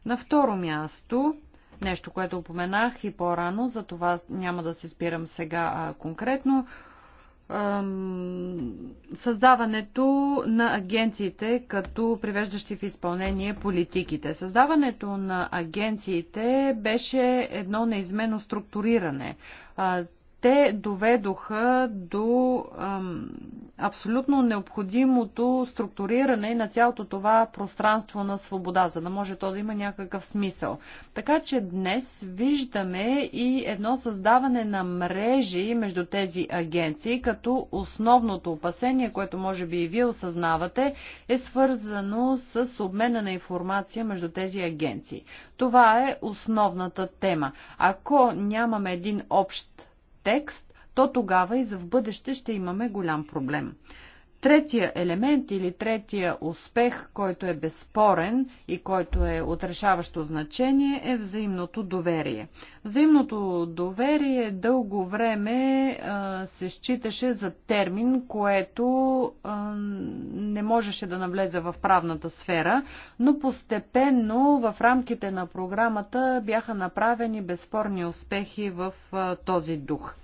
На второ място, нещо, което упоменах и по-рано, за това няма да се спирам сега а, конкретно, създаването на агенциите като привеждащи в изпълнение политиките. Създаването на агенциите беше едно неизменно структуриране те доведоха до ам, абсолютно необходимото структуриране на цялото това пространство на свобода, за да може то да има някакъв смисъл. Така че днес виждаме и едно създаване на мрежи между тези агенции, като основното опасение, което може би и вие осъзнавате, е свързано с обмена на информация между тези агенции. Това е основната тема. Ако нямаме един общ текст, то тогава и за в бъдеще ще имаме голям проблем. Третия елемент или третия успех, който е безспорен и който е отрешаващо значение, е взаимното доверие. Взаимното доверие дълго време а, се считаше за термин, което а, не можеше да навлезе в правната сфера, но постепенно в рамките на програмата бяха направени безспорни успехи в а, този дух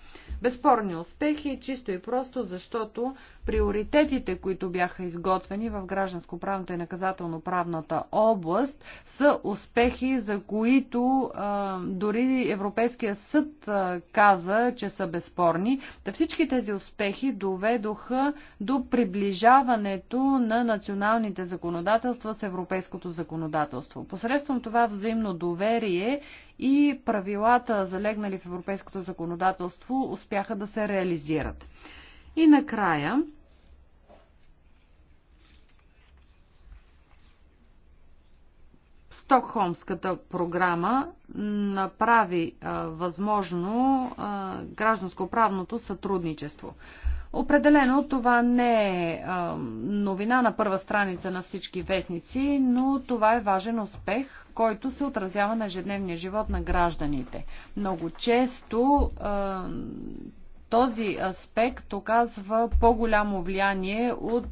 безспорни успехи, чисто и просто защото приоритетите, които бяха изготвени в гражданско-правната и наказателно-правната област, са успехи, за които а, дори Европейския съд а, каза, че са безспорни. Та всички тези успехи доведоха до приближаването на националните законодателства с европейското законодателство. Посредством това взаимно доверие и правилата, залегнали в европейското законодателство, успяха да се реализират. И накрая, Стокхолмската програма направи а, възможно а, гражданско-правното сътрудничество. Определено това не е а, новина на първа страница на всички вестници, но това е важен успех, който се отразява на ежедневния живот на гражданите. Много често а, този аспект оказва по-голямо влияние от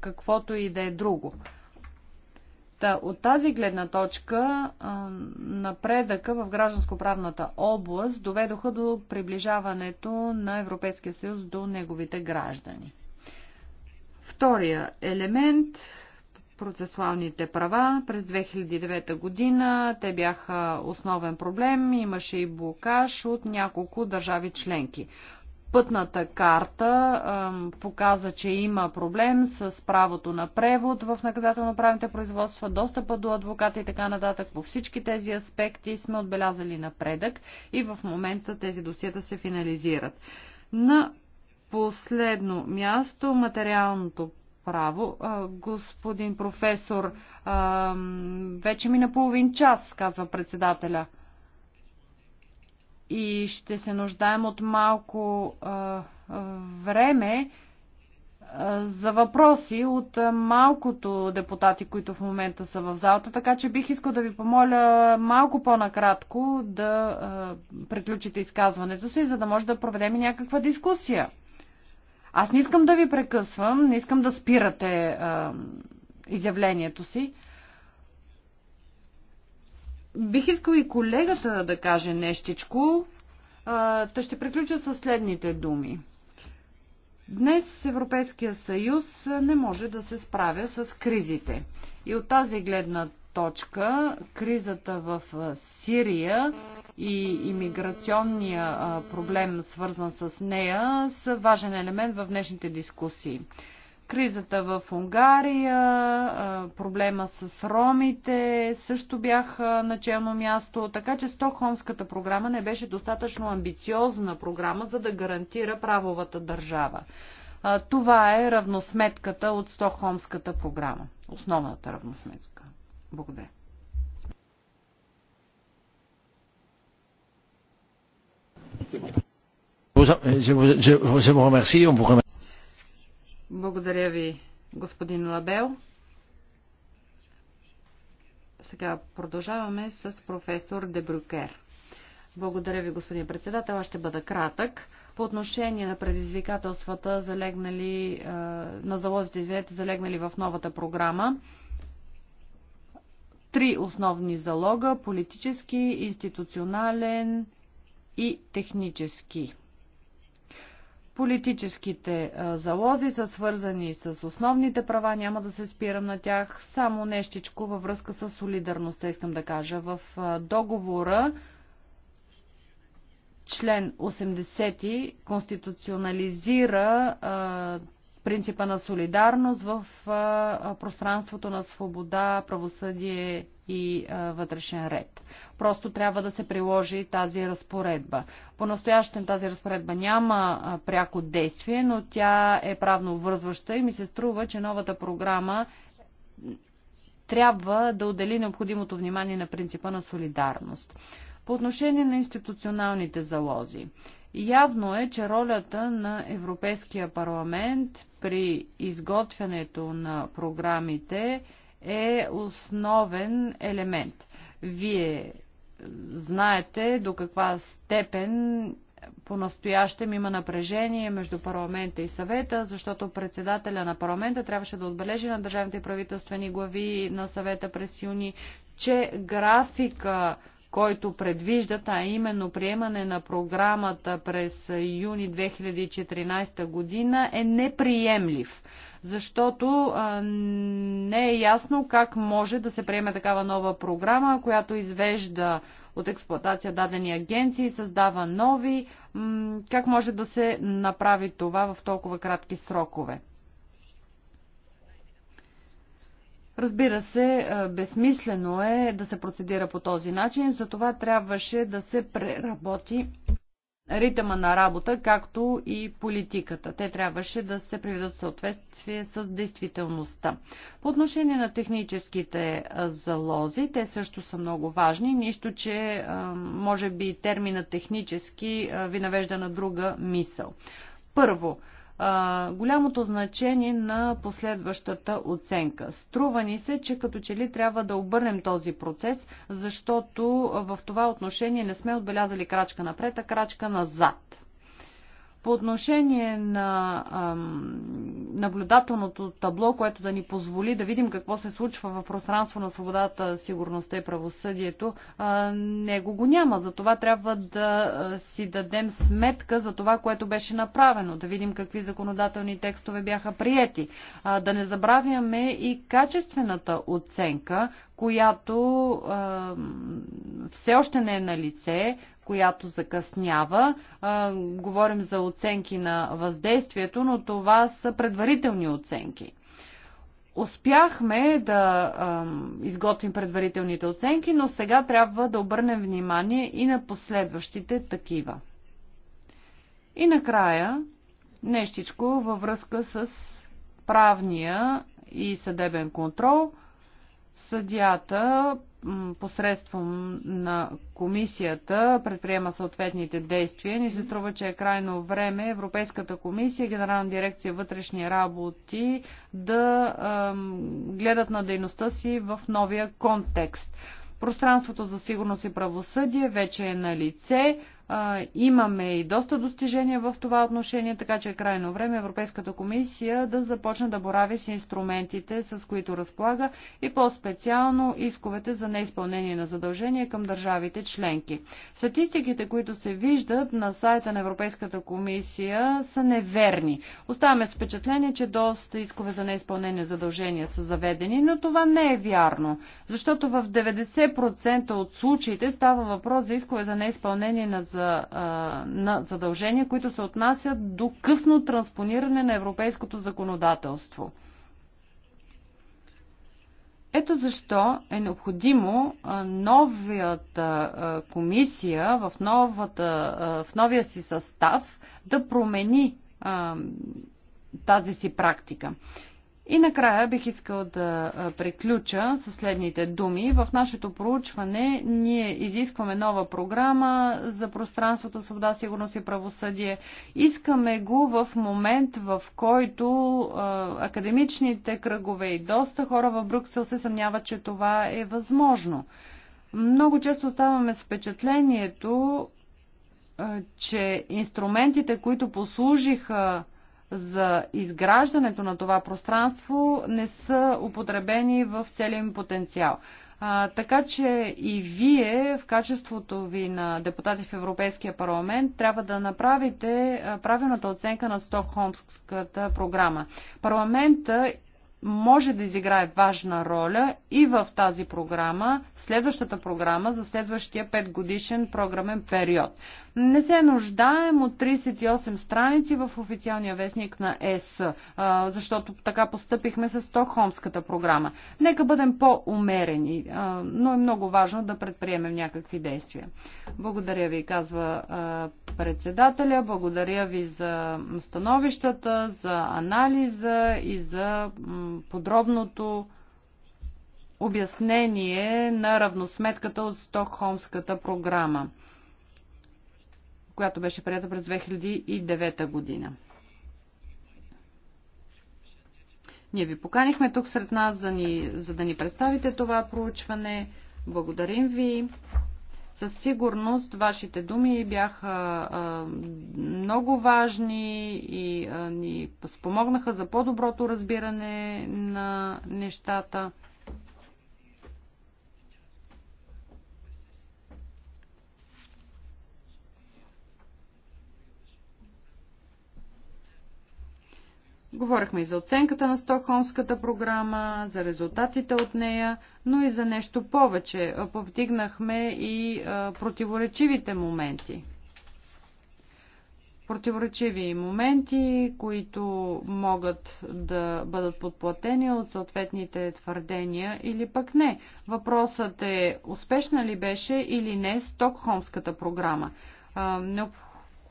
каквото и да е друго. Та, от тази гледна точка напредъка в гражданско-правната област доведоха до приближаването на Европейския съюз до неговите граждани. Втория елемент процесуалните права през 2009 година. Те бяха основен проблем. Имаше и блокаж от няколко държави членки пътната карта показа, че има проблем с правото на превод в наказателно-правните производства, достъпа до адвоката и така нататък. По всички тези аспекти сме отбелязали напредък и в момента тези досиета се финализират. На последно място материалното право. Господин професор, вече ми на половин час, казва председателя и ще се нуждаем от малко а, време а, за въпроси от малкото депутати, които в момента са в залата, така че бих искал да ви помоля малко по-накратко да а, приключите изказването си, за да може да проведем и някаква дискусия. Аз не искам да ви прекъсвам, не искам да спирате а, изявлението си. Бих искал и колегата да каже нещичко. Та ще приключа с следните думи. Днес Европейския съюз не може да се справя с кризите. И от тази гледна точка кризата в Сирия и иммиграционния проблем, свързан с нея, са важен елемент в днешните дискусии. Кризата в Унгария, проблема с ромите също бяха начално място, така че Стокхолмската програма не беше достатъчно амбициозна програма, за да гарантира правовата държава. Това е равносметката от Стокхолмската програма. Основната равносметка. Благодаря. je vous remercie. Благодаря ви, господин Лабел. Сега продължаваме с професор Дебрюкер. Благодаря ви, господин председател. Аз ще бъда кратък. По отношение на предизвикателствата, залегнали, на залозите, извинете, залегнали в новата програма, три основни залога – политически, институционален и технически. Политическите залози са свързани с основните права, няма да се спирам на тях. Само нещичко във връзка с солидарността искам да кажа. В договора член 80 конституционализира принципа на солидарност в пространството на свобода, правосъдие и а, вътрешен ред. Просто трябва да се приложи тази разпоредба. по настоящен тази разпоредба няма а, пряко действие, но тя е правно вързваща и ми се струва, че новата програма трябва да отдели необходимото внимание на принципа на солидарност. По отношение на институционалните залози. Явно е, че ролята на Европейския парламент при изготвянето на програмите е е основен елемент. Вие знаете до каква степен по-настоящем има напрежение между парламента и съвета, защото председателя на парламента трябваше да отбележи на държавните правителствени глави на съвета през юни, че графика който предвиждат, а именно приемане на програмата през юни 2014 година е неприемлив защото а, не е ясно как може да се приеме такава нова програма, която извежда от експлоатация дадени агенции, създава нови. Как може да се направи това в толкова кратки срокове? Разбира се, безсмислено е да се процедира по този начин, затова трябваше да се преработи ритъма на работа, както и политиката. Те трябваше да се приведат в съответствие с действителността. По отношение на техническите залози, те също са много важни, нищо, че може би термина технически ви навежда на друга мисъл. Първо, а, голямото значение на последващата оценка. Струва ни се, че като че ли трябва да обърнем този процес, защото в това отношение не сме отбелязали крачка напред, а крачка назад. По отношение на ам, наблюдателното табло, което да ни позволи да видим какво се случва в пространство на свободата, сигурността и правосъдието, а, него го няма. За това трябва да а, си дадем сметка за това, което беше направено, да видим какви законодателни текстове бяха приети. А, да не забравяме и качествената оценка, която а, все още не е на лице, която закъснява. Говорим за оценки на въздействието, но това са предварителни оценки успяхме да а, изготвим предварителните оценки, но сега трябва да обърнем внимание и на последващите такива. И накрая нещичко във връзка с правния и съдебен контрол. Съдята посредством на комисията предприема съответните действия, ни се струва, че е крайно време Европейската комисия, Генерална дирекция вътрешни работи да гледат на дейността си в новия контекст. Пространството за сигурност и правосъдие вече е на лице. А, имаме и доста достижения в това отношение, така че е крайно време Европейската комисия да започне да борави с инструментите, с които разполага и по-специално исковете за неизпълнение на задължения към държавите членки. Статистиките, които се виждат на сайта на Европейската комисия са неверни. Оставаме с впечатление, че доста искове за неизпълнение задължения са заведени, но това не е вярно, защото в 90% от случаите става въпрос за искове за неизпълнение на за, а, на задължения, които се отнасят до късно транспониране на европейското законодателство. Ето защо е необходимо новията комисия в, новата, в новия си състав да промени тази си практика. И накрая бих искал да приключа с следните думи. В нашето проучване ние изискваме нова програма за пространството, свобода, сигурност и правосъдие. Искаме го в момент, в който а, академичните кръгове и доста хора в Брюксел се съмняват, че това е възможно. Много често оставаме с впечатлението, а, че инструментите, които послужиха за изграждането на това пространство не са употребени в целия им потенциал. А, така че и вие, в качеството ви на депутати в Европейския парламент, трябва да направите правилната оценка на Стокхолмската програма. Парламента може да изиграе важна роля и в тази програма, следващата програма за следващия 5 годишен програмен период. Не се нуждаем от 38 страници в официалния вестник на ЕС, защото така постъпихме с Стокхолмската програма. Нека бъдем по-умерени, но е много важно да предприемем някакви действия. Благодаря ви, казва председателя. Благодаря ви за становищата, за анализа и за подробното обяснение на равносметката от Стокхолмската програма която беше прията през 2009 година. Ние ви поканихме тук сред нас, за, ни, за да ни представите това проучване. Благодарим ви. Със сигурност вашите думи бяха а, много важни и а, ни спомогнаха за по-доброто разбиране на нещата. Говорихме и за оценката на Стокхолмската програма, за резултатите от нея, но и за нещо повече. Повдигнахме и противоречивите моменти. Противоречиви моменти, които могат да бъдат подплатени от съответните твърдения или пък не. Въпросът е успешна ли беше или не Стокхолмската програма. Необходимо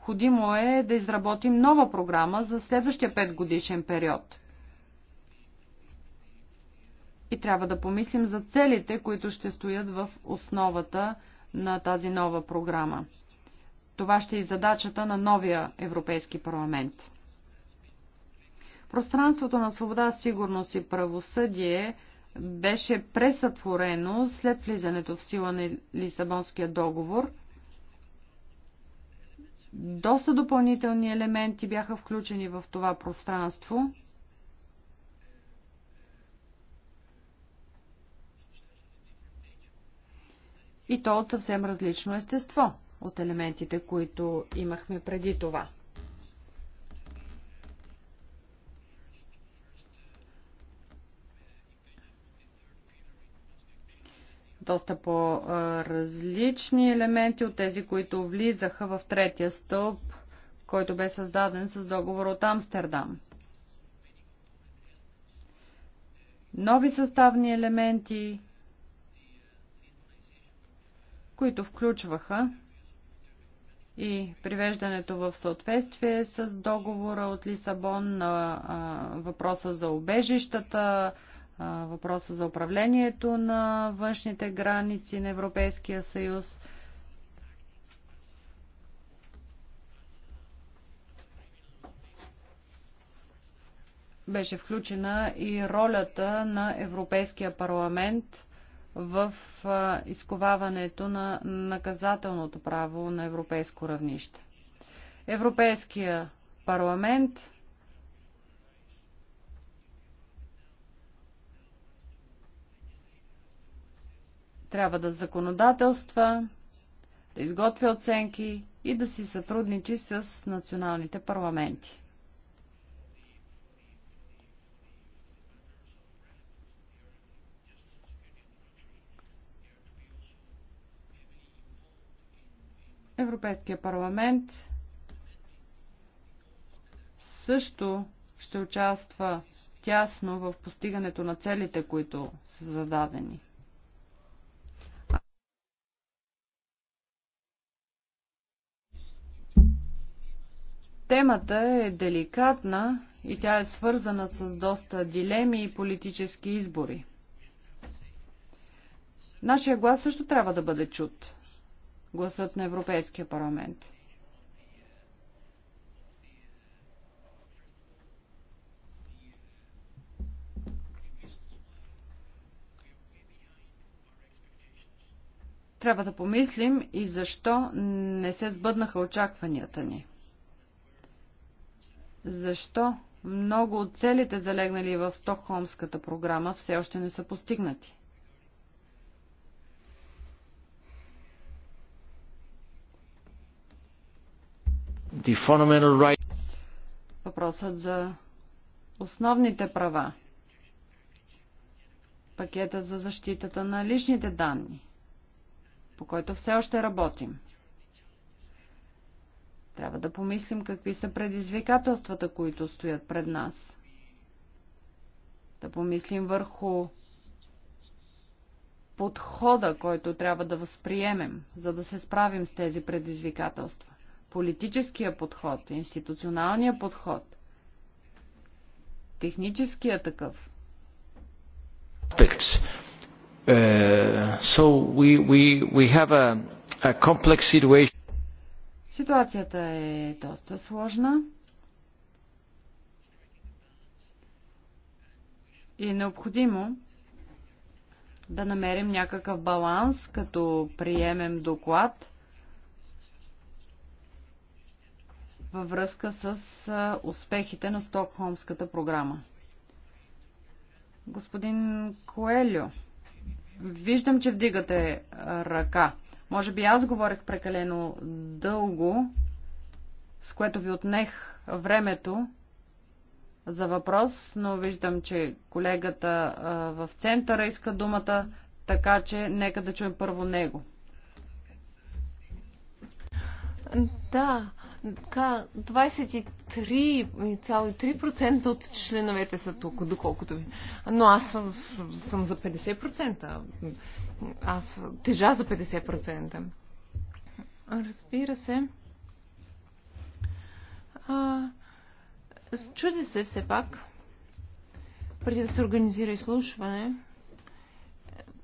Необходимо е да изработим нова програма за следващия 5 годишен период. И трябва да помислим за целите, които ще стоят в основата на тази нова програма. Това ще е и задачата на новия Европейски парламент. Пространството на свобода, сигурност и правосъдие беше пресътворено след влизането в сила на Лисабонския договор – доста допълнителни елементи бяха включени в това пространство. И то от съвсем различно естество от елементите, които имахме преди това. доста по-различни елементи от тези, които влизаха в третия стълб, който бе създаден с договор от Амстердам. Нови съставни елементи, които включваха и привеждането в съответствие с договора от Лисабон на въпроса за убежищата, въпроса за управлението на външните граници на Европейския съюз. Беше включена и ролята на Европейския парламент в изковаването на наказателното право на европейско равнище. Европейския парламент трябва да законодателства, да изготвя оценки и да си сътрудничи с националните парламенти. Европейския парламент също ще участва тясно в постигането на целите, които са зададени. Темата е деликатна и тя е свързана с доста дилеми и политически избори. Нашия глас също трябва да бъде чут. Гласът на Европейския парламент. Трябва да помислим и защо не се сбъднаха очакванията ни защо много от целите, залегнали в Стокхолмската програма, все още не са постигнати. Въпросът за основните права, пакетът за защитата на личните данни, по който все още работим. Трябва да помислим какви са предизвикателствата, които стоят пред нас. Да помислим върху подхода, който трябва да възприемем, за да се справим с тези предизвикателства. Политическия подход, институционалния подход, техническия такъв. Uh, so we, we, we have a, a complex situation. Ситуацията е доста сложна и е необходимо да намерим някакъв баланс, като приемем доклад във връзка с успехите на Стокхолмската програма. Господин Коелю, виждам, че вдигате ръка. Може би аз говорих прекалено дълго, с което ви отнех времето за въпрос, но виждам, че колегата в центъра иска думата, така че нека да чуем първо него. Да, 23,3% от членовете са тук, доколкото ви. Но аз съм, съм за 50%. Аз тежа за 50%. Разбира се. А, чуди се все пак, преди да се организира изслушване,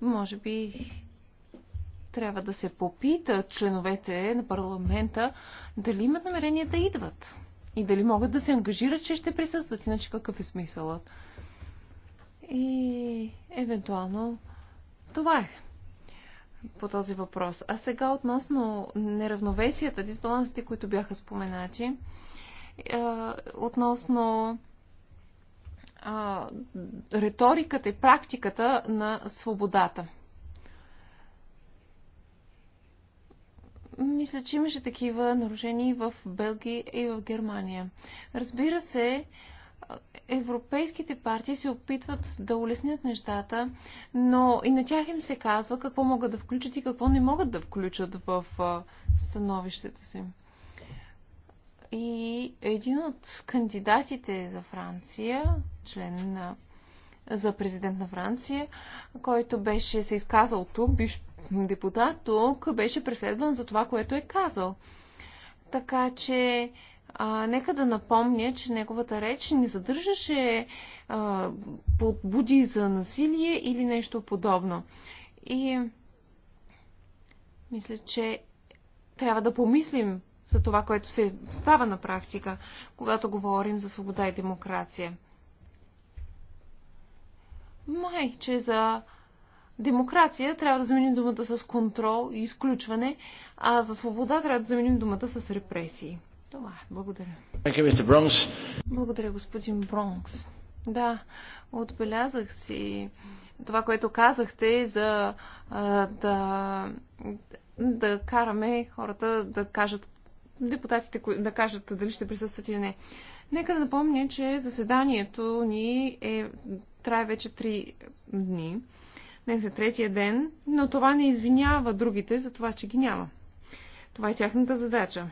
може би трябва да се попита членовете на парламента дали имат намерение да идват и дали могат да се ангажират, че ще присъстват, иначе какъв е смисълът. И евентуално това е по този въпрос. А сега относно неравновесията, дисбалансите, които бяха споменати, е, относно риториката и практиката на свободата – Мисля, че имаше такива нарушения и в Белгия и в Германия. Разбира се, европейските партии се опитват да улеснят нещата, но и на тях им се казва какво могат да включат и какво не могат да включат в становището си. И един от кандидатите за Франция, член на, за президент на Франция, който беше се изказал тук, биш депутат тук беше преследван за това, което е казал. Така че, а, нека да напомня, че неговата реч не задържаше а, подбуди за насилие или нещо подобно. И мисля, че трябва да помислим за това, което се става на практика, когато говорим за свобода и демокрация. Май, че за демокрация трябва да заменим думата с контрол и изключване, а за свобода трябва да заменим думата с репресии. Това е. Благодаря. Благодаря, господин Бронкс. Да, отбелязах си това, което казахте за да, да караме хората да кажат, депутатите да кажат дали ще присъстват или не. Нека да напомня, че заседанието ни е, трае вече 3 дни днес е третия ден, но това не извинява другите за това, че ги няма. Това е тяхната задача.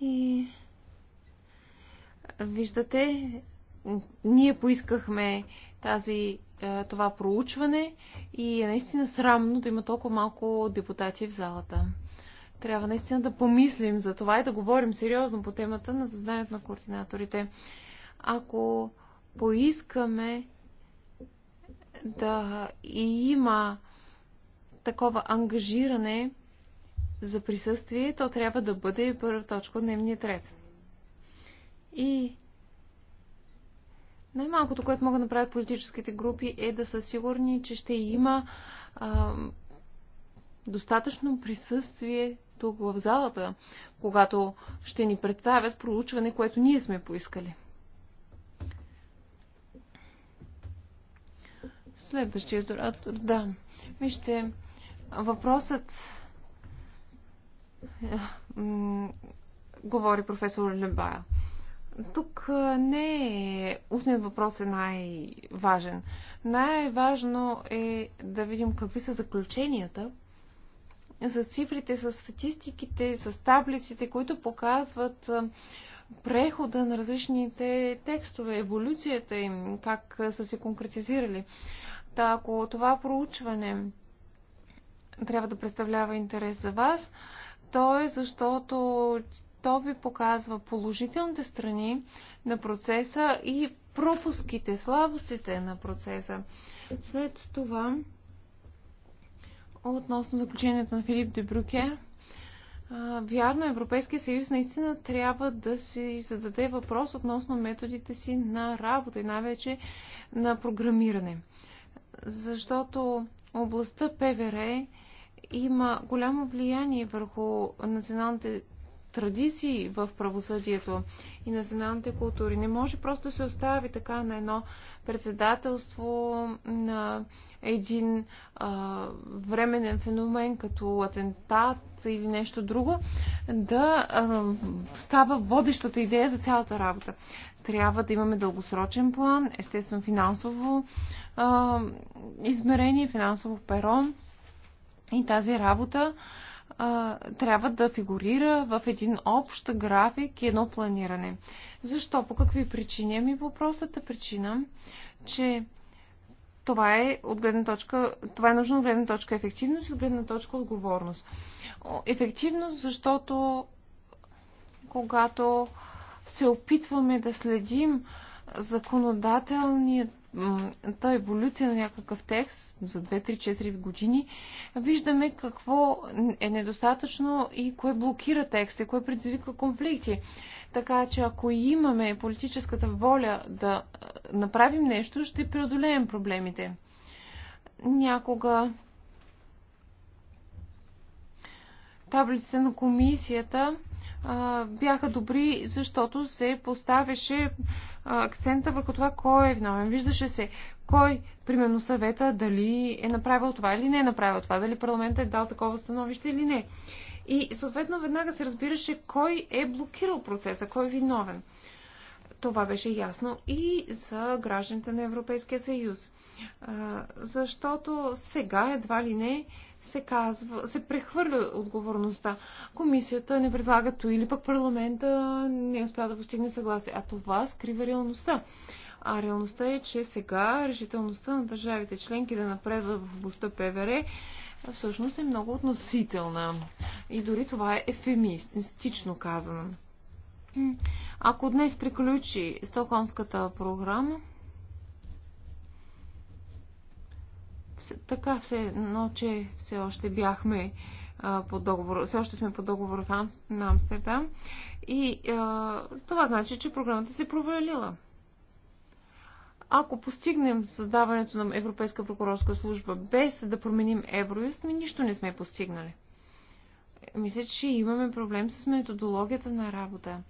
И виждате, ние поискахме тази, е, това проучване и е наистина срамно да има толкова малко депутати в залата. Трябва наистина да помислим за това и да говорим сериозно по темата на заседанието на координаторите. Ако поискаме да има такова ангажиране за присъствие, то трябва да бъде първа точка от дневния ред. И най-малкото, което могат да направят политическите групи е да са сигурни, че ще има а, достатъчно присъствие тук в залата, когато ще ни представят проучване, което ние сме поискали. Следващия оратор, да. Вижте, въпросът говори професор Лебая. Тук не е устният въпрос е най-важен. Най-важно е да видим какви са заключенията с цифрите, с статистиките, с таблиците, които показват прехода на различните текстове, еволюцията им, как са се конкретизирали. Та ако това проучване трябва да представлява интерес за вас, то е защото то ви показва положителните страни на процеса и пропуските, слабостите на процеса. След това, относно заключението на Филип Дебрюке, вярно, Европейския съюз наистина трябва да си зададе въпрос относно методите си на работа и най-вече на програмиране защото областта ПВР има голямо влияние върху националните традиции в правосъдието и националните култури. Не може просто да се остави така на едно председателство на един а, временен феномен, като атентат или нещо друго, да а, става водещата идея за цялата работа. Трябва да имаме дългосрочен план, естествено финансово а, измерение, финансово перо и тази работа. А, а, трябва да фигурира в един общ график и едно планиране. Защо? По какви причини? Ами по простата причина, че това е, от гледна точка, това е нужно от гледна точка ефективност и от гледна точка отговорност. Ефективност, защото когато се опитваме да следим законодателният та еволюция на някакъв текст за 2-3-4 години, виждаме какво е недостатъчно и кое блокира текста, кое предизвиква конфликти. Така че ако имаме политическата воля да направим нещо, ще преодолеем проблемите. Някога таблиците на комисията бяха добри, защото се поставяше акцента върху това кой е виновен. Виждаше се кой, примерно съвета, дали е направил това или не е направил това, дали парламентът е дал такова становище или не. И съответно веднага се разбираше кой е блокирал процеса, кой е виновен. Това беше ясно и за гражданите на Европейския съюз. Защото сега едва ли не се, казва, се прехвърля отговорността. Комисията не предлага то или пък парламента не успя да постигне съгласие. А това скрива реалността. А реалността е, че сега решителността на държавите членки да напредва в областта ПВР всъщност е много относителна. И дори това е ефемистично казано. Ако днес приключи Стокхолмската програма, така се, но че все още бяхме по договор, все още сме по договор на Амстердам и а, това значи, че програмата се провалила. Ако постигнем създаването на Европейска прокурорска служба без да променим Евроюст, ми нищо не сме постигнали. Мисля, че имаме проблем с методологията на работа.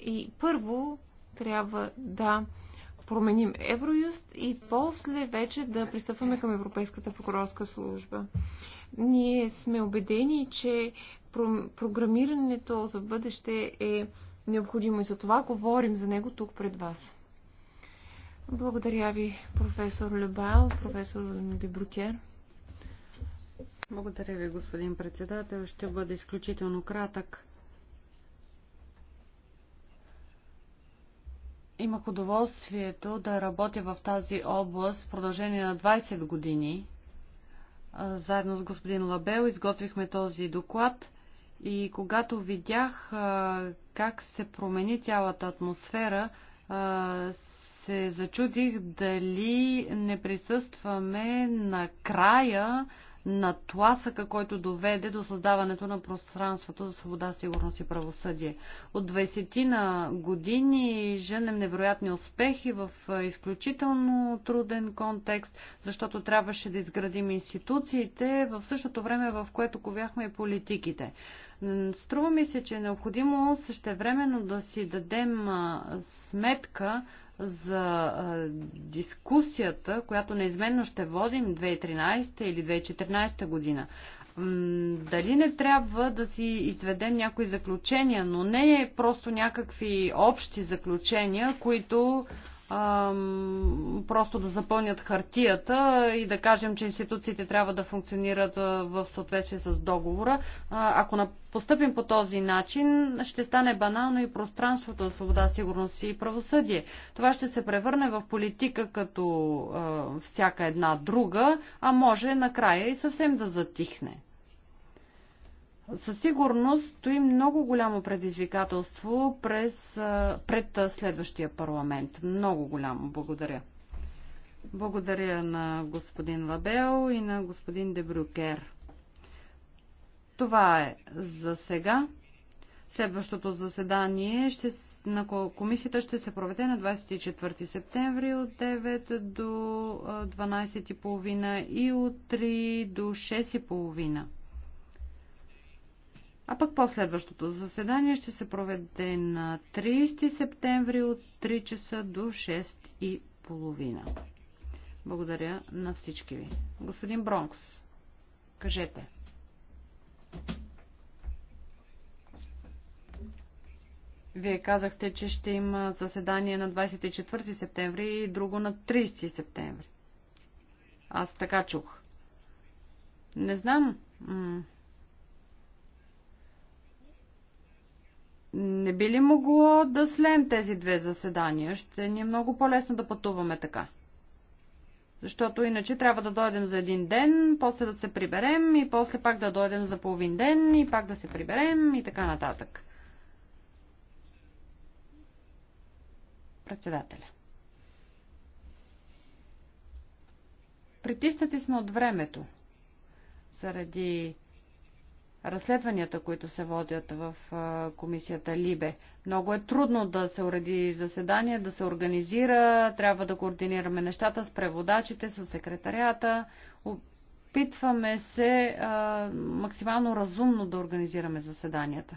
И първо трябва да променим Евроюст и после вече да пристъпваме към Европейската прокурорска служба. Ние сме убедени, че програмирането за бъдеще е необходимо и за това говорим за него тук пред вас. Благодаря ви, професор Лебал, професор Дебрукер. Благодаря ви, господин председател. Ще бъда изключително кратък. Имах удоволствието да работя в тази област в продължение на 20 години. Заедно с господин Лабел изготвихме този доклад и когато видях как се промени цялата атмосфера, се зачудих дали не присъстваме на края на тласъка, който доведе до създаването на пространството за свобода, сигурност и правосъдие. От 20 на години женем невероятни успехи в изключително труден контекст, защото трябваше да изградим институциите в същото време, в което ковяхме и политиките. Струва ми се, че е необходимо същевременно да си дадем сметка за а, дискусията, която неизменно ще водим 2013 или 2014 година. М- дали не трябва да си изведем някои заключения, но не е просто някакви общи заключения, които просто да запълнят хартията и да кажем, че институциите трябва да функционират в съответствие с договора. Ако постъпим по този начин, ще стане банално и пространството за свобода, сигурност и правосъдие. Това ще се превърне в политика като всяка една друга, а може накрая и съвсем да затихне. Със сигурност стои много голямо предизвикателство през, пред следващия парламент. Много голямо. Благодаря. Благодаря на господин Лабел и на господин Дебрюкер. Това е за сега. Следващото заседание ще, на комисията ще се проведе на 24 септември от 9 до 12.30 и от 3 до 6.30. А пък последващото заседание ще се проведе на 30 септември от 3 часа до 6 и половина. Благодаря на всички ви. Господин Бронкс, кажете. Вие казахте, че ще има заседание на 24 септември и друго на 30 септември. Аз така чух. Не знам. Не би ли могло да слеем тези две заседания? Ще ни е много по-лесно да пътуваме така. Защото иначе трябва да дойдем за един ден, после да се приберем и после пак да дойдем за половин ден и пак да се приберем и така нататък. Председателя. Притиснати сме от времето. Заради разследванията, които се водят в комисията Либе. Много е трудно да се уреди заседание, да се организира, трябва да координираме нещата с преводачите, с секретарията. Опитваме се а, максимално разумно да организираме заседанията.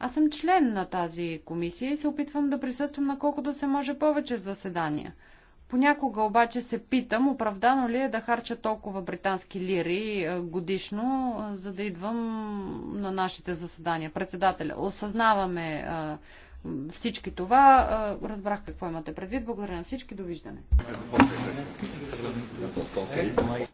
Аз съм член на тази комисия и се опитвам да присъствам на колкото се може повече заседания – Понякога обаче се питам, оправдано ли е да харча толкова британски лири е, годишно, е, за да идвам на нашите заседания. Председателя, осъзнаваме е, всички това. Разбрах какво имате предвид. Благодаря на всички. Довиждане.